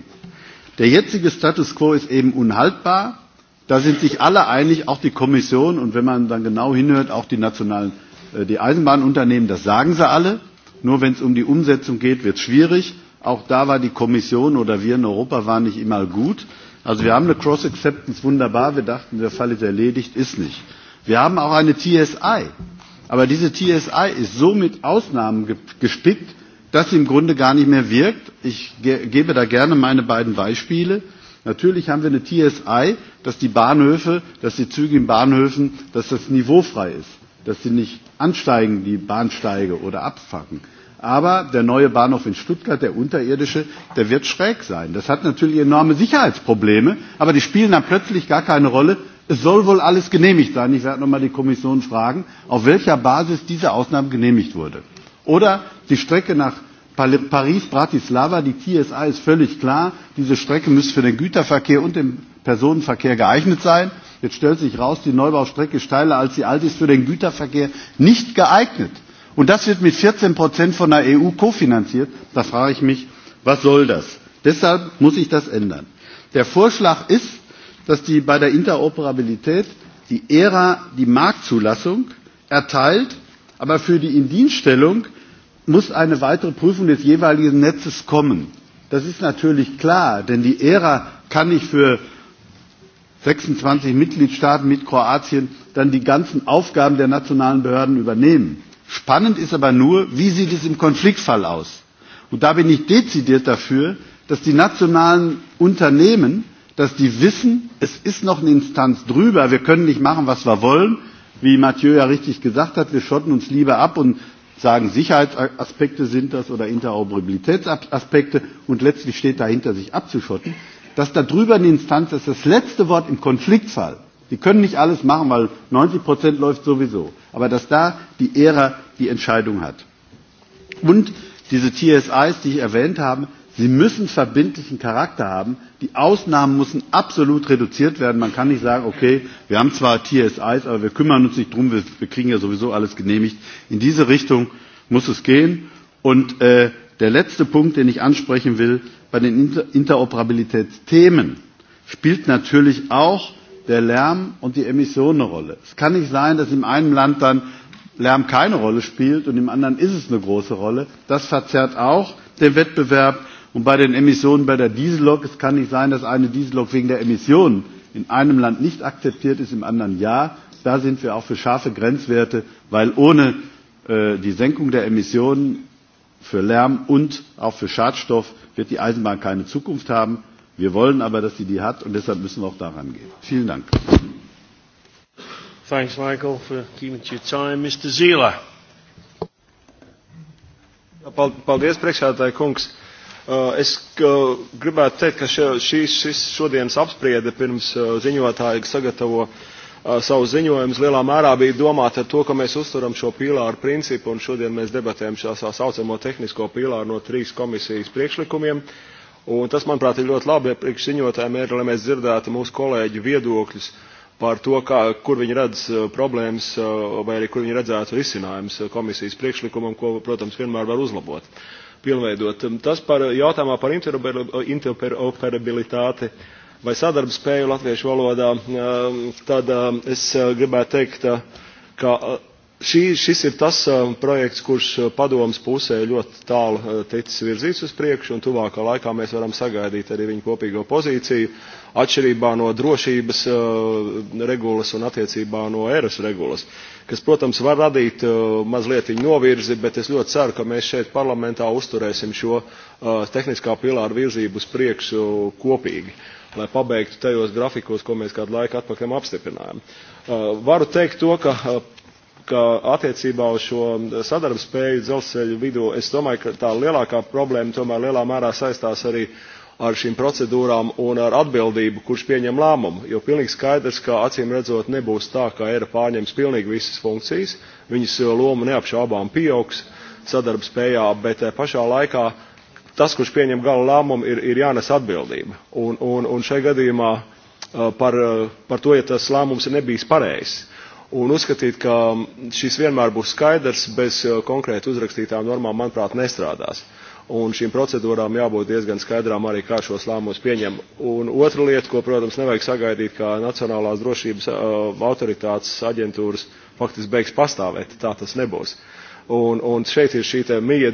Der jetzige Status quo ist eben unhaltbar. Da sind sich alle einig, auch die Kommission und wenn man dann genau hinhört, auch die nationalen, äh, die Eisenbahnunternehmen, das sagen sie alle. Nur wenn es um die Umsetzung geht, wird es schwierig. Auch da war die Kommission oder wir in Europa waren nicht immer gut. Also wir haben eine Cross-Acceptance, wunderbar. Wir dachten, der Fall ist erledigt, ist nicht. Wir haben auch eine TSI. Aber diese TSI ist so mit Ausnahmen gespickt, dass sie im Grunde gar nicht mehr wirkt. Ich gebe da gerne meine beiden Beispiele. Natürlich haben wir eine TSI, dass die Bahnhöfe, dass die Züge in Bahnhöfen, dass das niveaufrei ist, dass sie nicht ansteigen, die Bahnsteige oder abfacken. Aber der neue Bahnhof in Stuttgart, der unterirdische, der wird schräg sein. Das hat natürlich enorme Sicherheitsprobleme, aber die spielen dann plötzlich gar keine Rolle. Es soll wohl alles genehmigt sein. Ich werde noch nochmal die Kommission fragen, auf welcher Basis diese Ausnahme genehmigt wurde. Oder die Strecke nach Paris, Bratislava, die TSA ist völlig klar. Diese Strecke müsste für den Güterverkehr und den Personenverkehr geeignet sein. Jetzt stellt sich raus, die Neubaustrecke steiler als die alte ist für den Güterverkehr nicht geeignet und das wird mit vierzehn von der eu kofinanziert da frage ich mich was soll das? deshalb muss ich das ändern. der vorschlag ist dass die, bei der interoperabilität die era die marktzulassung erteilt aber für die indienststellung muss eine weitere prüfung des jeweiligen netzes kommen. das ist natürlich klar denn die era kann nicht für 26 Mitgliedstaaten mit Kroatien dann die ganzen Aufgaben der nationalen Behörden übernehmen. Spannend ist aber nur, wie sieht es im Konfliktfall aus? Und da bin ich dezidiert dafür, dass die nationalen Unternehmen, dass die wissen, es ist noch eine Instanz drüber, wir können nicht machen, was wir wollen. Wie Mathieu ja richtig gesagt hat, wir schotten uns lieber ab und sagen, Sicherheitsaspekte sind das oder Interoperabilitätsaspekte und letztlich steht dahinter, sich abzuschotten. Dass da drüber eine Instanz ist, das letzte Wort im Konfliktfall Sie können nicht alles machen, weil 90 Prozent läuft sowieso. Aber dass da die Ära die Entscheidung hat. Und diese TSIs, die ich erwähnt habe, sie müssen verbindlichen Charakter haben. Die Ausnahmen müssen absolut reduziert werden. Man kann nicht sagen, okay, wir haben zwar TSIs, aber wir kümmern uns nicht drum, wir, wir kriegen ja sowieso alles genehmigt. In diese Richtung muss es gehen. Und äh, der letzte Punkt, den ich ansprechen will, bei den Inter Interoperabilitätsthemen spielt natürlich auch der Lärm und die Emissionen eine Rolle. Es kann nicht sein, dass in einem Land dann Lärm keine Rolle spielt und im anderen ist es eine große Rolle. Das verzerrt auch den Wettbewerb. Und bei den Emissionen bei der Diesellok, es kann nicht sein, dass eine Diesellok wegen der Emissionen in einem Land nicht akzeptiert ist, im anderen ja. Da sind wir auch für scharfe Grenzwerte, weil ohne äh, die Senkung der Emissionen für Lärm und auch für Schadstoff wird die Eisenbahn keine Zukunft haben. Wir wollen aber, dass sie die hat, und deshalb müssen wir auch daran gehen. Vielen Dank. Thanks, Michael, for keeping your time. Mr. Zila. Paldies, priekšētāji kungs. Uh, es uh, gribētu teikt, ka šīs, šis šodienas apspriede pirms uh, ziņotāja sagatavo savu ziņojumus lielā mērā bija domāta ar to, ka mēs uztveram šo pīlāru principu, un šodien mēs debatējam šā saucamo tehnisko pīlāru no trīs komisijas priekšlikumiem. Un tas, manuprāt, ir ļoti labi, ja priekš ziņotājiem ir, lai mēs dzirdētu mūsu kolēģu viedokļus par to, kā, kur viņi redz eh, problēmas eh, vai arī kur viņi redzētu risinājumus eh, komisijas priekšlikumam, ko, protams, vienmēr var uzlabot, pilnveidot. Tas par jautājumā par interoperabilitāti vai spēju latviešu valodā, tad es gribētu teikt, ka Šī, šis ir tas um, projekts, kurš uh, padomas pusē ļoti tālu uh, ticis virzīts uz priekšu, un tuvākā laikā mēs varam sagaidīt arī viņu kopīgo pozīciju, atšķirībā no drošības uh, regulas un attiecībā no eras regulas, kas, protams, var radīt mazliet novirzi, bet es ļoti ceru, ka mēs šeit parlamentā uzturēsim šo tehniskā pilāra virzību uz priekšu kopīgi lai pabeigtu tajos grafikos, ko mēs kādu laiku atpakaļ apstiprinājām. Varu teikt to, ka ka attiecībā uz šo um, sadarbspēju dzelzceļu vidū es domāju, ka tā lielākā problēma tomēr lielā mērā saistās arī ar šīm procedūrām un ar atbildību, kurš pieņem lēmumu. Jo pilnīgi skaidrs, ka acīm redzot nebūs tā, ka ERA pārņems pilnīgi visas funkcijas, viņas uh, lomu neapšaubām pieaugs sadarbspējā, bet uh, pašā laikā tas, kurš pieņem gala lēmumu, ir, ir jānes atbildība. Un, un, un gadījumā uh, par, par to, ja tas lēmums ir nebijis pareizs un uzskatīt, ka šis vienmēr būs skaidrs, bez eh, konkrēti uzrakstītām normām, manuprāt, nestrādās. Un šīm procedūrām jābūt diezgan skaidrām arī, kā šos lēmumus pieņem. Un otra lieta, ko, protams, nevajag sagaidīt, ka Nacionālās drošības uh, autoritātes aģentūras faktiski beigs pastāvēt. Tā tas nebūs. Un, un šeit ir šī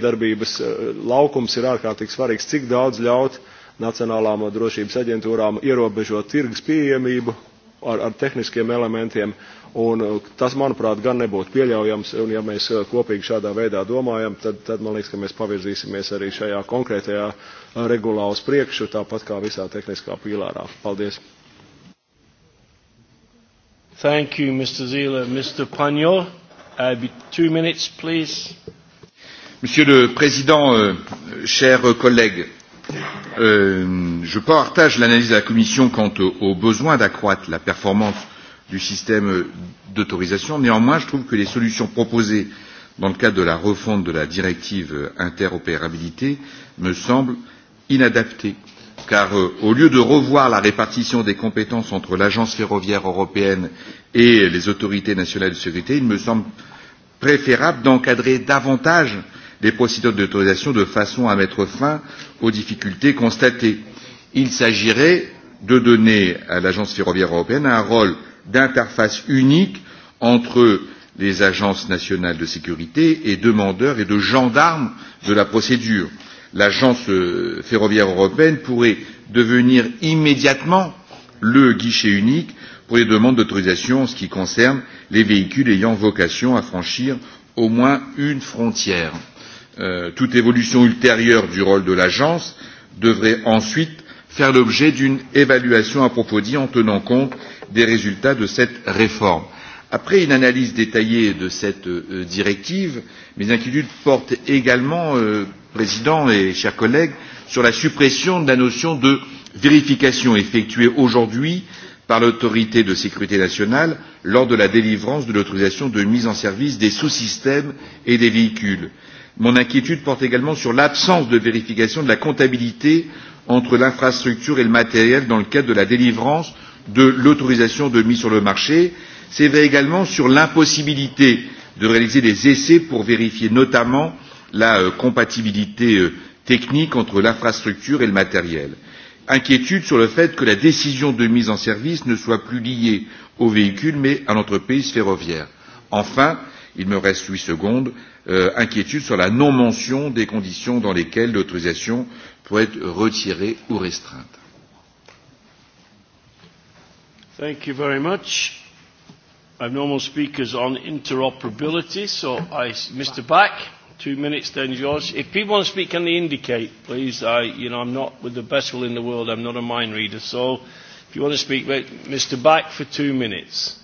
darbības eh, laukums ir ārkārtīgi svarīgs, cik daudz ļaut Nacionālām drošības aģentūrām ierobežot tirgus pieejamību ar, ar tehniskiem elementiem Un uh, tas, manuprāt, gan nebūtu pieļaujams, un ja mēs uh, kopīgi šādā veidā domājam, tad, tad man liekas, ka mēs pavirzīsimies arī šajā konkrētajā uh, regulā uz priekšu, tāpat kā visā tehniskā pīlārā. Paldies! Thank you, Mr. Zila. Mr. Pagnol, uh, two minutes, please. Monsieur le Président, euh, chers collègues, euh, je partage l'analyse de la Commission quant aux besoins d'accroître la performance du système d'autorisation. Néanmoins, je trouve que les solutions proposées dans le cadre de la refonte de la directive interopérabilité me semblent inadaptées, car euh, au lieu de revoir la répartition des compétences entre l'Agence ferroviaire européenne et les autorités nationales de sécurité, il me semble préférable d'encadrer davantage les procédures d'autorisation de façon à mettre fin aux difficultés constatées. Il s'agirait de donner à l'Agence ferroviaire européenne un rôle d'interface unique entre les agences nationales de sécurité et demandeurs et de gendarmes de la procédure. L'agence euh, ferroviaire européenne pourrait devenir immédiatement le guichet unique pour les demandes d'autorisation en ce qui concerne les véhicules ayant vocation à franchir au moins une frontière. Euh, toute évolution ultérieure du rôle de l'agence devrait ensuite faire l'objet d'une évaluation approfondie en tenant compte des résultats de cette réforme. Après une analyse détaillée de cette euh, directive, mes inquiétudes portent également, euh, Président et chers collègues, sur la suppression de la notion de vérification effectuée aujourd'hui par l'autorité de sécurité nationale lors de la délivrance de l'autorisation de mise en service des sous-systèmes et des véhicules. Mon inquiétude porte également sur l'absence de vérification de la comptabilité entre l'infrastructure et le matériel dans le cadre de la délivrance de l'autorisation de mise sur le marché s'éveille également sur l'impossibilité de réaliser des essais pour vérifier notamment la euh, compatibilité euh, technique entre l'infrastructure et le matériel inquiétude sur le fait que la décision de mise en service ne soit plus liée au véhicule mais à l'entreprise ferroviaire enfin il me reste huit secondes euh, inquiétude sur la non mention des conditions dans lesquelles l'autorisation pourrait être retirée ou restreinte. Thank you very much. I have normal speakers on interoperability, so I, Mr. Back, two minutes, then yours. If people want to speak, can they indicate, please? I, you know, I'm not with the best will in the world. I'm not a mind reader, so if you want to speak, Mr. Back for two minutes.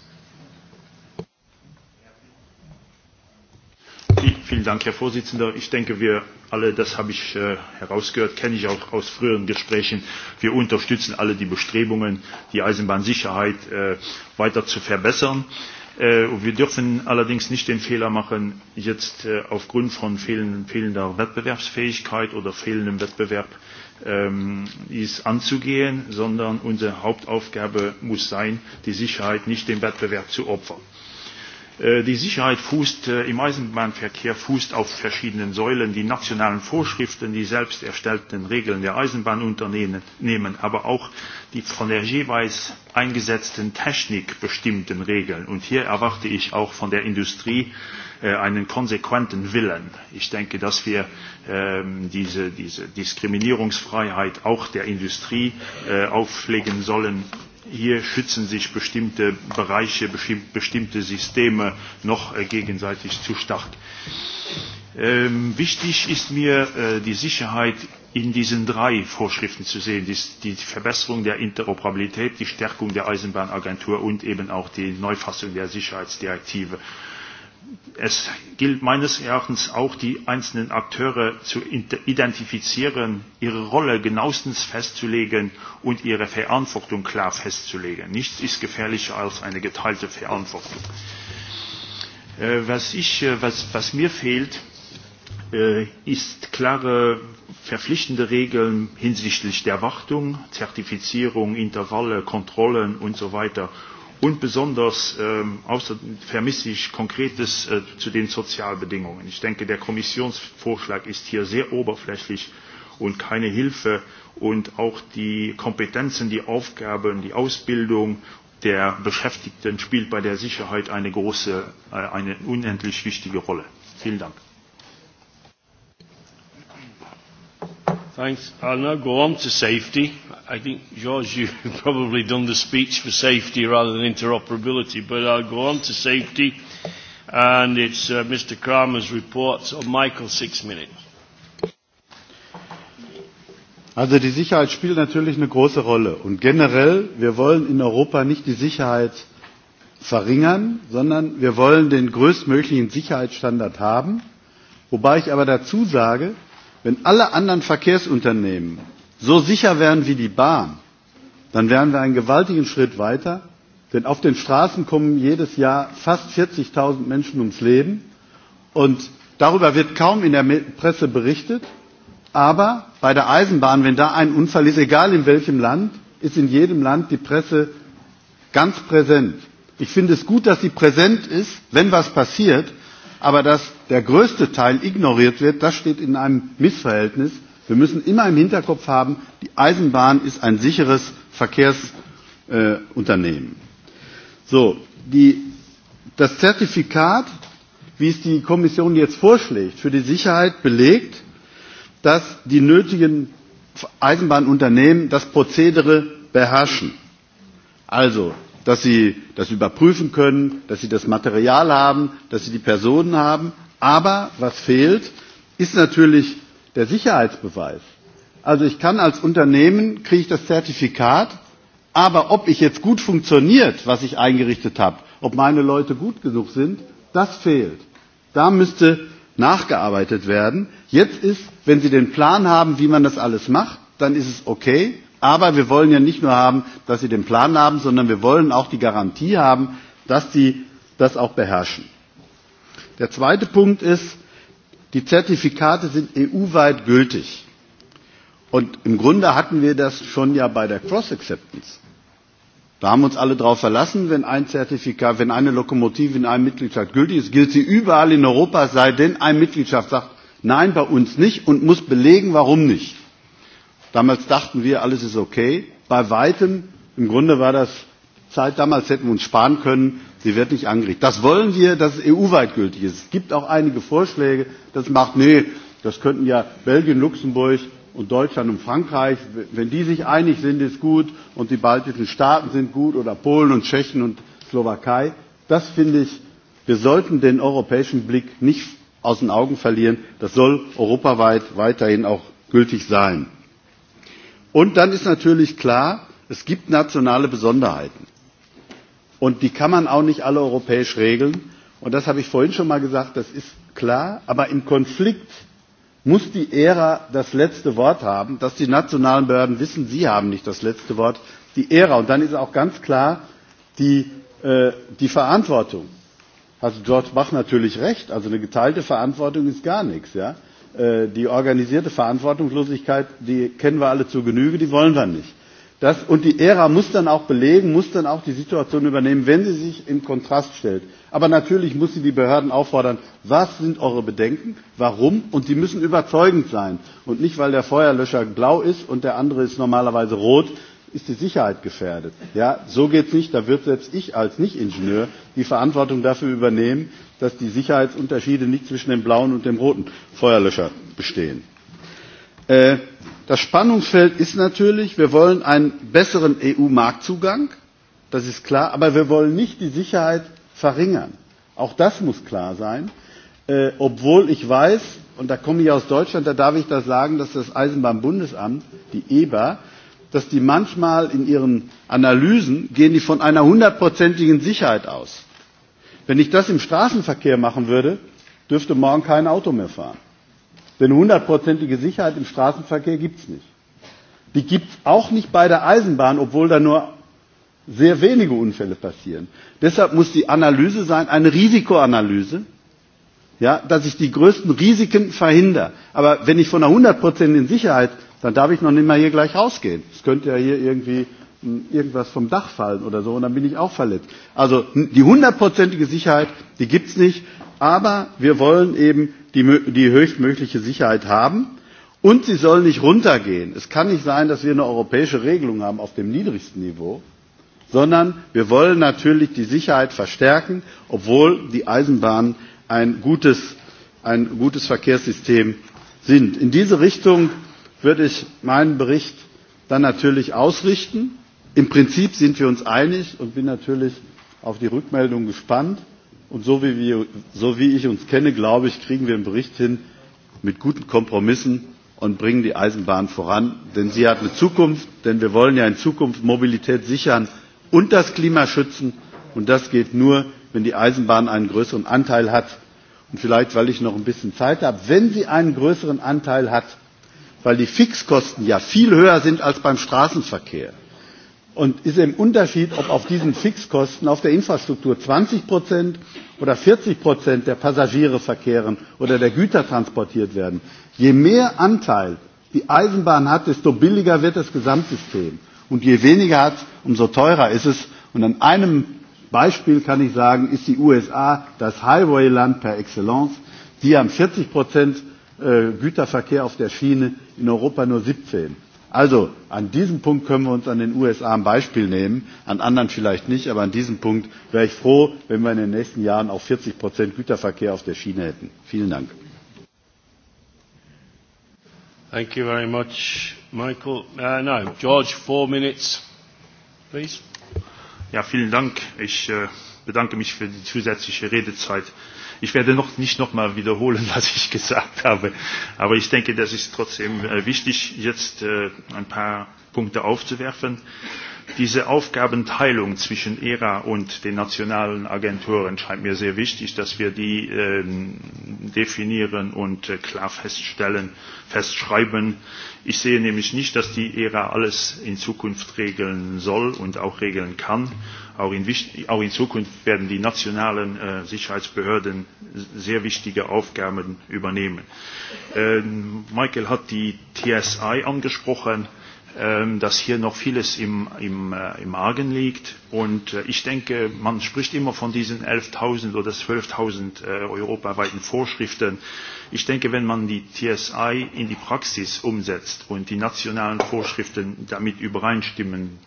Vielen Dank, Herr Vorsitzender. Ich denke, wir alle, das habe ich äh, herausgehört, kenne ich auch aus früheren Gesprächen, wir unterstützen alle die Bestrebungen, die Eisenbahnsicherheit äh, weiter zu verbessern. Äh, wir dürfen allerdings nicht den Fehler machen, jetzt aufgrund von fehlender Wettbewerbsfähigkeit oder fehlendem Wettbewerb ähm, anzugehen, sondern unsere Hauptaufgabe muss sein, die Sicherheit nicht dem Wettbewerb zu opfern. Äh, die Sicherheit fußt äh, im Eisenbahnverkehr fußt auf verschiedenen Säulen, die nationalen Vorschriften, die selbst erstellten Regeln der Eisenbahnunternehmen, nehmen, aber auch die von der jeweils eingesetzten Technik bestimmten Regeln. Und hier erwarte ich auch von der Industrie äh, einen konsequenten Willen. Ich denke, dass wir ähm, diese, diese Diskriminierungsfreiheit auch der Industrie auflegen sollen hier schützen sich bestimmte Bereiche, bestimmte Systeme noch äh, gegenseitig zu stark. Ähm, wichtig ist mir äh, die Sicherheit in diesen drei Vorschriften zu sehen, die, die Verbesserung der Interoperabilität, die Stärkung der Eisenbahnagentur und eben auch die Neufassung der Sicherheitsdirektive es gilt meines Erachtens auch die einzelnen Akteure zu identifizieren, ihre Rolle genauestens festzulegen und ihre Verantwortung klar festzulegen. Nichts ist gefährlicher als eine geteilte Verantwortung. Äh, was, ich, äh, was, was mir fehlt, äh, ist klare verpflichtende Regeln hinsichtlich der Wartung, Zertifizierung, Intervalle, Kontrollen und so weiter Und besonders ähm, vermisse ich Konkretes äh, zu den Sozialbedingungen. Ich denke, der Kommissionsvorschlag ist hier sehr oberflächlich und keine Hilfe. Und auch die Kompetenzen, die Aufgaben, die Ausbildung der Beschäftigten spielt bei der Sicherheit eine große, äh, eine unendlich wichtige Rolle. Vielen Dank. Thanks. I'll now go on to safety. I think, George, you've probably done the speech for safety rather than interoperability, but I'll uh, go on to safety. And it's uh, Mr. Kramer's report. So Michael, six minutes. Also die Sicherheit spielt natürlich eine große Rolle. Und generell, wir wollen in Europa nicht die Sicherheit verringern, sondern wir wollen den größtmöglichen Sicherheitsstandard haben. Wobei ich aber dazu sage, wenn alle anderen verkehrsunternehmen so sicher wären wie die bahn dann wären wir einen gewaltigen schritt weiter denn auf den straßen kommen jedes jahr fast 40.000 Menschen ums Leben und darüber wird kaum in der Presse berichtet aber bei der Eisenbahn wenn da ein Unfall ist egal in welchem Land ist in jedem Land die Presse ganz präsent ich finde es gut dass sie präsent ist wenn was passiert aber dass der größte teil ignoriert wird das steht in einem missverhältnis. wir müssen immer im hinterkopf haben die eisenbahn ist ein sicheres verkehrsunternehmen. das zertifikat wie es die kommission jetzt vorschlägt für die sicherheit belegt dass die nötigen eisenbahnunternehmen das prozedere beherrschen also dass sie das überprüfen können dass sie das material haben dass sie die personen haben aber was fehlt ist natürlich der sicherheitsbeweis. also ich kann als unternehmen kriege ich das zertifikat aber ob ich jetzt gut funktioniert was ich eingerichtet habe ob meine leute gut genug sind das fehlt. da müsste nachgearbeitet werden. jetzt ist wenn sie den plan haben wie man das alles macht dann ist es okay. Aber wir wollen ja nicht nur haben, dass sie den Plan haben, sondern wir wollen auch die Garantie haben, dass sie das auch beherrschen. Der zweite Punkt ist, die Zertifikate sind EU-weit gültig. Und im Grunde hatten wir das schon ja bei der Cross-Acceptance. Da haben uns alle darauf verlassen, wenn ein Zertifikat, wenn eine Lokomotive in einem Mitgliedstaat gültig ist, gilt sie überall in Europa, sei denn ein Mitgliedstaat sagt, nein, bei uns nicht und muss belegen, warum nicht. Damals dachten wir, alles ist okay. Bei weitem, im Grunde war das Zeit damals, hätten wir uns sparen können. Sie wird nicht angeregt. Das wollen wir, dass es EU-weit gültig ist. Es gibt auch einige Vorschläge, das macht, nee, das könnten ja Belgien, Luxemburg und Deutschland und Frankreich, wenn die sich einig sind, ist gut und die baltischen Staaten sind gut oder Polen und Tschechien und Slowakei. Das finde ich, wir sollten den europäischen Blick nicht aus den Augen verlieren. Das soll europaweit weiterhin auch gültig sein. Und dann ist natürlich klar, es gibt nationale Besonderheiten. Und die kann man auch nicht alle europäisch regeln. Und das habe ich vorhin schon mal gesagt, das ist klar. Aber im Konflikt muss die Ära das letzte Wort haben, dass die nationalen Behörden wissen, sie haben nicht das letzte Wort, die Ära. Und dann ist auch ganz klar die, äh, die Verantwortung. Hat George Bach natürlich recht. Also eine geteilte Verantwortung ist gar nichts. Ja? Äh, die organisierte Verantwortungslosigkeit, die kennen wir alle zu Genüge, die wollen wir nicht. Das, und die Ära muss dann auch belegen, muss dann auch die Situation übernehmen, wenn sie sich in Kontrast stellt. Aber natürlich muss sie die Behörden auffordern, was sind eure Bedenken, warum? Und sie müssen überzeugend sein. Und nicht, weil der Feuerlöscher blau ist und der andere ist normalerweise rot, ist die Sicherheit gefährdet. Ja, so geht es nicht. Da wird selbst ich als Nicht-Ingenieur die Verantwortung dafür übernehmen, dass die sicherheitsunterschiede nicht zwischen dem blauen und dem roten feuerlöscher bestehen. Äh, das spannungsfeld ist natürlich wir wollen einen besseren eu marktzugang das ist klar aber wir wollen nicht die sicherheit verringern auch das muss klar sein äh, obwohl ich weiß und da komme ich aus deutschland da darf ich das sagen dass das eisenbahnbundesamt die eba dass die manchmal in ihren analysen gehen die von einer hundertprozentigen sicherheit aus wenn ich das im straßenverkehr machen würde dürfte morgen kein auto mehr fahren denn hundertprozentige sicherheit im straßenverkehr gibt es nicht. die gibt es auch nicht bei der eisenbahn obwohl da nur sehr wenige unfälle passieren. deshalb muss die analyse sein eine risikoanalyse ja, dass ich die größten Risiken verhindere. Aber wenn ich von einer hundertprozentigen Sicherheit, dann darf ich noch nicht mal hier gleich rausgehen. Es könnte ja hier irgendwie irgendwas vom Dach fallen oder so und dann bin ich auch verletzt. Also die hundertprozentige Sicherheit, die gibt es nicht, aber wir wollen eben die, die höchstmögliche Sicherheit haben und sie soll nicht runtergehen. Es kann nicht sein, dass wir eine europäische Regelung haben auf dem niedrigsten Niveau, sondern wir wollen natürlich die Sicherheit verstärken, obwohl die Eisenbahnen ein gutes, ein gutes Verkehrssystem sind. In diese Richtung würde ich meinen Bericht dann natürlich ausrichten. Im Prinzip sind wir uns einig und bin natürlich auf die Rückmeldung gespannt. Und so wie, wir, so wie ich uns kenne, glaube ich, kriegen wir einen Bericht hin mit guten Kompromissen und bringen die Eisenbahn voran. Denn sie hat eine Zukunft, denn wir wollen ja in Zukunft Mobilität sichern und das Klima schützen. Und das geht nur, wenn die Eisenbahn einen größeren Anteil hat. Und vielleicht, weil ich noch ein bisschen Zeit habe, wenn sie einen größeren Anteil hat, weil die Fixkosten ja viel höher sind als beim Straßenverkehr, und ist im unterschied ob auf diesen fixkosten auf der infrastruktur zwanzig oder vierzig der passagiere verkehren oder der güter transportiert werden je mehr anteil die eisenbahn hat desto billiger wird das gesamtsystem und je weniger hat umso teurer ist es und an einem beispiel kann ich sagen ist die usa das highwayland par excellence die haben 40 äh, Güterverkehr auf der Schiene, in Europa nur 17. Also an diesem Punkt können wir uns an den USA ein Beispiel nehmen, an anderen vielleicht nicht, aber an diesem Punkt wäre ich froh, wenn wir in den nächsten Jahren auch 40 Güterverkehr auf der Schiene hätten. Vielen Dank. Thank you very much, Michael. Uh, no, George, four minutes, please. Ja, vielen Dank. Ich äh, bedanke mich für die zusätzliche Redezeit. Ich werde noch nicht noch mal wiederholen, was ich gesagt habe, aber ich denke, das ist trotzdem äh, wichtig, jetzt äh, ein paar Punkte aufzuwerfen. Diese Aufgabenteilung zwischen ERA und den nationalen Agenturen scheint mir sehr wichtig, dass wir die ähm, definieren und äh, klar feststellen, festschreiben. Ich sehe nämlich nicht, dass die ERA alles in Zukunft regeln soll und auch regeln kann Auch in, auch in Zukunft werden die nationalen äh, Sicherheitsbehörden sehr wichtige Aufgaben übernehmen. Ähm, Michael hat die TSI angesprochen. Ähm, dass hier noch vieles im, im, äh, im Argen liegt. Und äh, ich denke, man spricht immer von diesen 11.000 oder 12.000 äh, europaweiten Vorschriften. Ich denke, wenn man die TSI in die Praxis umsetzt und die nationalen Vorschriften damit übereinstimmen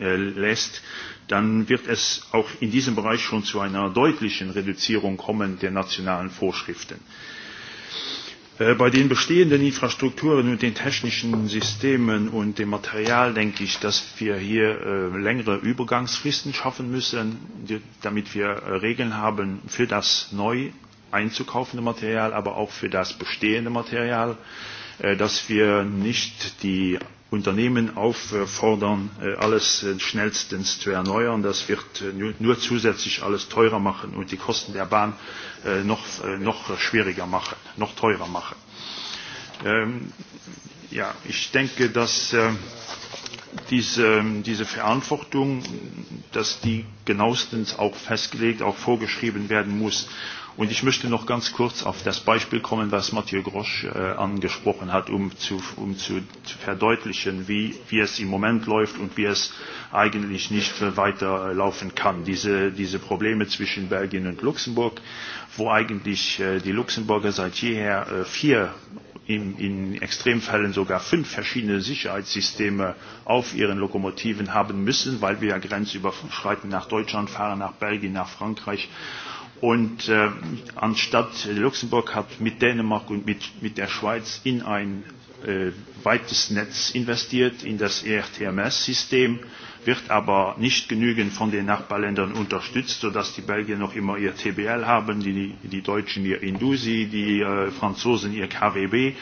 lässt, dann wird es auch in diesem Bereich schon zu einer deutlichen Reduzierung kommen der nationalen Vorschriften. Äh, bei den bestehenden Infrastrukturen und den technischen Systemen und dem Material denke ich, dass wir hier äh, längere Übergangsfristen schaffen müssen, damit wir äh, Regeln haben für das neu einzukaufende Material, aber auch für das bestehende Material, dass wir nicht die Unternehmen auffordern, äh, alles äh, schnellstens zu erneuern. Das wird äh, nur zusätzlich alles teurer machen und die Kosten der Bahn noch, noch schwieriger machen, noch teurer machen. Ähm, ja, ich denke, dass ähm, diese, ähm, diese Verantwortung, dass die genauestens auch festgelegt, auch vorgeschrieben werden muss Und ich möchte noch ganz kurz auf das Beispiel kommen, was Mathieu Grosch äh, angesprochen hat, um, zu, um zu, verdeutlichen, wie, wie es im Moment läuft und wie es eigentlich nicht weiterlaufen äh, kann. Diese, diese Probleme zwischen Belgien und Luxemburg, wo eigentlich äh, die Luxemburger seit jeher äh, vier in, in Extremfällen sogar fünf verschiedene Sicherheitssysteme auf ihren Lokomotiven haben müssen, weil wir ja grenzüberschreitend nach Deutschland fahren, nach Belgien, nach Frankreich Und äh, anstatt Luxemburg hat mit Dänemark und mit, mit der Schweiz in ein äh, weites Netz investiert, in das ERTMS-System, wird aber nicht genügend von den Nachbarländern unterstützt, sodass die Belgier noch immer ihr TBL haben, die, die Deutschen ihr Indusi, die äh, Franzosen ihr KWB.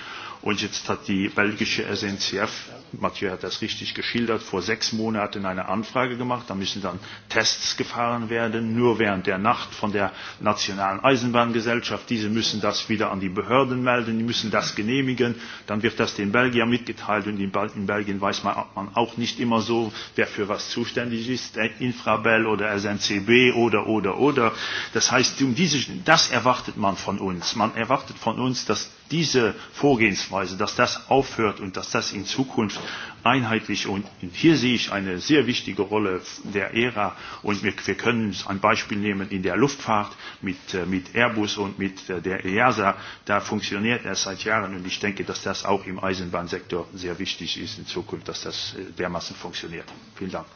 Und jetzt hat die belgische SNCF Matthieu hat das richtig geschildert, vor sechs Monaten eine Anfrage gemacht. Da müssen dann Tests gefahren werden, nur während der Nacht von der Nationalen Eisenbahngesellschaft. Diese müssen das wieder an die Behörden melden, die müssen das genehmigen. Dann wird das den Belgiern mitgeteilt und in Belgien weiß man auch nicht immer so, wer für was zuständig ist, äh, Infrabel oder SNCB oder, oder, oder. Das heißt, um diese, das erwartet man von uns. Man erwartet von uns, dass diese Vorgehensweise, dass das aufhört und dass das in Zukunft zukunft einheitlich und hier sehe ich eine sehr wichtige Rolle der ERA und wir, wir können ein Beispiel nehmen in der Luftfahrt mit, äh, mit Airbus und mit äh, der EASA, da funktioniert er seit Jahren und ich denke, dass das auch im Eisenbahnsektor sehr wichtig ist in Zukunft, dass das äh, dermaßen funktioniert. Vielen Dank.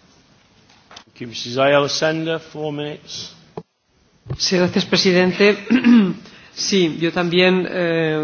Thank you, Sender, four minutes. gracias, Presidente. Sí, yo también eh,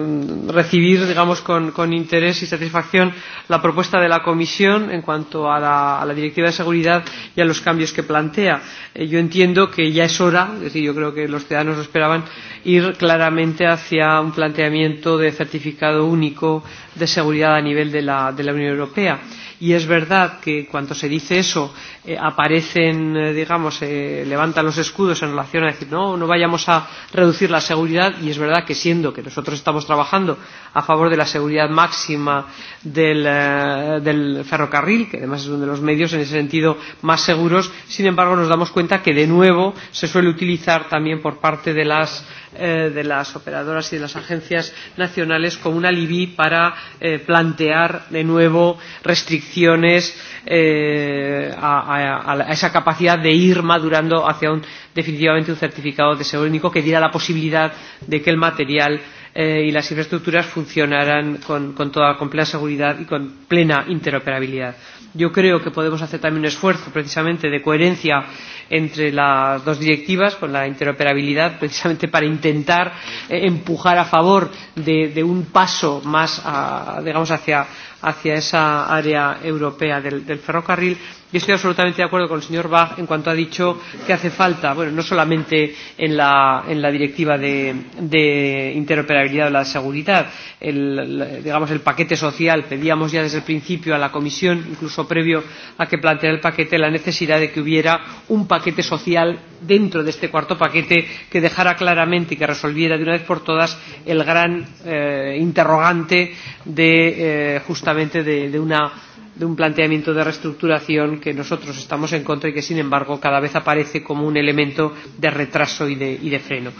recibir, digamos, con, con interés y satisfacción la propuesta de la Comisión en cuanto a la, a la Directiva de Seguridad y a los cambios que plantea. Eh, yo entiendo que ya es hora, es decir, yo creo que los ciudadanos lo esperaban, ir claramente hacia un planteamiento de certificado único de seguridad a nivel de la, de la Unión Europea. Y es verdad que cuando se dice eso eh, aparecen, eh, digamos, eh, levantan los escudos en relación a decir no, no vayamos a reducir la seguridad y es verdad que siendo que nosotros estamos trabajando a favor de la seguridad máxima del, eh, del ferrocarril, que además es uno de los medios en ese sentido más seguros. Sin embargo, nos damos cuenta que de nuevo se suele utilizar también por parte de las, eh, de las operadoras y de las agencias nacionales como un alibi para eh, plantear de nuevo restricciones eh, a, a, a esa capacidad de ir madurando hacia un definitivamente un certificado de seguro único que diera la posibilidad de que el material Eh, y las infraestructuras funcionarán con, con, toda, con plena seguridad y con plena interoperabilidad. Yo creo que podemos hacer también un esfuerzo precisamente de coherencia entre las dos directivas con la interoperabilidad precisamente para intentar eh, empujar a favor de, de un paso más a, digamos hacia, hacia esa área europea del ferrocarril Yo estoy absolutamente de acuerdo con el señor Bach en cuanto ha dicho que hace falta, bueno, no solamente en la, en la directiva de, de interoperabilidad de la seguridad, el, digamos el paquete social, pedíamos ya desde el principio a la Comisión, incluso previo a que planteara el paquete, la necesidad de que hubiera un paquete social dentro de este cuarto paquete que dejara claramente y que resolviera de una vez por todas el gran eh, interrogante de eh, justamente de, de una de un planteamiento de reestructuración que nosotros estamos en contra y que sin embargo cada vez aparece como un elemento de retraso y de, y de freno.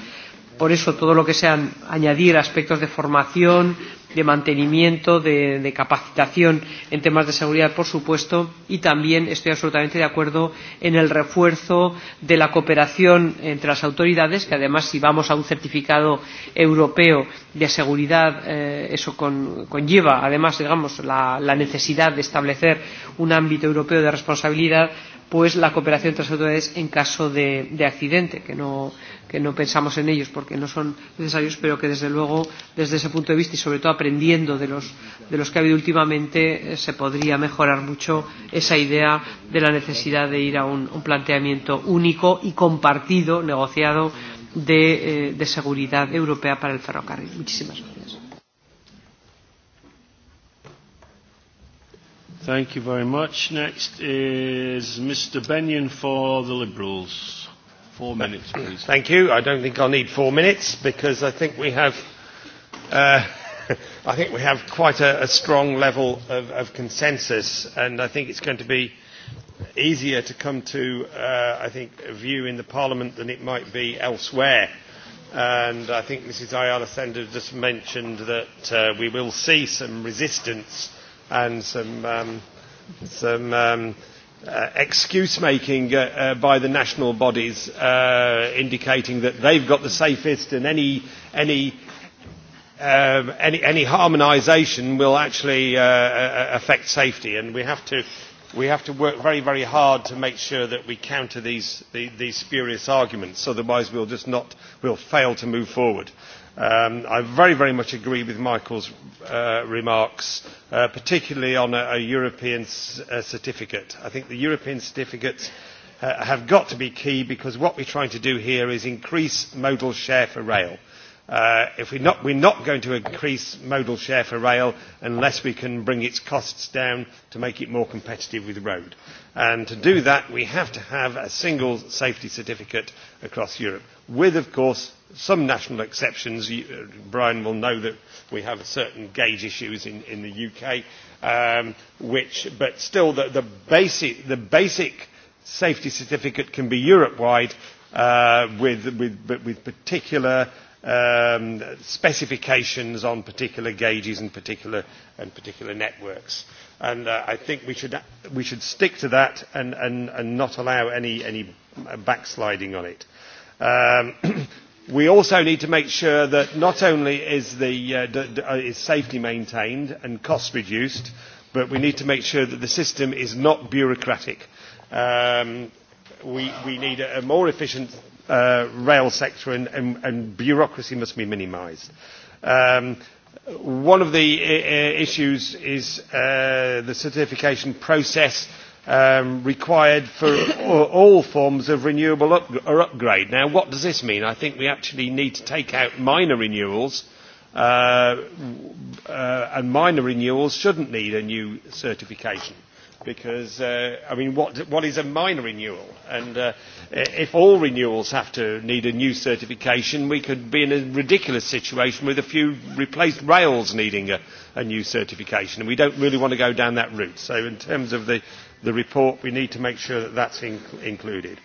Por eso todo lo que sean añadir aspectos de formación, de mantenimiento, de, de capacitación en temas de seguridad, por supuesto, y también estoy absolutamente de acuerdo en el refuerzo de la cooperación entre las autoridades, que además si vamos a un certificado europeo de seguridad, eh, eso con, conlleva además, digamos, la, la necesidad de establecer un ámbito europeo de responsabilidad, pues la cooperación entre las autoridades en caso de, de accidente, que no que no pensamos en ellos porque no son necesarios, pero que desde luego, desde ese punto de vista y sobre todo aprendiendo de los, de los que ha habido últimamente, eh, se podría mejorar mucho esa idea de la necesidad de ir a un, un planteamiento único y compartido, negociado, de, eh, de seguridad europea para el ferrocarril. Muchísimas gracias. Thank you very much. Next is Mr. Benyon for the Liberals. Four minutes, please. Thank you. I don't think I'll need four minutes because I think we have, uh, I think we have quite a, a strong level of, of consensus and I think it's going to be easier to come to, uh, I think, a view in the Parliament than it might be elsewhere. And I think Mrs. Ayala Sender just mentioned that uh, we will see some resistance and some, um, some um, Uh, excuse making uh, uh, by the national bodies uh, indicating that they've got the safest and any any um, any, any harmonisation will actually uh, uh, affect safety and we have to we have to work very very hard to make sure that we counter these these spurious arguments otherwise we'll just not we'll fail to move forward Um, I very, very much agree with Michael's uh, remarks, uh, particularly on a, European uh, certificate. I think the European certificates have got to be key because what we are trying to do here is increase modal share for rail. We are not, not going to increase modal share for rail unless we can bring its costs down to make it more competitive with road. And to do that, we have to have a single safety certificate across Europe, with, of course, some national exceptions. Uh, Brian will know that we have certain gauge issues in, in the UK, um, which, but still the, the, basic, the basic safety certificate can be Europe-wide uh, with, with, but with particular um, specifications on particular gauges and particular, and particular networks. And uh, I think we should, we should stick to that and, and, and not allow any, any backsliding on it. Um, we also need to make sure that not only is, the, uh, d d uh, is safety maintained and cost reduced but we need to make sure that the system is not bureaucratic. Um, we, we need a more efficient uh, rail sector and, and, and bureaucracy must be minimised. Um, one of the uh, uh, issues is uh, the certification process um, required for all forms of renewable up or upgrade. Now, what does this mean? I think we actually need to take out minor renewals, uh, uh, and minor renewals shouldn't need a new certification because uh, I mean, what, what is a minor renewal? And uh, if all renewals have to need a new certification, we could be in a ridiculous situation with a few replaced rails needing a, a new certification, and we don't really want to go down that route. So in terms of the the report we need to make sure that that's in included.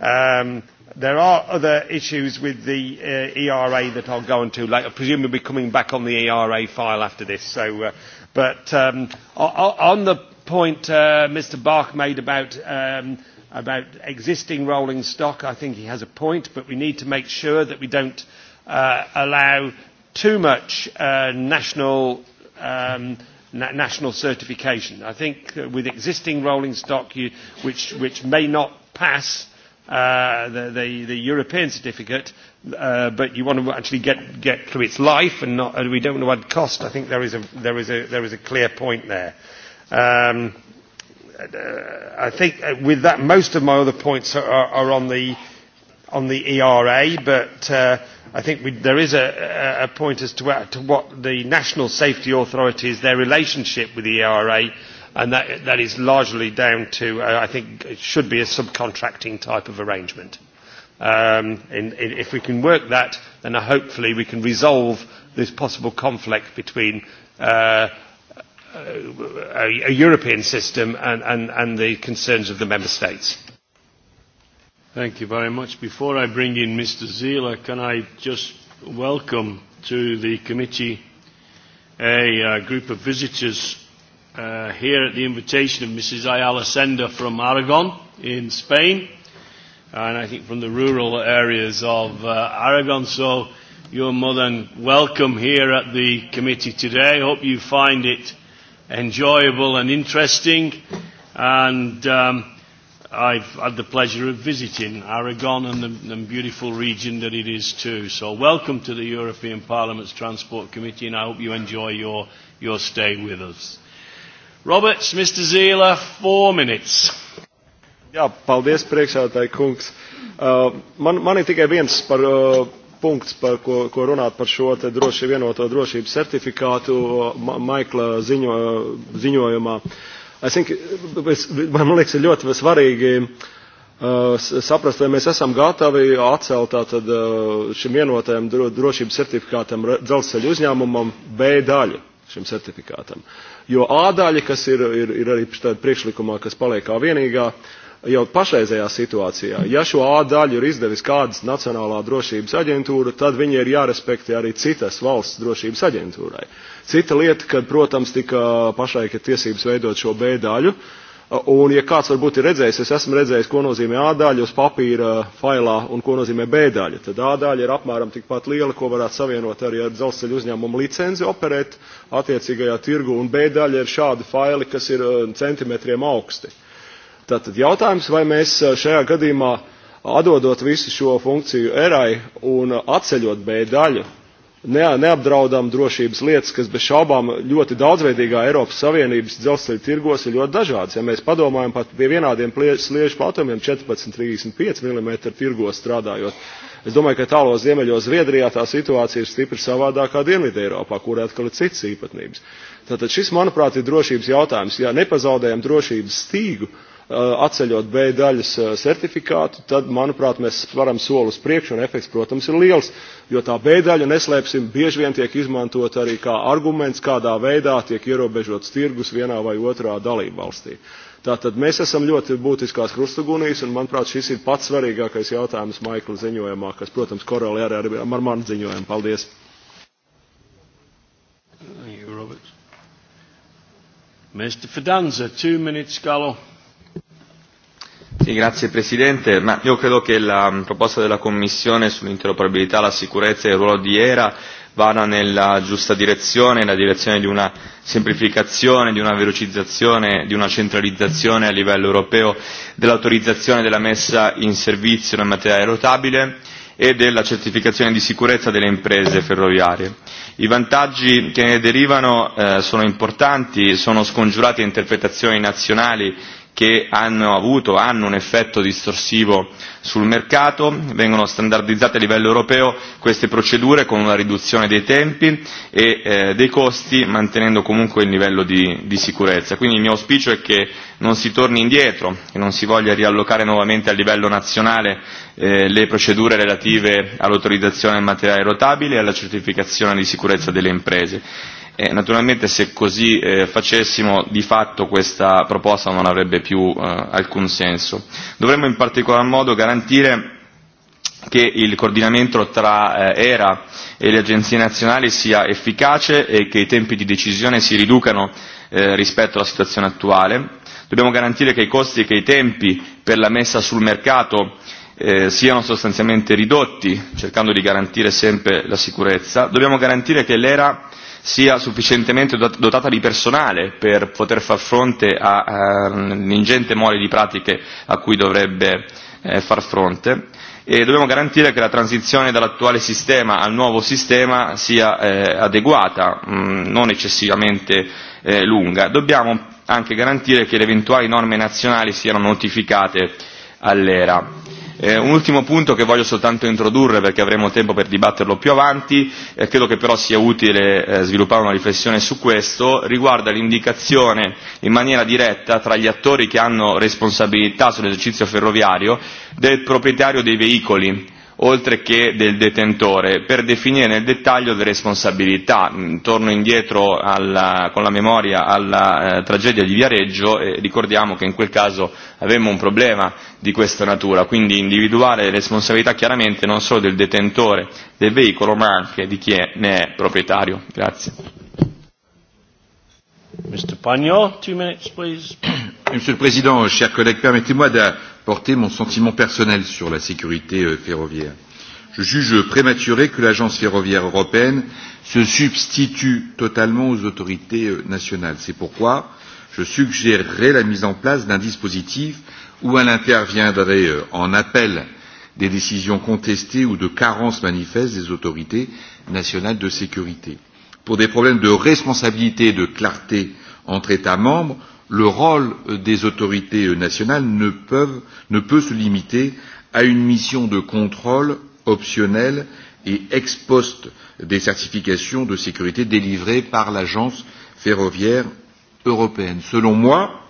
Um, there are other issues with the uh, era that i'll go into later presumably we'll be coming back on the era file after this so uh, but um, on the point uh, mr bach made about um, about existing rolling stock i think he has a point but we need to make sure that we don't uh, allow too much uh, national um, national certification. I think uh, with existing rolling stock you, which, which may not pass uh, the, the, the European certificate, uh, but you want to actually get, get through its life and not, uh, we don't want to add cost. I think there is a, there is a, there is a clear point there. Um, I think with that, most of my other points are, are, are on, the, on the ERA, but uh, i think we, there is a, point as to, what the national safety authorities, their relationship with the ERA, and that, that is largely down to, uh, I think, it should be a subcontracting type of arrangement. Um, if we can work that, then hopefully we can resolve this possible conflict between uh, uh, a, a European system and, and, and the concerns of the member states. Thank you very much. Before I bring in Mr. Zila, can I just welcome to the committee a, a uh, group of visitors uh, here at the invitation of Mrs. Ayala Sender from Aragon in Spain, and I think from the rural areas of uh, Aragon. So you're more than welcome here at the committee today. I hope you find it enjoyable and interesting. And... Um, I've had the pleasure of visiting Aragon and the, the beautiful region that it is too. So welcome to the European Parliament's Transport Committee and I hope you enjoy your, your stay with us. Roberts, Mr. Zila, four minutes. Jā, paldies priekšētāji kungs. Uh, man, man ir tikai viens par uh, punkts, par ko, ko runāt par šo te droši vienoto drošības certifikātu uh, Maikla ziņo, ziņojumā. Es domāju, uh, man liekas, ir ļoti svarīgi uh, saprast, vai mēs esam gatavi atcelt tātad uh, šim vienotajam drošības certifikātam dzelzceļa uzņēmumam B daļu šim certifikātam. Jo A daļa, kas ir, ir, ir arī priekšlikumā, kas paliek kā vienīgā, jau pašreizējā situācijā, ja šo A daļu ir izdevis kādas Nacionālā drošības aģentūra, tad viņi ir jārespektē arī citas valsts drošības aģentūrai. Cita lieta, kad, protams, tika pašai, ka tiesības veidot šo B daļu, Un, ja kāds varbūt ir redzējis, es esmu redzējis, ko nozīmē A daļa uz papīra failā un ko nozīmē B daļa. Tad A daļa ir apmēram tikpat liela, ko varētu savienot arī ar dzelzceļu uzņēmumu licenzi operēt attiecīgajā tirgu, un B daļa ir šādi faili, kas ir eh, centimetriem augsti. Tātad jautājums, vai mēs eh, šajā gadījumā atdodot visu šo funkciju erai un atceļot B daļu, neapdraudam neapdraudām drošības lietas, kas bez šaubām ļoti daudzveidīgā Eiropas Savienības dzelzceļa tirgos ir ļoti dažādas. Ja mēs padomājam pat pie vienādiem sliežu platumiem 14-35 mm tirgos strādājot, es domāju, ka tālos ziemeļos Zviedrijā tā situācija ir stipri savādākā Dienvidē Eiropā, kur atkal ir citas īpatnības. Tātad šis, manuprāt, ir drošības jautājums. Ja nepazaudējam drošības stīgu, Eh, atceļot B daļas eh, certifikātu, tad, manuprāt, mēs varam soli uz priekšu, un efekts, protams, ir liels, jo tā B daļa, neslēpsim, bieži vien tiek izmantot arī kā arguments, kādā veidā tiek ierobežots tirgus vienā vai otrā valstī. Tātad mēs esam ļoti būtiskās krustugunīs, un, manuprāt, šis ir pats svarīgākais jautājums Maikla ziņojumā, kas, protams, korelē arī ar, ar ziņojumu. Paldies! Mr. Fidanza, two minutes, Gallo. Signor Presidente, Presidente, ma io credo che la mm, proposta della Commissione sull'interoperabilità, la sicurezza e il ruolo di ERA vada nella giusta direzione, nella direzione di una semplificazione, di una velocizzazione, di una centralizzazione a livello europeo dell'autorizzazione della messa in servizio del materiale rotabile e della certificazione di sicurezza delle imprese ferroviarie. I vantaggi che ne derivano eh, sono importanti, sono scongiurate interpretazioni nazionali che hanno avuto hanno un effetto distorsivo sul mercato vengono standardizzate a livello europeo queste procedure con una riduzione dei tempi e eh, dei costi mantenendo comunque il livello di di sicurezza quindi il mio auspicio è che non si torni indietro che non si voglia riallocare nuovamente a livello nazionale eh, le procedure relative all'autorizzazione del materiale rotabile e alla certificazione di sicurezza delle imprese e naturalmente se così eh, facessimo di fatto questa proposta non avrebbe più eh, alcun senso. Dovremmo in particolar modo garantire che il coordinamento tra eh, ERA e le agenzie nazionali sia efficace e che i tempi di decisione si riducano eh, rispetto alla situazione attuale. Dobbiamo garantire che i costi e che i tempi per la messa sul mercato eh, siano sostanzialmente ridotti, cercando di garantire sempre la sicurezza. Dobbiamo garantire che l'ERA sia sufficientemente dotata di personale per poter far fronte all'ingente ehm, mole di pratiche a cui dovrebbe eh, far fronte e dobbiamo garantire che la transizione dall'attuale sistema al nuovo sistema sia eh, adeguata, mm, non eccessivamente eh, lunga. Dobbiamo anche garantire che le eventuali norme nazionali siano notificate all'era. Eh, un ultimo punto che voglio soltanto introdurre perché avremo tempo per dibatterlo più avanti, e credo che però sia utile eh, sviluppare una riflessione su questo, riguarda l'indicazione in maniera diretta tra gli attori che hanno responsabilità sull'esercizio ferroviario del proprietario dei veicoli oltre che del detentore per definire nel dettaglio le responsabilità. Mm, torno indietro alla, con la memoria alla eh, tragedia di Viareggio e ricordiamo che in quel caso avevamo un problema di questa natura, quindi individuare le responsabilità chiaramente non solo del detentore del veicolo ma anche di chi è, ne è proprietario. Grazie. Monsieur le Président, chers collègues, permettez-moi d'apporter mon sentiment personnel sur la sécurité euh, ferroviaire. Je juge prématuré que l'Agence ferroviaire européenne se substitue totalement aux autorités euh, nationales. C'est pourquoi je suggérerai la mise en place d'un dispositif où elle interviendrait euh, en appel des décisions contestées ou de carences manifestes des autorités nationales de sécurité pour des problèmes de responsabilité et de clarté entre États membres, le rôle des autorités nationales ne, peuvent, ne peut se limiter à une mission de contrôle optionnelle et ex post des certifications de sécurité délivrées par l'agence ferroviaire européenne. Selon moi,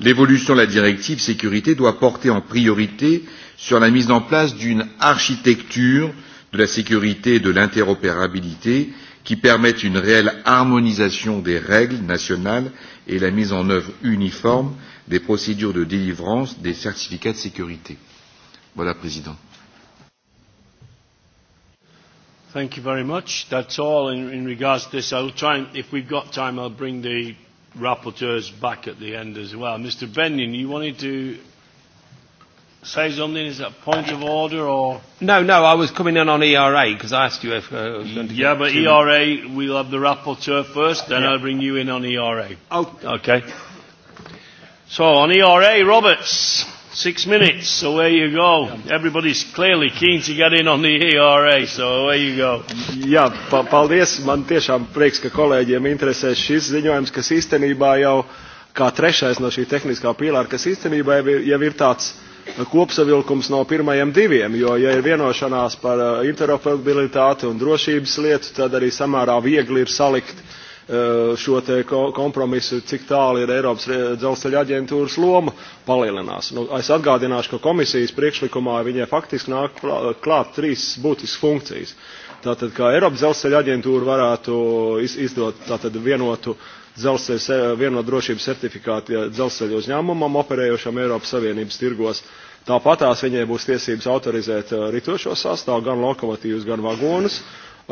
l'évolution de la directive sécurité doit porter en priorité sur la mise en place d'une architecture de la sécurité et de l'interopérabilité qui permettent une réelle harmonisation des règles nationales et la mise en œuvre uniforme des procédures de délivrance des certificats de sécurité. Voilà, Président. Thank you very much. That's all in, in regards to this. I'll try and, if we've got time, I'll bring the rapporteurs back at the end as well. Mr. Benyon, you wanted to say something? Is that a point of order or? No, no, I was coming in on ERA because I asked you if. Uh, was going to yeah, but ERA, we'll have the rapporteur first, then yeah. I'll bring you in on ERA. Oh. Okay. So on ERA, Roberts, six minutes, so away you go. Everybody's clearly keen to get in on the ERA, so away you go. Yeah, pa paldies. Man tiešām prieks, ka kolēģiem interesē šis ziņojums, kas īstenībā jau kā trešais no šī tehniskā pīlāra, kas īstenībā jau ir, jau tāds kopsavilkums no pirmajiem diviem, jo, ja ir vienošanās par eh, interoperabilitāti un drošības lietu, tad arī samērā viegli ir salikt eh, šo te kompromisu, cik tālu ir Eiropas dzelzceļa aģentūras loma palielinās. Nu, es atgādināšu, ka komisijas priekšlikumā viņai faktiski nāk klāt trīs būtiskas funkcijas. Tātad, kā Eiropas dzelzceļa aģentūra varētu izdot tātad vienotu dzelzceļa vienotrošības certifikāti dzelzceļa uzņēmumam operējošam Eiropas Savienības tirgos. Tāpatās viņai būs tiesības autorizēt eh, ritošo sastāvu, gan lokomotīvus, gan vagonus,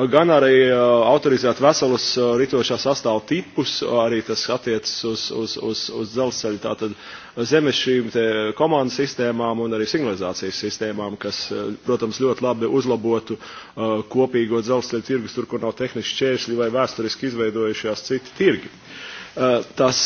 gan arī eh, autorizēt veselus eh, ritošā sastāvu tipus, eh, arī tas attiecas uz, uz, uz, uz tātad te sistēmām un arī signalizācijas sistēmām, kas, protams, ļoti labi uzlabotu kopīgo dzelzceļu tirgus, tur, kur nav tehniski čēršļi vai vēsturiski izveidojušās citi tirgi. Tas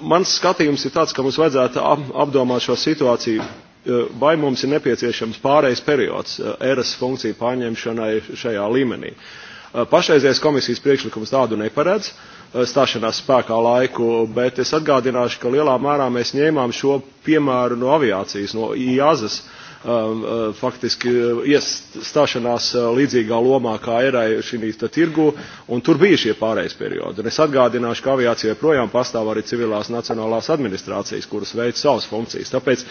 mans skatījums ir tāds, ka mums vajadzētu apdomāt šo situāciju Eh, vai mums ir nepieciešams pārejas periods eh, eras funkciju pārņemšanai šajā līmenī. Eh, pašreizējais komisijas priekšlikums tādu neparedz stāšanās spēkā laiku, bet es atgādināšu, ka lielā mērā mēs ņēmām šo piemēru no aviācijas, no IAZas, faktiski iestāšanās līdzīgā lomā kā erai šī tirgu, un tur bija šie pārējais periodi. Un es atgādināšu, ka aviācija projām pastāv arī civilās nacionālās administrācijas, kuras veic savas funkcijas. Tāpēc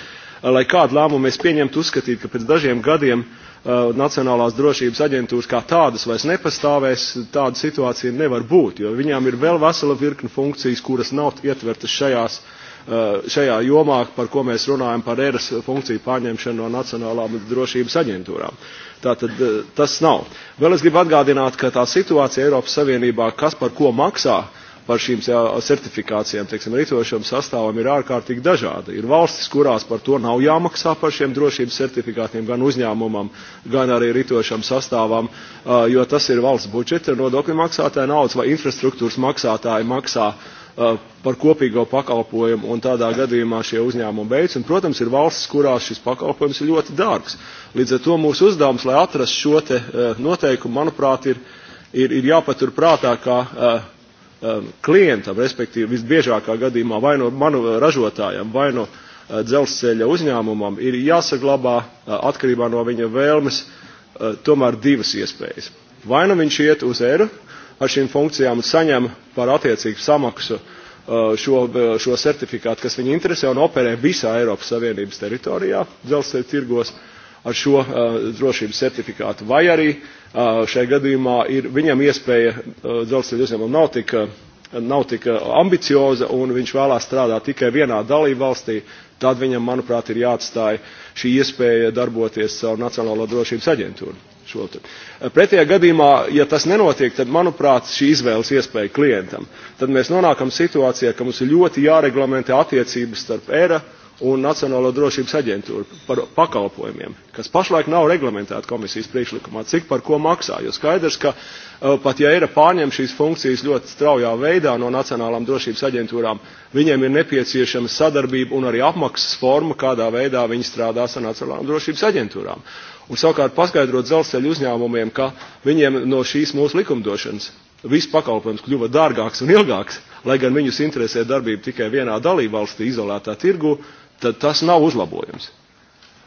lai kādu lēmumu mēs pieņemtu uzskatīt, ka pēc dažiem gadiem uh, Nacionālās drošības aģentūras kā tādas vairs nepastāvēs, tāda situācija nevar būt, jo viņām ir vēl vesela virkna funkcijas, kuras nav ietvertas šajās, uh, šajā jomā, par ko mēs runājam par eras funkciju pārņemšanu no Nacionālām drošības aģentūrām. Tātad uh, tas nav. Vēl es gribu atgādināt, ka tā situācija Eiropas Savienībā, kas par ko maksā, par šīm eh, certifikācijām, teiksim, ritošiem sastāvam ir ārkārtīgi dažādi. Ir valstis, kurās par to nav jāmaksā par šiem drošības certifikātiem gan uzņēmumam, gan arī ritošam sastāvam, eh, jo tas ir valsts budžeta nodokļu maksātāja naudas vai infrastruktūras maksātāji maksā eh, par kopīgo pakalpojumu, un tādā gadījumā šie uzņēmumi beidz. Un, protams, ir valstis, kurās šis pakalpojums ir ļoti dārgs. Līdz ar to mūsu uzdevums, lai atrastu šo te noteikumu, manuprāt, ir, ir, ir jāpatur prātā, ka Um, klijentam, respektīvi visbiežākā gadījumā vai no manu ražotājam, vai no e, uzņēmumam, ir jāsaglabā atkarībā e, no viņa vēlmes tomēr divas iespējas. Vai nu viņš iet uz eru ar znači šīm funkcijām un saņem par attiecīgu samaksu e, šo, šo certifikātu, kas viņu interesē un operē visā Eiropas Savienības teritorijā, dzelzceļa tirgos ar šo drošības certifikātu, vai arī šajā gadījumā ir viņam iespēja dzelzceļa e, uzņēmumam nav tik e, e, ambicioza un viņš vēlās strādāt tikai vienā valstī, tad viņam, manuprāt, ir jāatstāja šī iespēja darboties caur Nacionālo drošības aģentūru. Šotur. Pretējā gadījumā, ja tas nenotiek, tad, manuprāt, šī izvēles iespēja klientam. Tad mēs nonākam situācijā, ka mums ir ļoti jāreglamentē attiecības starp ERA un Nacionālo drošības aģentūru par pakalpojumiem, kas pašlaik nav reglamentēta komisijas priekšlikumā, cik par ko maksā. Jo skaidrs, ka e, pat ja ERA pārņem šīs funkcijas ļoti straujā veidā no Nacionālām drošības aģentūrām, viņiem ir nepieciešama sadarbība un arī apmaksas forma, kādā veidā viņi strādā ar Nacionālām drošības aģentūrām. Un savukārt paskaidrot dzelzceļu uzņēmumiem, ka viņiem no šīs mūsu likumdošanas viss pakalpojums kļuva dārgāks un ilgāks, lai gan viņus interesē darbība tikai vienā dalībvalstī izolētā tirgu, tad tas nav uzlabojums.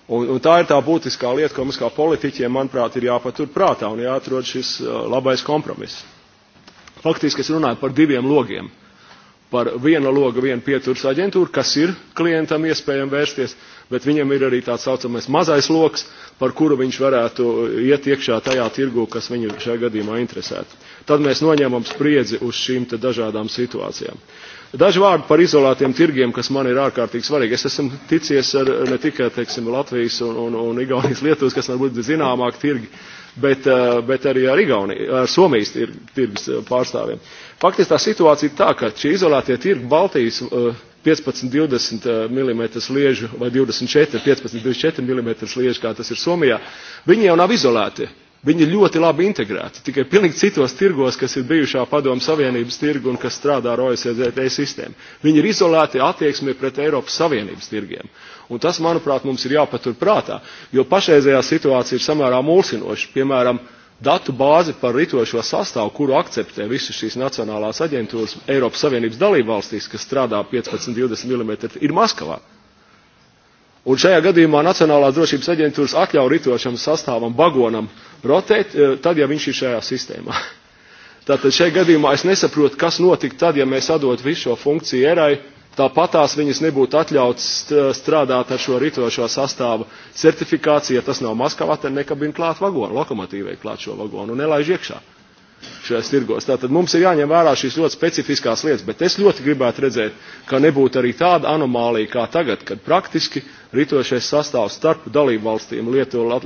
Un, un tā ir tā būtiskā lieta, ko mums kā politiķiem, manuprāt, ir jāpatur prātā un jāatrod šis uh, labais kompromiss. Faktiski es runāju par diviem logiem. Par vienu loga, vienu pieturas aģentūra, kas ir klientam iespējami vērsties, bet viņam ir arī tāds saucamais mazais loks, par kuru viņš varētu iet iekšā tajā tirgu, kas viņu šajā gadījumā interesētu. Tad mēs noņemam spriedzi uz šīm te dažādām situācijām. Daži vārdi par izolētiem tirgiem, kas man ir ārkārtīgi svarīgi. Es esmu ticies ar ne tikai, teiksim, Latvijas un, un, un Igaunijas Lietuvas, kas būtu zināmāk tirgi, bet, eh, bet arī ar, Igauni, ar Somijas tirgus eh, pārstāvjiem. Faktiski tā situācija ir tā, ka šie izolētie tirgi Baltijas 15-20 mm liežu vai 24-15-24 mm liežu, kā tas ir Somijā, viņi jau nav izolēti Viņi ir ļoti labi integrēti, tikai pilnīgi citos tirgos, kas ir bijušā padomu savienības tirgu un kas strādā ar OECD sistēmu. Viņi ir izolēti attieksmi pret Eiropas Savienības tirgiem. Un tas, manuprāt, mums ir jāpatur prātā, jo pašreizējā situācija ir samērā mulsinoša. Piemēram, datu bāzi par ritošo sastāvu, kuru akceptē visas šīs nacionālās aģentūras Eiropas Savienības dalībvalstīs, kas strādā 15-20 mm, ir Maskavā. Un šajā gadījumā Nacionālās drošības aģentūras u ritošam sastāvam, vagonam rotēt, eh, tad, ja viņš ir šajā sistēmā. Tātad šajā gadījumā es nesaprotu, kas notik tad, ja mēs adot visu šo funkciju erai, tāpatās viņas nebūtu atļauts strādāt ar šo ritošo sastāvu certifikāciju, ja tas nav Maskavā, tad nekabina klāt vagonu, lokomotīvai klāt šo vagonu un iekšā šajā tirgos. Tātad mums ir jāņem vērā šīs ļoti specifiskās lietas, bet es ļoti gribētu redzēt, ka nebūtu arī tāda anomālija kā tagad, kad praktiski ritošais sastāvs starp dalību valstīm Lietuva,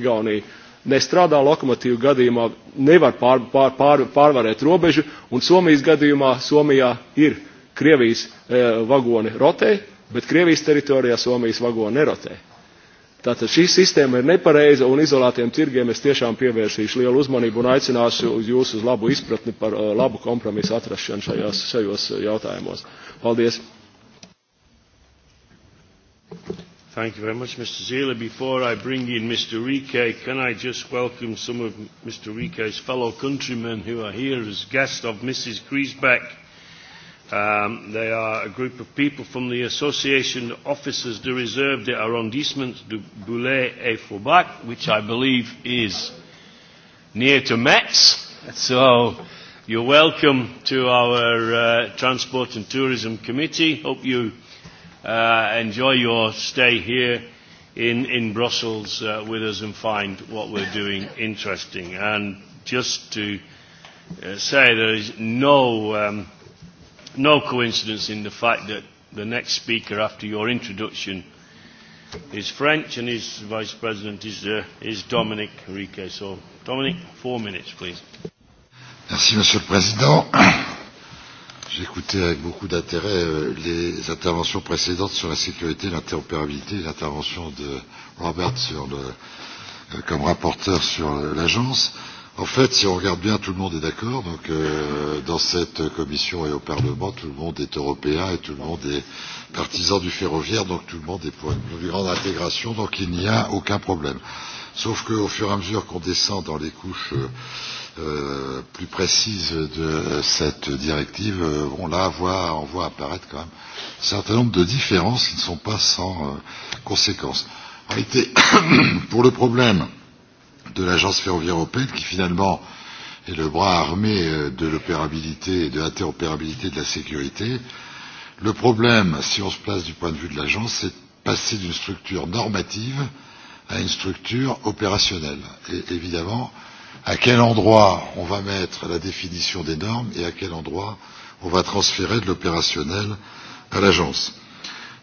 Igaunija nestrādā lokomotīvu gadījumā, nevar pār, pār, robežu, un Somijas gadījumā Somijā ir Krievijas e, vagoni rotē, bet Krievijas teritorijā Somijas vagoni nerotē. Tātad šī sistēma ir nepareiza un izolētiem tirgiem es tiešām pievērsīšu lielu uzmanību un aicināšu uz jūsu uz labu izpratni par uh, labu kompromisu atrašanu šajās, šajos jautājumos. Paldies! Thank you very much, Mr. Zila. Before I bring in Mr. Rike, can I just welcome some of Mr. Rike's fellow countrymen who are here as guests of Mrs. Griesbeck Um, they are a group of people from the Association of Officers de Reserve de Arrondissement de Boulay et Faubac, which I believe is near to Metz. So you're welcome to our uh, Transport and Tourism Committee. Hope you uh, enjoy your stay here in, in Brussels uh, with us and find what we're doing interesting. And just to uh, say there is no... Um, no coincidence in the fact that the next speaker after your introduction is French and his vice president is, uh, is Dominic Rique. So, Dominic, four minutes, please. Merci, Monsieur le Président. J'ai écouté avec beaucoup d'intérêt euh, les interventions précédentes sur la sécurité, l'interopérabilité, l'intervention de Robert sur le, euh, comme rapporteur sur l'agence. En fait, si on regarde bien, tout le monde est d'accord. Donc, euh, dans cette commission et au Parlement, tout le monde est européen et tout le monde est partisan du ferroviaire. Donc, tout le monde est pour une plus grande intégration. Donc, il n'y a aucun problème. Sauf qu'au fur et à mesure qu'on descend dans les couches euh, plus précises de cette directive, euh, on, là, voit, on voit apparaître quand même un certain nombre de différences qui ne sont pas sans euh, conséquences. En réalité, pour le problème de l'agence ferroviaire européenne qui finalement est le bras armé euh, de l'opérabilité et de l'interopérabilité de la sécurité. Le problème, si on se place du point de vue de l'agence, c'est de passer d'une structure normative à une structure opérationnelle. Et évidemment, à quel endroit on va mettre la définition des normes et à quel endroit on va transférer de l'opérationnel à l'agence.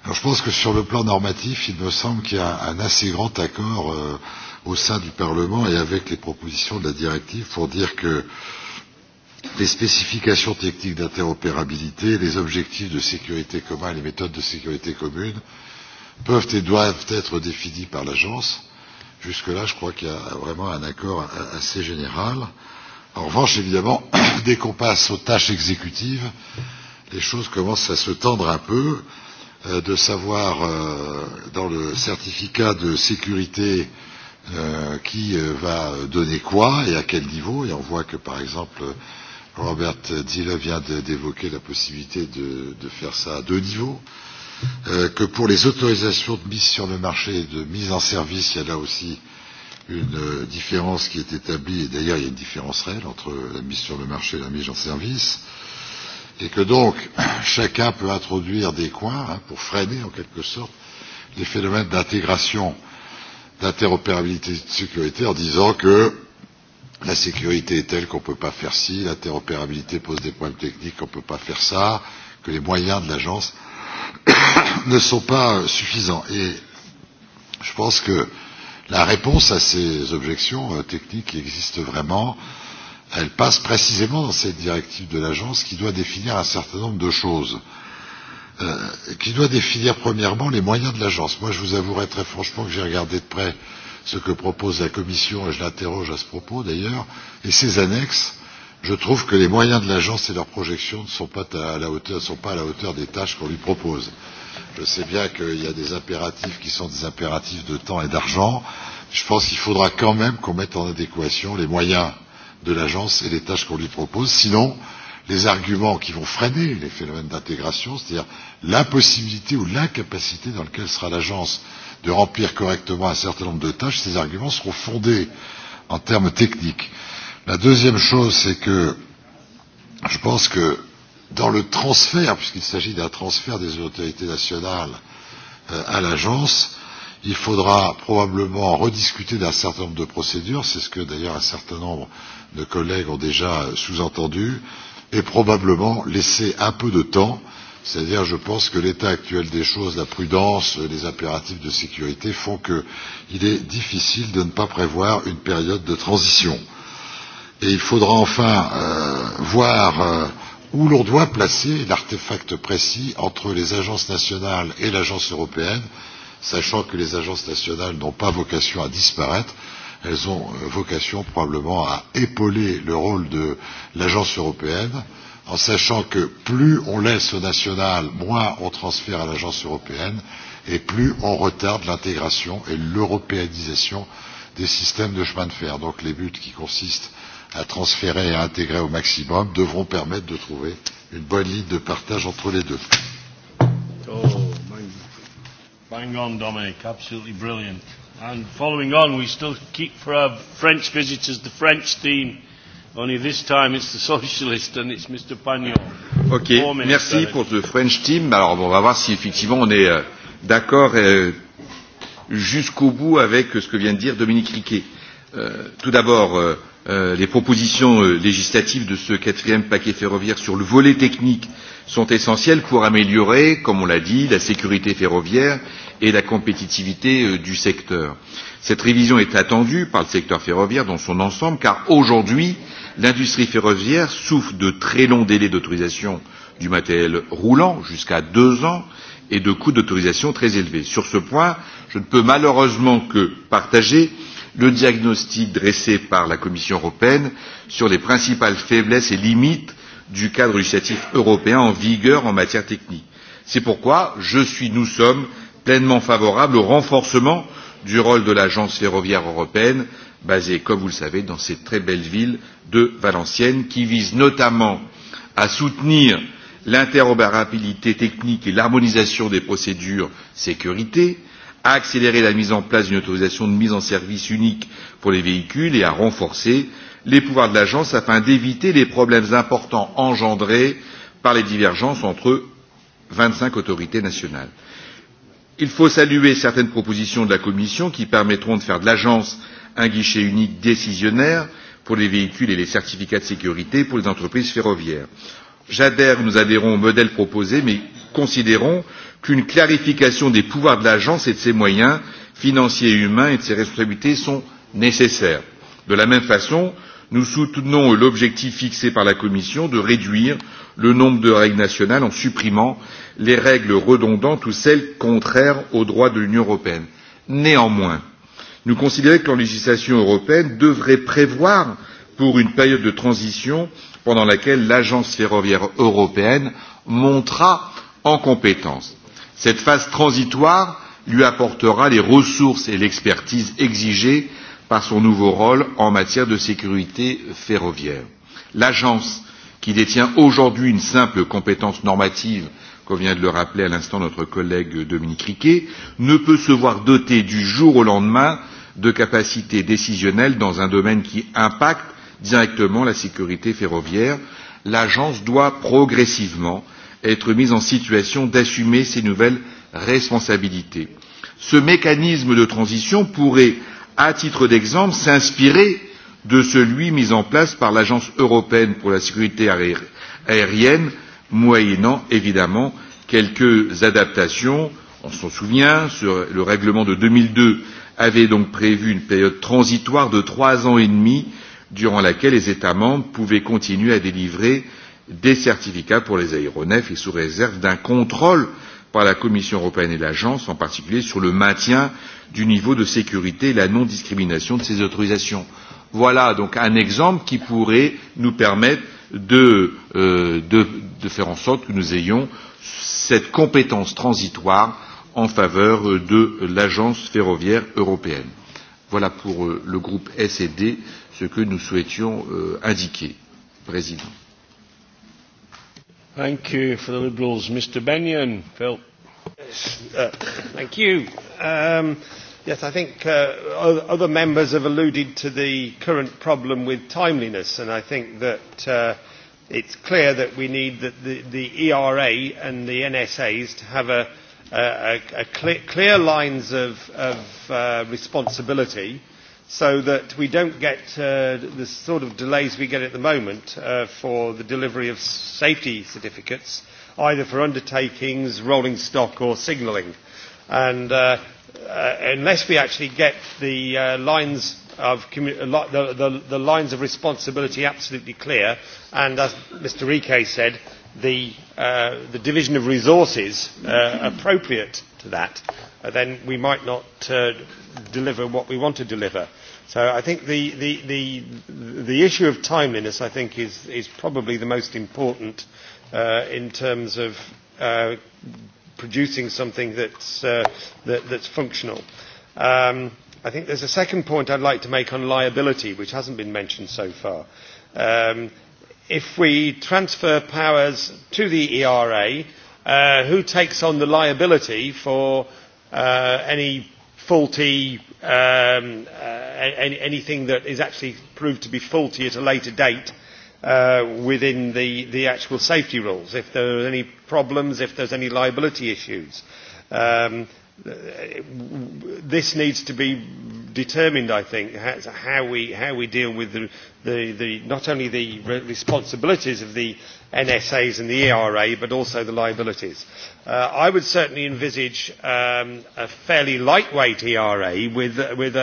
Alors je pense que sur le plan normatif, il me semble qu'il y a un assez grand accord euh, au sein du Parlement et avec les propositions de la directive pour dire que les spécifications techniques d'interopérabilité, les objectifs de sécurité commun et les méthodes de sécurité commune peuvent et doivent être définis par l'agence. Jusque-là, je crois qu'il y a vraiment un accord assez général. En revanche, évidemment, dès qu'on passe aux tâches exécutives, les choses commencent à se tendre un peu. Euh, de savoir euh, dans le certificat de sécurité Euh, qui euh, va donner quoi et à quel niveau. Et on voit que, par exemple, Robert Zille vient d'évoquer la possibilité de, de faire ça à deux niveaux. Euh, que pour les autorisations de mise sur le marché et de mise en service, il y a là aussi une euh, différence qui est établie, et d'ailleurs il y a une différence réelle entre la mise sur le marché et la mise en service, et que donc chacun peut introduire des coins hein, pour freiner en quelque sorte les phénomènes d'intégration l'interopérabilité de sécurité en disant que la sécurité est telle qu'on ne peut pas faire ci, l'interopérabilité pose des problèmes techniques, qu'on ne peut pas faire ça, que les moyens de l'agence ne sont pas euh, suffisants. Et je pense que la réponse à ces objections euh, techniques qui existent vraiment, elle passe précisément dans cette directive de l'agence qui doit définir un certain nombre de choses. Euh, qui doit définir premièrement les moyens de l'agence. Moi, je vous avouerai très franchement que j'ai regardé de près ce que propose la Commission, et je l'interroge à ce propos d'ailleurs, et ses annexes, je trouve que les moyens de l'agence et leurs projections ne sont pas à la hauteur, sont pas à la hauteur des tâches qu'on lui propose. Je sais bien qu'il y a des impératifs qui sont des impératifs de temps et d'argent. Je pense qu'il faudra quand même qu'on mette en adéquation les moyens de l'agence et les tâches qu'on lui propose. Sinon, les arguments qui vont freiner les phénomènes d'intégration, c'est-à-dire l'impossibilité ou l'incapacité dans laquelle sera l'agence de remplir correctement un certain nombre de tâches, ces arguments seront fondés en termes techniques. La deuxième chose, c'est que je pense que dans le transfert, puisqu'il s'agit d'un transfert des autorités nationales euh, à l'agence, il faudra probablement rediscuter d'un certain nombre de procédures, c'est ce que d'ailleurs un certain nombre de collègues ont déjà sous-entendu, et probablement laisser un peu de temps c'est-à-dire je pense que l'état actuel des choses la prudence les impératifs de sécurité font qu'il est difficile de ne pas prévoir une période de transition et il faudra enfin euh, voir euh, où l'on doit placer l'artefact précis entre les agences nationales et l'agence européenne sachant que les agences nationales n'ont pas vocation à disparaître elles ont euh, vocation probablement à épauler le rôle de l'agence européenne en sachant que plus on laisse au national, moins on transfère à l'agence européenne et plus on retarde l'intégration et l'européanisation des systèmes de chemin de fer. Donc les buts qui consistent à transférer et à intégrer au maximum devront permettre de trouver une bonne ligne de partage entre les deux. Oh, bang, bang on, Dominic. Absolutely brilliant. And following on, we still keep for our French visitors the French theme. Only this time it's the socialist and it's Mr. Pagnon. Ok, merci pour le French team. Alors bon, on va voir si effectivement on est euh, d'accord euh, jusqu'au bout avec ce que vient de dire Dominique Riquet. Euh, tout d'abord, euh, euh, les propositions euh, législatives de ce quatrième paquet ferroviaire sur le volet technique sont essentiels pour améliorer, comme on l'a dit, la sécurité ferroviaire et la compétitivité euh, du secteur. Cette révision est attendue par le secteur ferroviaire dans son ensemble, car aujourd'hui, l'industrie ferroviaire souffre de très longs délais d'autorisation du matériel roulant, jusqu'à deux ans, et de coûts d'autorisation très élevés. Sur ce point, je ne peux malheureusement que partager le diagnostic dressé par la Commission européenne sur les principales faiblesses et limites du cadre législatif européen en vigueur en matière technique. C'est pourquoi je suis, nous sommes pleinement favorables au renforcement du rôle de l'agence ferroviaire européenne basée, comme vous le savez, dans cette très belle ville de Valenciennes, qui vise notamment à soutenir l'interopérabilité technique et l'harmonisation des procédures sécurité, à accélérer la mise en place d'une autorisation de mise en service unique pour les véhicules et à renforcer les pouvoirs de l'agence afin d'éviter les problèmes importants engendrés par les divergences entre vingt cinq autorités nationales. il faut saluer certaines propositions de la commission qui permettront de faire de l'agence un guichet unique décisionnaire pour les véhicules et les certificats de sécurité pour les entreprises ferroviaires. j'adhère nous adhérons au modèle proposé mais considérons qu'une clarification des pouvoirs de l'agence et de ses moyens financiers et humains et de ses responsabilités sont nécessaires. de la même façon nous soutenons l'objectif fixé par la commission de réduire le nombre de règles nationales en supprimant les règles redondantes ou celles contraires au droit de l'union européenne. néanmoins nous considérons que la législation européenne devrait prévoir pour une période de transition pendant laquelle l'agence ferroviaire européenne montera en compétence. cette phase transitoire lui apportera les ressources et l'expertise exigées par son nouveau rôle en matière de sécurité ferroviaire. L'agence, qui détient aujourd'hui une simple compétence normative, comme vient de le rappeler à l'instant notre collègue Dominique Riquet, ne peut se voir dotée du jour au lendemain de capacités décisionnelles dans un domaine qui impacte directement la sécurité ferroviaire. L'agence doit progressivement être mise en situation d'assumer ses nouvelles responsabilités. Ce mécanisme de transition pourrait à titre d'exemple, s'inspirer de celui mis en place par l'Agence européenne pour la sécurité aérienne, moyennant évidemment quelques adaptations. On s'en souvient, sur le règlement de 2002 avait donc prévu une période transitoire de trois ans et demi durant laquelle les États membres pouvaient continuer à délivrer des certificats pour les aéronefs et sous réserve d'un contrôle par la Commission européenne et l'Agence, en particulier sur le maintien du niveau de sécurité et la non-discrimination de ces autorisations. Voilà donc un exemple qui pourrait nous permettre de, euh, de, de faire en sorte que nous ayons cette compétence transitoire en faveur de l'Agence ferroviaire européenne. Voilà pour euh, le groupe S&D ce que nous souhaitions euh, indiquer. Président. Thank Mr. Benyon, uh, um, I think uh, other members have alluded to the current problem with timeliness, and I think that uh, it is clear that we need the, the, ERA and the NSAs to have a, clear, lines of, responsibility so that we don't get uh, the sort of delays we get at the moment uh, for the delivery of safety certificates, either for undertakings, rolling stock or signalling. And uh, unless we actually get the lines of the, the, lines of responsibility absolutely clear, and as Mr. Rike said, the, the division of resources appropriate to that, then we might not deliver what we want to deliver. So I think the, the, the, the issue of timeliness, I think, is, is probably the most important uh, in terms of uh, producing something that's, uh, that, that's functional. Um, I think there's a second point I'd like to make on liability, which hasn't been mentioned so far. Um, if we transfer powers to the ERA, uh, who takes on the liability for uh, any faulty um, uh, any, anything that is actually proved to be faulty at a later date uh, within the, the actual safety rules, if there are any problems, if there's any liability issues. Um, this needs to be determined i think how we how we deal with the the, not only the responsibilities of the NSAs and the ERA but also the liabilities uh, i would certainly envisage um, a fairly lightweight ERA with with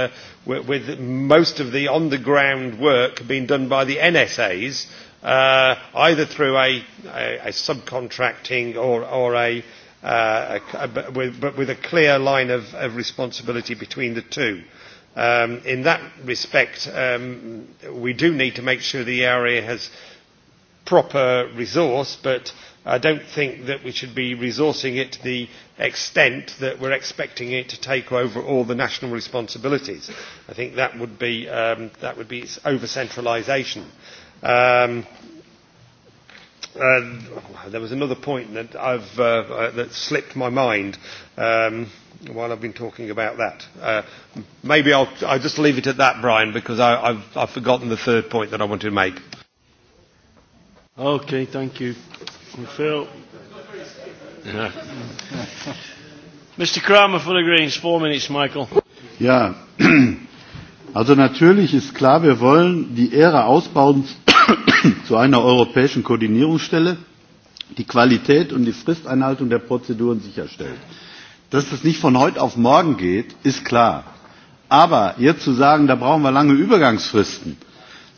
with most of the on the ground work being done by the NSAs uh, either through a, a subcontracting or or a Uh, but with a clear line of, responsibility between the two. Um, in that respect, um, we do need to make sure the area e has proper resource, but I don't think that we should be resourcing it to the extent that we're expecting it to take over all the national responsibilities. I think that would be, um, that would be its over-centralisation there was another point that, I've, uh, uh, that slipped my mind um, while I've been talking about that. Uh, maybe I'll, I'll just leave it at that, Brian, because I, I've, I've forgotten the third point that I wanted to make. Okay, thank you. Phil. Mr. Kramer for the Greens, four minutes, Michael. Ja, also natürlich ist klar, wir wollen die Ära ausbauen zu einer europäischen Koordinierungsstelle, die Qualität und die Fristeinhaltung der Prozeduren sicherstellt. Dass das nicht von heute auf morgen geht, ist klar. Aber jetzt zu sagen, da brauchen wir lange Übergangsfristen,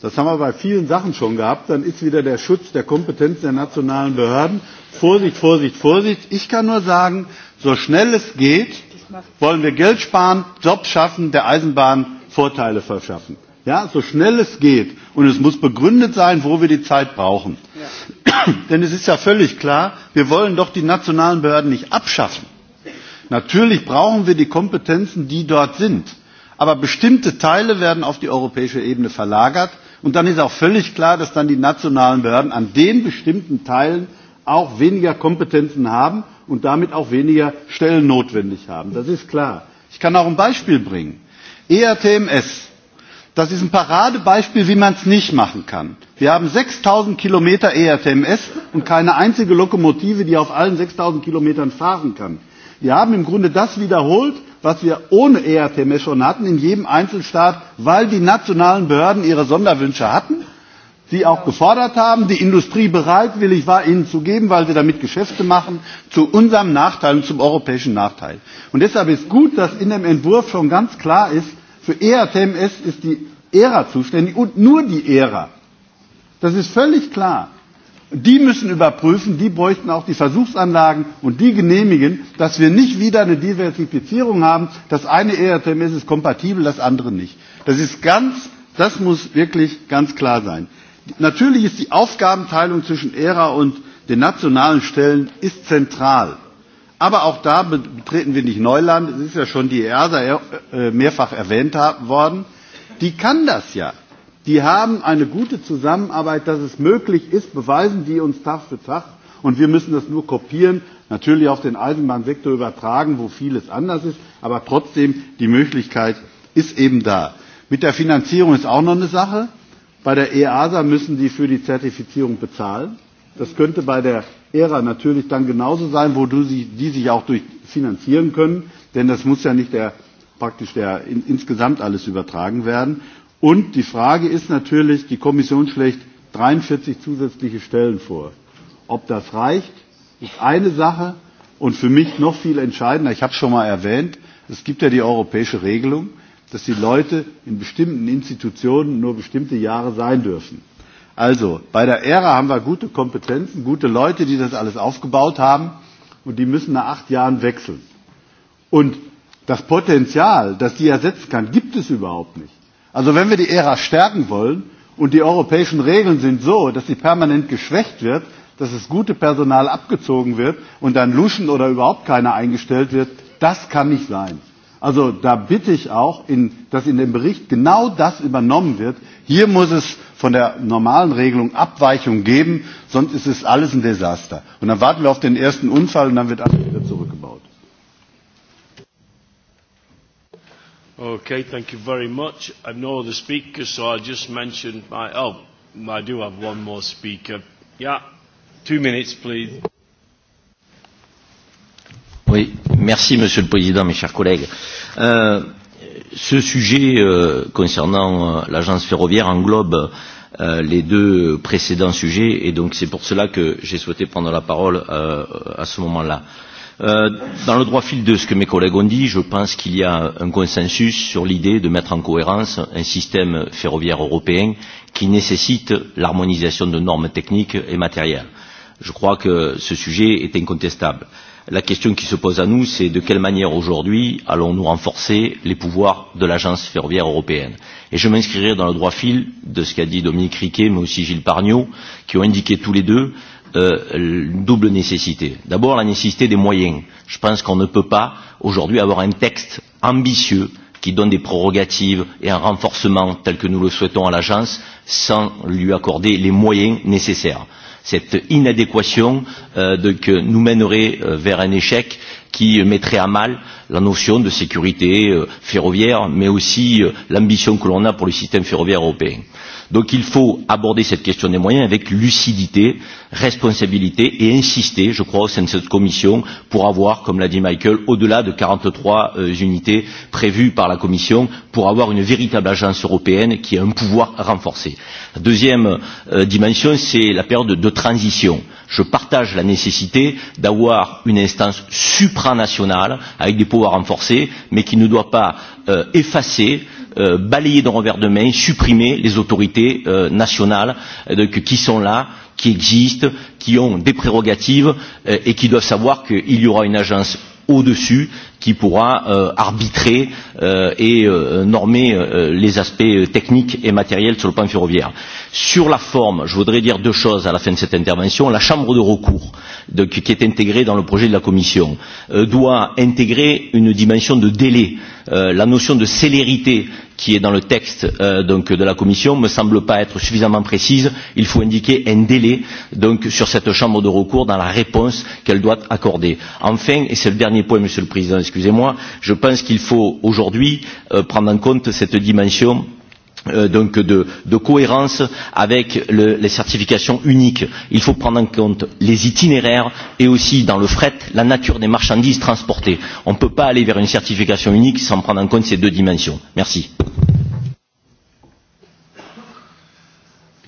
das haben wir bei vielen Sachen schon gehabt, dann ist wieder der Schutz der Kompetenz der nationalen Behörden. Vorsicht, Vorsicht, Vorsicht. Ich kann nur sagen, so schnell es geht, wollen wir Geld sparen, Jobs schaffen, der Eisenbahn Vorteile verschaffen. Ja, so schnell es geht und es muss begründet sein, wo wir die Zeit brauchen. Denn es ist ja völlig klar, wir wollen doch die nationalen Behörden nicht abschaffen. Natürlich brauchen wir die Kompetenzen, die dort sind. Aber bestimmte Teile werden auf die europäische Ebene verlagert. Und dann ist auch völlig klar, dass dann die nationalen Behörden an den bestimmten Teilen auch weniger Kompetenzen haben und damit auch weniger Stellen notwendig haben. Das ist klar. Ich kann auch ein Beispiel bringen. ERTMS das ist ein paradebeispiel wie man es nicht machen kann. wir haben sechs kilometer ertms und keine einzige lokomotive die auf allen sechs kilometern fahren kann. wir haben im grunde das wiederholt was wir ohne ertms schon hatten in jedem einzelstaat weil die nationalen behörden ihre sonderwünsche hatten sie auch gefordert haben die industrie bereitwillig war ihnen zu geben weil sie damit geschäfte machen zu unserem nachteil und zum europäischen nachteil. und deshalb ist gut dass in dem entwurf schon ganz klar ist Für ERTMS ist die ERA zuständig und nur die ERA. Das ist völlig klar. Die müssen überprüfen, die bräuchten auch die Versuchsanlagen und die genehmigen, dass wir nicht wieder eine Diversifizierung haben. Das eine ERTMS ist kompatibel, das andere nicht. Das ist ganz, das muss wirklich ganz klar sein. Natürlich ist die Aufgabenteilung zwischen ERA und den nationalen Stellen ist zentral. Aber auch da betreten wir nicht Neuland. Es ist ja schon die EASA äh, mehrfach erwähnt worden. Die kann das ja. Die haben eine gute Zusammenarbeit, dass es möglich ist, beweisen die uns Tag für Tag. Und wir müssen das nur kopieren, natürlich auf den Eisenbahnsektor übertragen, wo vieles anders ist. Aber trotzdem, die Möglichkeit ist eben da. Mit der Finanzierung ist auch noch eine Sache. Bei der EASA müssen sie für die Zertifizierung bezahlen. Das könnte bei der Ära natürlich dann genauso sein, wo du sie, die sich auch durch finanzieren können, denn das muss ja nicht der, praktisch der, in, insgesamt alles übertragen werden. Und die Frage ist natürlich, die Kommission schlägt 43 zusätzliche Stellen vor. Ob das reicht, ist eine Sache und für mich noch viel entscheidender, ich habe es schon mal erwähnt, es gibt ja die europäische Regelung, dass die Leute in bestimmten Institutionen nur bestimmte Jahre sein dürfen. Also, bei der Ära haben wir gute Kompetenzen, gute Leute, die das alles aufgebaut haben und die müssen nach acht Jahren wechseln. Und das Potenzial, das die ersetzen kann, gibt es überhaupt nicht. Also wenn wir die Ära stärken wollen und die europäischen Regeln sind so, dass sie permanent geschwächt wird, dass das gute Personal abgezogen wird und dann luschen oder überhaupt keiner eingestellt wird, das kann nicht sein. Also da bitte ich auch, in, dass in dem Bericht genau das übernommen wird. Hier muss es von der normalen Regelung Abweichung geben, sonst ist es alles ein Desaster. Und dann warten wir auf den ersten Unfall und dann wird alles wieder zurückgebaut. Okay, thank you very much. I know the speaker, so I just mentioned my... Oh, I do have one more speaker. Yeah, two minutes, please. Oui, merci Monsieur le Président, mes chers collègues. Euh, ce sujet euh, concernant euh, l'agence ferroviaire englobe Euh, les deux précédents sujets et donc c'est pour cela que j'ai souhaité prendre la parole euh, à ce moment-là. Euh, dans le droit fil de ce que mes collègues ont dit, je pense qu'il y a un consensus sur l'idée de mettre en cohérence un système ferroviaire européen qui nécessite l'harmonisation de normes techniques et matérielles. Je crois que ce sujet est incontestable. La question qui se pose à nous, c'est de quelle manière aujourd'hui allons-nous renforcer les pouvoirs de l'agence ferroviaire européenne Et je m'inscrirai dans le droit fil de ce qu'a dit Dominique Riquet, mais aussi Gilles Pargnot, qui ont indiqué tous les deux euh, une double nécessité. D'abord, la nécessité des moyens. Je pense qu'on ne peut pas aujourd'hui avoir un texte ambitieux qui donne des prorogatives et un renforcement tel que nous le souhaitons à l'agence sans lui accorder les moyens nécessaires cette inadéquation euh, de, que nous mènerait euh, vers un échec qui mettrait à mal la notion de sécurité euh, ferroviaire, mais aussi euh, l'ambition que l'on a pour le système ferroviaire européen donc il faut aborder cette question des moyens avec lucidité responsabilité et insister je crois au sein de cette commission pour avoir comme l'a dit michael au delà de quarante trois euh, unités prévues par la commission pour avoir une véritable agence européenne qui a un pouvoir renforcé. la deuxième euh, dimension c'est la période de transition. je partage la nécessité d'avoir une instance supranationale avec des pouvoirs renforcés mais qui ne doit pas euh, effacer euh, balayer d'un revers de main, supprimer les autorités euh, nationales euh, qui sont là, qui existent, qui ont des prérogatives euh, et qui doivent savoir qu'il y aura une agence au-dessus qui pourra euh, arbitrer euh, et euh, normer euh, les aspects euh, techniques et matériels sur le plan ferroviaire. Sur la forme, je voudrais dire deux choses à la fin de cette intervention. La chambre de recours de, qui est intégrée dans le projet de la Commission doit intégrer une dimension de délai, la notion de célérité qui est dans le texte euh, donc, de la Commission ne me semble pas être suffisamment précise. Il faut indiquer un délai donc, sur cette chambre de recours dans la réponse qu'elle doit accorder. Enfin, et c'est le dernier point, Monsieur le Président, excusez-moi, je pense qu'il faut aujourd'hui euh, prendre en compte cette dimension Euh, donc de, de cohérence avec le, les certifications uniques. Il faut prendre en compte les itinéraires et aussi dans le fret la nature des marchandises transportées. On ne peut pas aller vers une certification unique sans prendre en compte ces deux dimensions. Merci.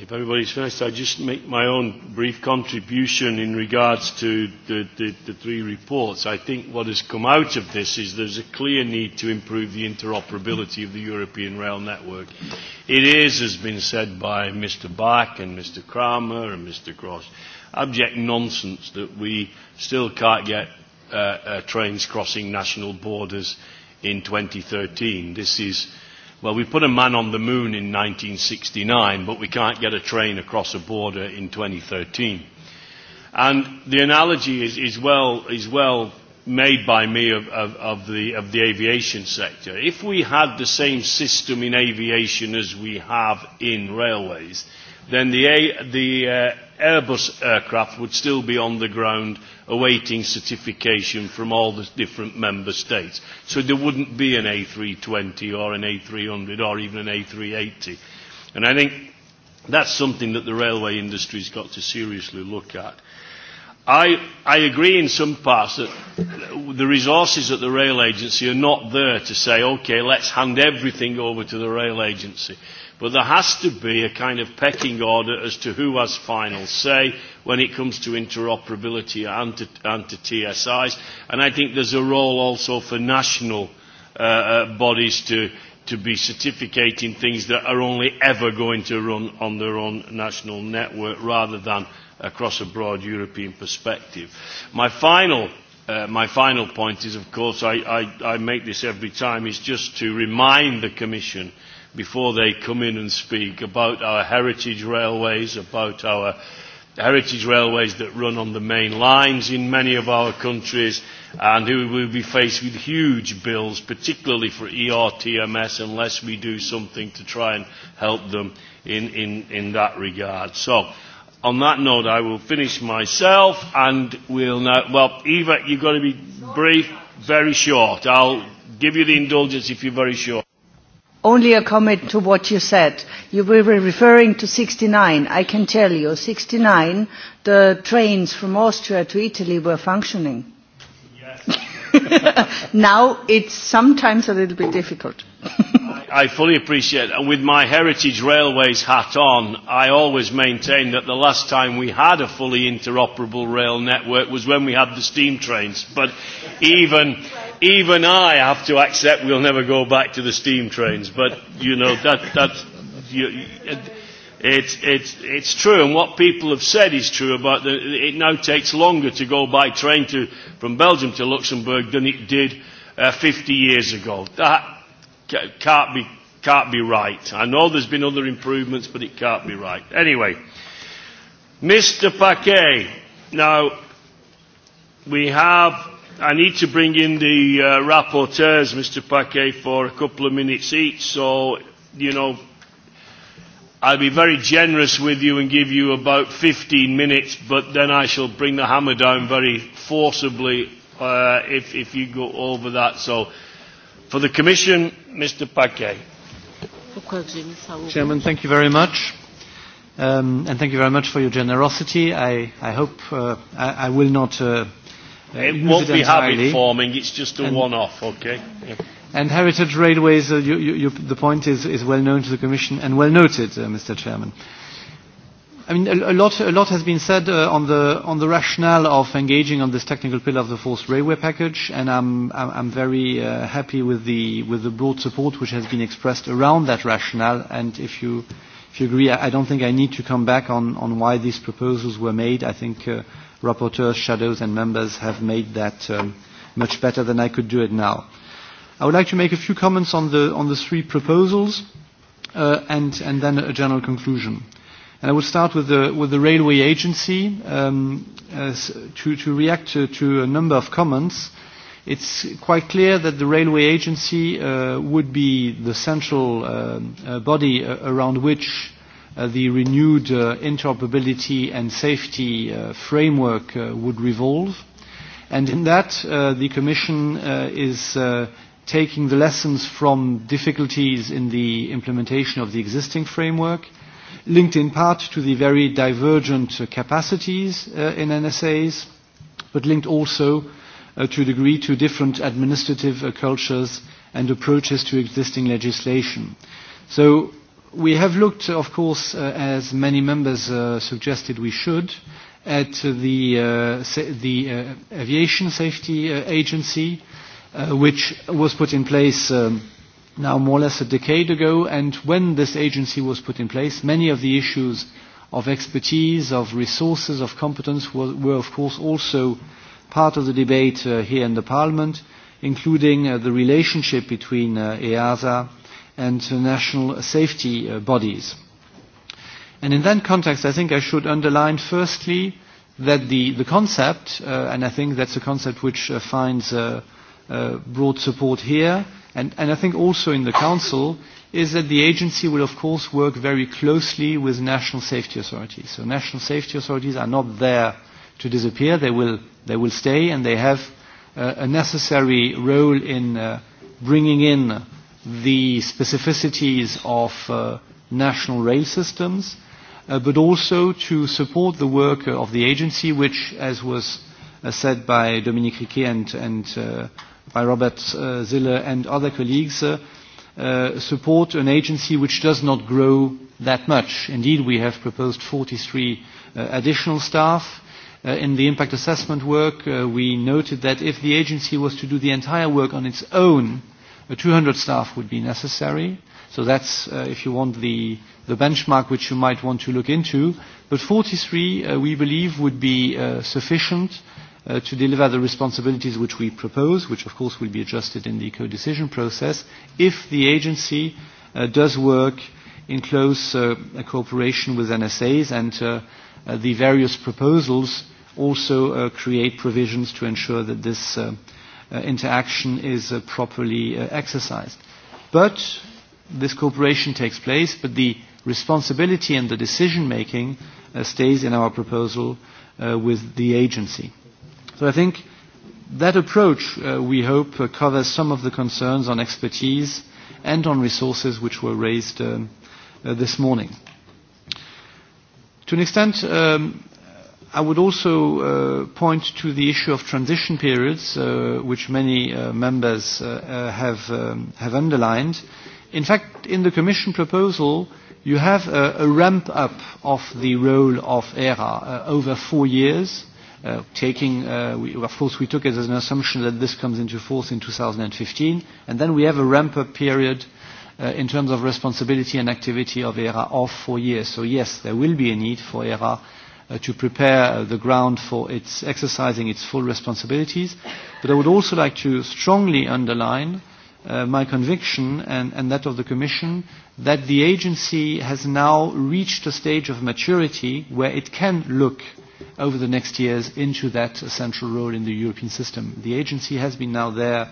If everybody's finished, I just make my own brief contribution in regards to the, the, the three reports. I think what has come out of this is there's a clear need to improve the interoperability of the European rail network. It is, as has been said by Mr. Bach and Mr. Kramer and Mr. Cross, abject nonsense that we still can't get uh, uh, trains crossing national borders in 2013. This is Well, we put a man on the moon in 1969, but we can't get a train across a border in 2013. And the analogy is, is, well, is well made by me of, of, of, the, of the aviation sector. If we had the same system in aviation as we have in railways, then the, the uh, Airbus aircraft would still be on the ground awaiting certification from all the different member states. So there wouldn't be an A320 or an A300 or even an A380. And I think that's something that the railway industry's got to seriously look at. I, I agree in some parts that the resources at the rail agency are not there to say, okay, let's hand everything over to the rail agency. But there has to be a kind of pecking order as to who has final say when it comes to interoperability and to, and to TSIs. And I think there's a role also for national uh, uh, bodies to, to be certificating things that are only ever going to run on their own national network rather than across a broad European perspective. My final Uh, my final point is, of course, I, I, I make this every time, is just to remind the Commission before they come in and speak about our heritage railways, about our heritage railways that run on the main lines in many of our countries and who will be faced with huge bills, particularly for ERTMS, unless we do something to try and help them in, in, in that regard. So, on that note, I will finish myself and we'll now... Well, Eva, you've got to be brief, very short. I'll give you the indulgence if you're very short only a comment to what you said. You were referring to 69. I can tell you, 69, the trains from Austria to Italy were functioning now it's sometimes a little bit difficult. I fully appreciate and with my Heritage Railways hat on, I always maintain that the last time we had a fully interoperable rail network was when we had the steam trains. But even, even I have to accept we'll never go back to the steam trains. But, you know, that, that, you, It, it, it's true, and what people have said is true about the, it now takes longer to go by train to, from Belgium to Luxembourg than it did uh, 50 years ago. That can't be, can't be right. I know there's been other improvements, but it can't be right. Anyway, Mr. Paquet. Now, we have i need to bring in the uh, rapporteurs, Mr. Paquet, for a couple of minutes each, so, you know, I'll be very generous with you and give you about 15 minutes, but then I shall bring the hammer down very forcibly uh, if, if you go over that. So, for the Commission, Mr. Paquet. Chairman, thank you very much. Um, and thank you very much for your generosity. I, I hope uh, I, I will not. Uh, it uh, won't be habit forming, it's just a one off, okay? And heritage railways, uh, you, you, you, the point is, is well known to the Commission and well noted, uh, Mr. Chairman. I mean, a, a, lot, a lot has been said uh, on, the, on the rationale of engaging on this technical pillar of the fourth railway package, and I'm, I'm, I'm very uh, happy with the, with the broad support which has been expressed around that rationale. And if you, if you agree, I, I don't think I need to come back on, on why these proposals were made. I think uh, rapporteurs, shadows, and members have made that um, much better than I could do it now. I would like to make a few comments on the, on the three proposals uh, and, and then a general conclusion. And I would start with the, with the railway agency. Um, as uh, to, to react to, to a number of comments, it's quite clear that the railway agency uh, would be the central uh, uh, body uh, around which uh, the renewed uh, interoperability and safety uh, framework uh, would revolve. And in that, uh, the Commission uh, is uh, taking the lessons from difficulties in the implementation of the existing framework, linked in part to the very divergent uh, capacities uh, in NSAs, but linked also uh, to a degree to different administrative uh, cultures and approaches to existing legislation. So we have looked, of course, uh, as many members uh, suggested we should, at the, uh, the uh, Aviation Safety uh, Agency, Uh, which was put in place um, now more or less a decade ago. And when this agency was put in place, many of the issues of expertise, of resources, of competence were, were of course also part of the debate uh, here in the Parliament, including uh, the relationship between uh, EASA and national safety uh, bodies. And in that context, I think I should underline firstly that the, the concept, uh, and I think that's a concept which uh, finds uh, uh, broad support here and, and I think also in the Council is that the agency will of course work very closely with national safety authorities. So national safety authorities are not there to disappear. They will, they will stay and they have uh, a necessary role in uh, bringing in the specificities of uh, national rail systems, uh, but also to support the work of the agency, which, as was said by Dominique Riquet and, and uh, by Robert uh, Zille and other colleagues, uh, uh, support an agency which does not grow that much. Indeed, we have proposed 43 uh, additional staff. Uh, in the impact assessment work, uh, we noted that if the agency was to do the entire work on its own, uh, 200 staff would be necessary. So that's, uh, if you want, the, the benchmark which you might want to look into. But 43, uh, we believe, would be uh, sufficient uh, uh, to deliver the responsibilities which we propose, which of course will be adjusted in the co-decision process, if the agency uh, does work in close uh, cooperation with NSAs and uh, uh, the various proposals also uh, create provisions to ensure that this uh, uh, interaction is uh, properly uh, exercised. But this cooperation takes place, but the responsibility and the decision making uh, stays in our proposal uh, with the agency. I think that approach, uh, we hope, uh, covers some of the concerns on expertise and on resources which were raised um, uh, this morning. To an extent, um, I would also uh, point to the issue of transition periods, uh, which many uh, members uh, uh, have, um, have underlined. In fact, in the Commission proposal, you have a, a ramp up of the role of ERA uh, over four years Uh, taking, uh, we, of course, we took it as an assumption that this comes into force in 2015, and then we have a ramp-up period uh, in terms of responsibility and activity of ERA of four years. So yes, there will be a need for ERA to prepare the ground for its exercising its full responsibilities. But I would also like to strongly underline my conviction and, and that of the Commission that the agency has now reached a stage of maturity where it can look over the next years into that central role in the European system. The agency has been now there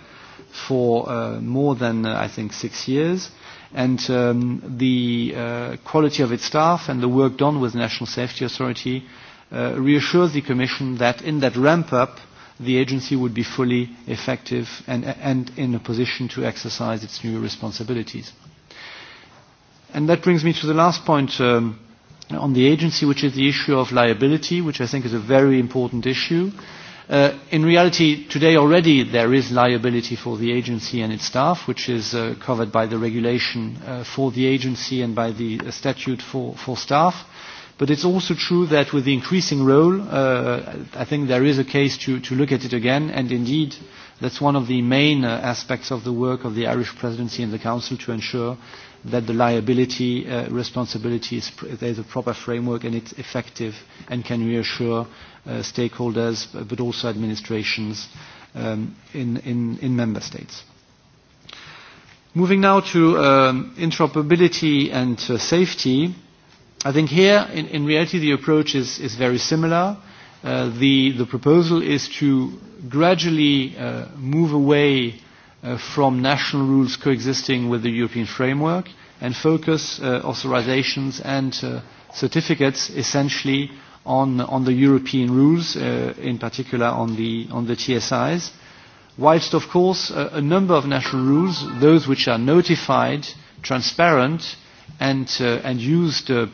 for uh, more than, uh, I think, six years. And um, the uh, quality of its staff and the work done with the National Safety Authority uh, reassures the Commission that in that ramp-up, the agency would be fully effective and, in a position to exercise its new responsibilities. And that brings me to the last point um, on the agency, which is the issue of liability, which I think is a very important issue. Uh, in reality, today already there is liability for the agency and its staff, which is uh, covered by the regulation uh, for the agency and by the uh, statute for, for staff. But it's also true that with the increasing role, uh, I think there is a case to, to look at it again. And indeed, that's one of the main uh, aspects of the work of the Irish presidency and the Council to ensure that the liability uh, responsibility is there's a proper framework and it's effective and can reassure uh, stakeholders but also administrations um, in, in, in member states. Moving now to um, interoperability and uh, safety, I think here in, in reality the approach is, is very similar. Uh, the, the proposal is to gradually uh, move away Uh, from national rules coexisting with the European framework and focus uh, authorizations and uh, certificates essentially on, on the European rules, uh, in particular on the, on the TSIs, whilst of course a number of national rules, those which are notified, transparent and, uh, and used uh,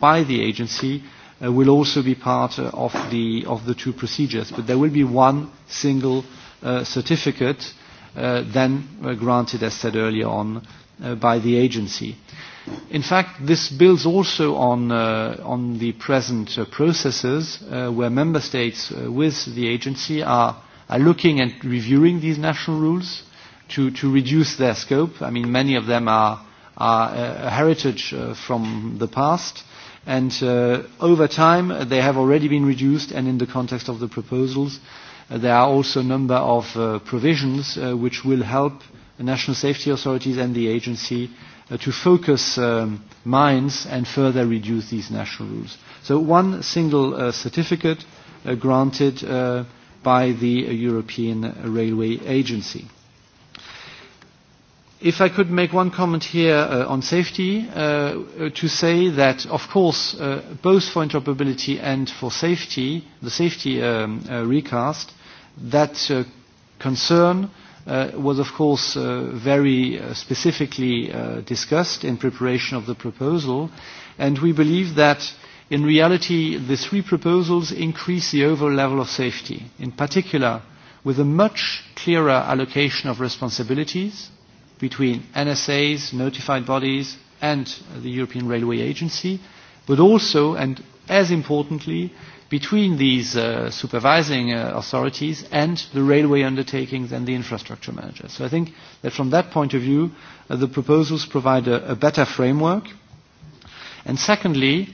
by the agency, uh, will also be part uh, of, the, of the two procedures. But there will be one single uh, certificate Uh, than uh, granted, as said earlier on, uh, by the agency. In fact, this builds also on, uh, on the present uh, processes uh, where member states uh, with the agency are, are looking and reviewing these national rules to, to reduce their scope. I mean, many of them are, are a heritage uh, from the past. And uh, over time, they have already been reduced, and in the context of the proposals, there are also a number of uh, provisions uh, which will help national safety authorities and the agency uh, to focus um, minds and further reduce these national rules. So one single uh, certificate uh, granted uh, by the European Railway Agency. If I could make one comment here uh, on safety, uh, to say that, of course, uh, both for interoperability and for safety, the safety um, recast, that uh, concern uh, was of course uh, very specifically discussed in preparation of the proposal and we believe that in reality the three proposals increase the overall level of safety in particular with a much clearer allocation of responsibilities between NSAs notified bodies and the European Railway Agency but also and as importantly between these uh, supervising uh, authorities and the railway undertakings and the infrastructure managers. So I think that from that point of view, uh, the proposals provide a, a better framework. And secondly,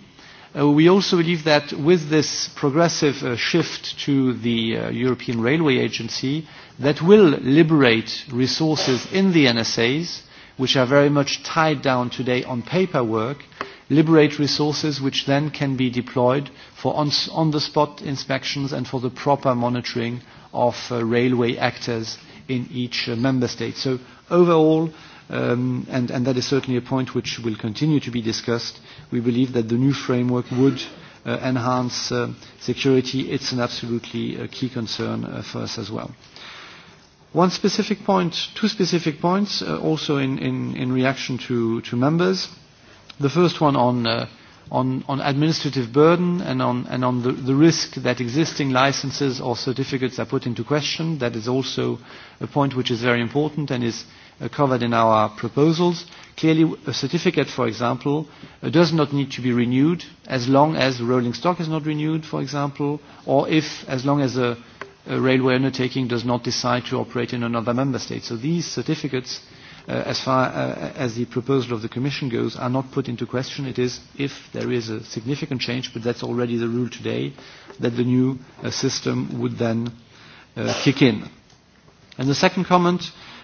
uh, we also believe that with this progressive uh, shift to the uh, European Railway Agency, that will liberate resources in the NSAs, which are very much tied down today on paperwork, liberate resources which then can be deployed for on-the-spot on inspections and for the proper monitoring of uh, railway actors in each uh, member state. So overall, um, and, and that is certainly a point which will continue to be discussed, we believe that the new framework would uh, enhance uh, security. It's an absolutely uh, key concern uh, for us as well. One specific point, two specific points, uh, also in, in, in reaction to, to members. The first one on, uh, on, on administrative burden and on, and on the, the risk that existing licenses or certificates are put into question. That is also a point which is very important and is uh, covered in our proposals. Clearly, a certificate, for example, uh, does not need to be renewed as long as rolling stock is not renewed, for example, or if, as long as a, a railway undertaking does not decide to operate in another member state. So these certificates Uh, as far uh, as the proposal of the Commission goes, are not put into question. It is if there is a significant change, but that's already the rule today, that the new uh, system would then kick in. And the second comment,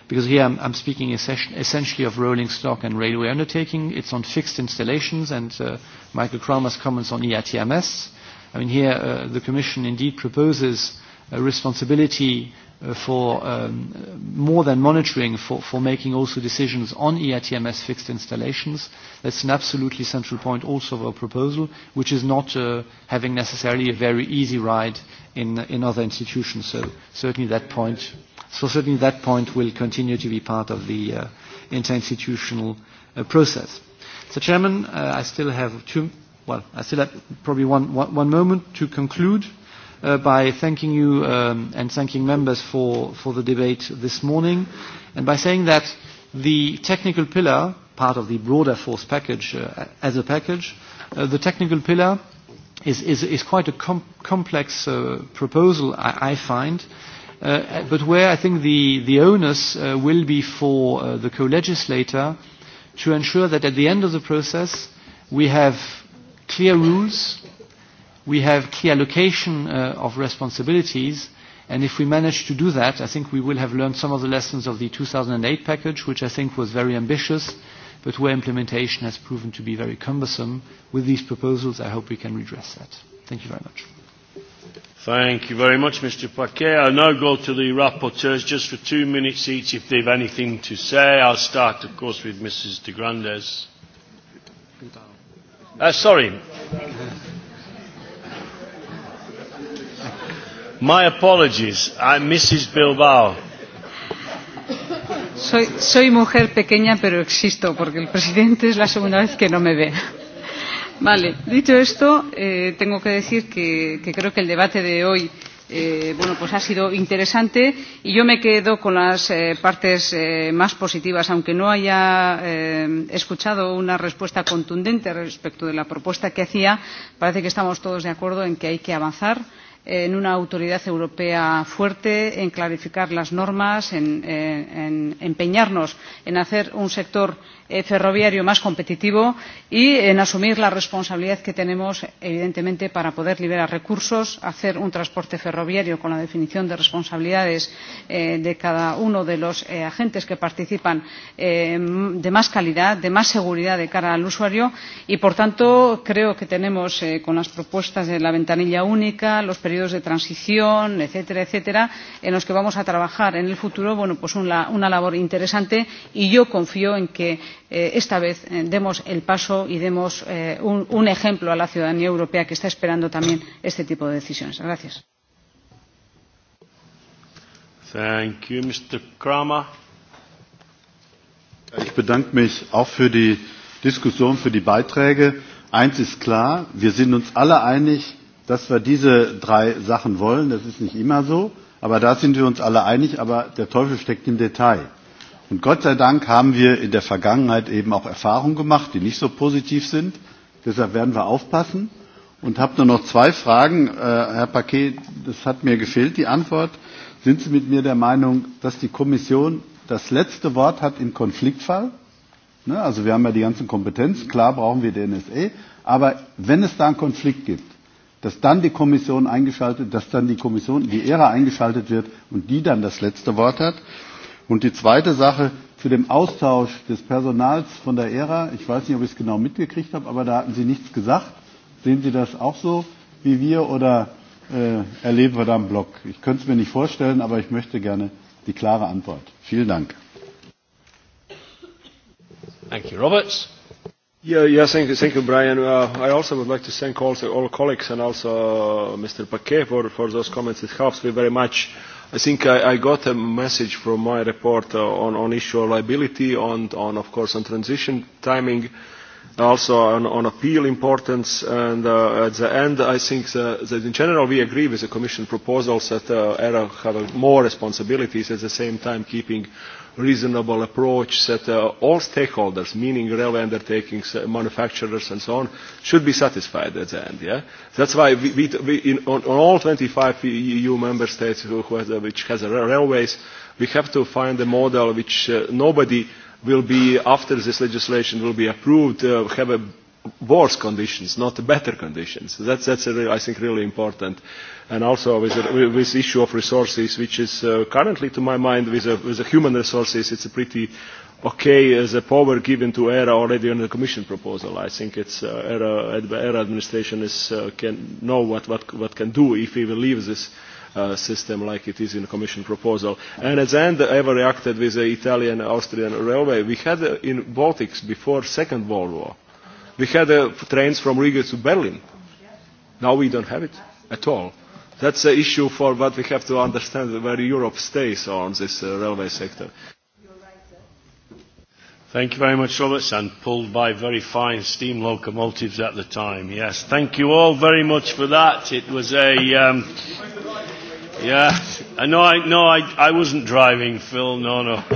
because here I'm, I'm speaking essentially of rolling stock and railway undertaking, it's on fixed installations and uh, Michael Kramer's comments on EITMS. I mean, here uh, the Commission indeed proposes a responsibility Uh, for um, more than monitoring, for, for making also decisions on EITMS fixed installations. That's an absolutely central point also of our proposal, which is not uh, having necessarily a very easy ride in, in other institutions. So certainly that point, so certainly that point will continue to be part of the uh, interinstitutional uh, process. So Chairman, uh, I still have two, well, I still have probably one, one, one moment to conclude uh, by thanking you um, and thanking members for, for the debate this morning and by saying that the technical pillar, part of the broader force package uh, as a package, uh, the technical pillar is, is, is quite a com complex uh, proposal, I, I find, uh, but where I think the, the onus uh, will be for uh, the co-legislator to ensure that at the end of the process we have clear rules we have clear allocation uh, of responsibilities, and if we manage to do that, I think we will have learned some of the lessons of the 2008 package, which I think was very ambitious, but where implementation has proven to be very cumbersome. With these proposals, I hope we can redress that. Thank you very much. Thank you very much, Mr. Paquet. I'll now go to the rapporteurs just for two minutes each if they have anything to say. I'll start, of course, with Mrs. de Grandes. Uh, sorry. My apologies. I'm Mrs. Bilbao. Soy, soy mujer pequeña, pero existo, porque el presidente es la segunda vez que no me ve. Vale, dicho esto, eh, tengo que decir que, que creo que el debate de hoy eh, bueno, pues ha sido interesante y yo me quedo con las eh, partes eh, más positivas, aunque no haya eh, escuchado una respuesta contundente respecto de la propuesta que hacía, parece que estamos todos de acuerdo en que hay que avanzar en una autoridad europea fuerte en clarificar las normas en, eh, empeñarnos en hacer un sector Eh, ferroviario más competitivo y en asumir la responsabilidad que tenemos evidentemente para poder liberar recursos hacer un transporte ferroviario con la definición de responsabilidades eh, de cada uno de los eh, agentes que participan de más calidad de más seguridad de cara al usuario y por tanto creo que tenemos con las propuestas de la ventanilla única los periodos de transición etcétera etcétera en los que vamos a trabajar en el futuro una labor interesante y yo confío en que Eh, esta vez eh, demos el paso y demos eh, un, ejemplo a la ciudadanía europea que está esperando también este tipo de decisiones. Gracias. Ich bedanke mich auch für die Diskussion, für die Beiträge. Eins ist klar, wir sind uns alle einig, dass wir diese drei Sachen wollen. Das ist nicht immer so, aber da sind wir uns alle einig. Aber der Teufel steckt im Detail. Und Gott sei Dank haben wir in der Vergangenheit eben auch Erfahrungen gemacht, die nicht so positiv sind. Deshalb werden wir aufpassen. Und habe nur noch zwei Fragen. Äh, Herr Paquet, das hat mir gefehlt, die Antwort. Sind Sie mit mir der Meinung, dass die Kommission das letzte Wort hat im Konfliktfall? Ne? Also wir haben ja die ganzen Kompetenzen. Klar brauchen wir die NSA. Aber wenn es da einen Konflikt gibt, dass dann die Kommission eingeschaltet, dass dann die Kommission, die Ära eingeschaltet wird und die dann das letzte Wort hat. Und die zweite Sache zu dem Austausch des Personals von der ERA. Ich weiß nicht, ob ich es genau mitgekriegt habe, aber da hatten Sie nichts gesagt. Sehen Sie das auch so wie wir oder äh, erleben wir da einen Block? Ich könnte es mir nicht vorstellen, aber ich möchte gerne die klare Antwort. Vielen Dank. Thank you, Roberts. Yeah, yeah, thank you, thank you, Brian. Uh, I also would like to thank also all colleagues and also uh, Mr. Paquet for, for those comments. It helps me very much. I think I, I got a message from my report uh, on, on issue of liability, on, on of course on transition timing, also on, on appeal importance, and uh, at the end I think that in general we agree with the Commission proposals that uh, ERA have more responsibilities at the same time keeping reasonable approach that uh, all stakeholders, meaning railway undertakings, uh, manufacturers and so on, should be satisfied at the end. Yeah? That's why we, we, we in, on, on all 25 EU member states uh, which has a uh, railways, we have to find a model which uh, nobody will be, after this legislation will be approved, have worse conditions, not better conditions. That's, that's a, I think, really important and also with this issue of resources, which is uh, currently, to my mind, with, a, with the human resources, it's a pretty okay as a power given to ERA already on the Commission proposal. I think it's uh, ERA, ERA administration is, uh, can know what, what, what can do if we will leave this uh, system like it is in the Commission proposal. And at the end, ERA reacted with the Italian Austrian railway. We had uh, in Baltics before Second World War, we had uh, trains from Riga to Berlin. Now we don't have it at all that's the issue for what we have to understand where Europe stays on this uh, railway sector. Thank you very much, Roberts, and pulled by very fine steam locomotives at the time. Yes, thank you all very much for that. It was a, um, yeah, I know, I, no, I, I wasn't driving, Phil. No, no,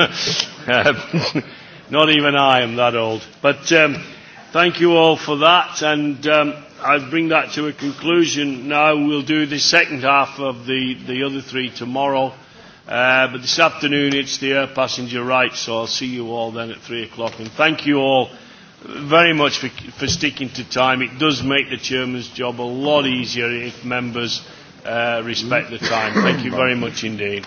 um, not even I am that old. But um, thank you all for that, and um, i bring that to a conclusion now. We'll do the second half of the, the other three tomorrow. Uh, but this afternoon it's the air passenger rights, so I'll see you all then at three o'clock. And thank you all very much for, for sticking to time. It does make the chairman's job a lot easier if members uh, respect the time. Thank you very much indeed.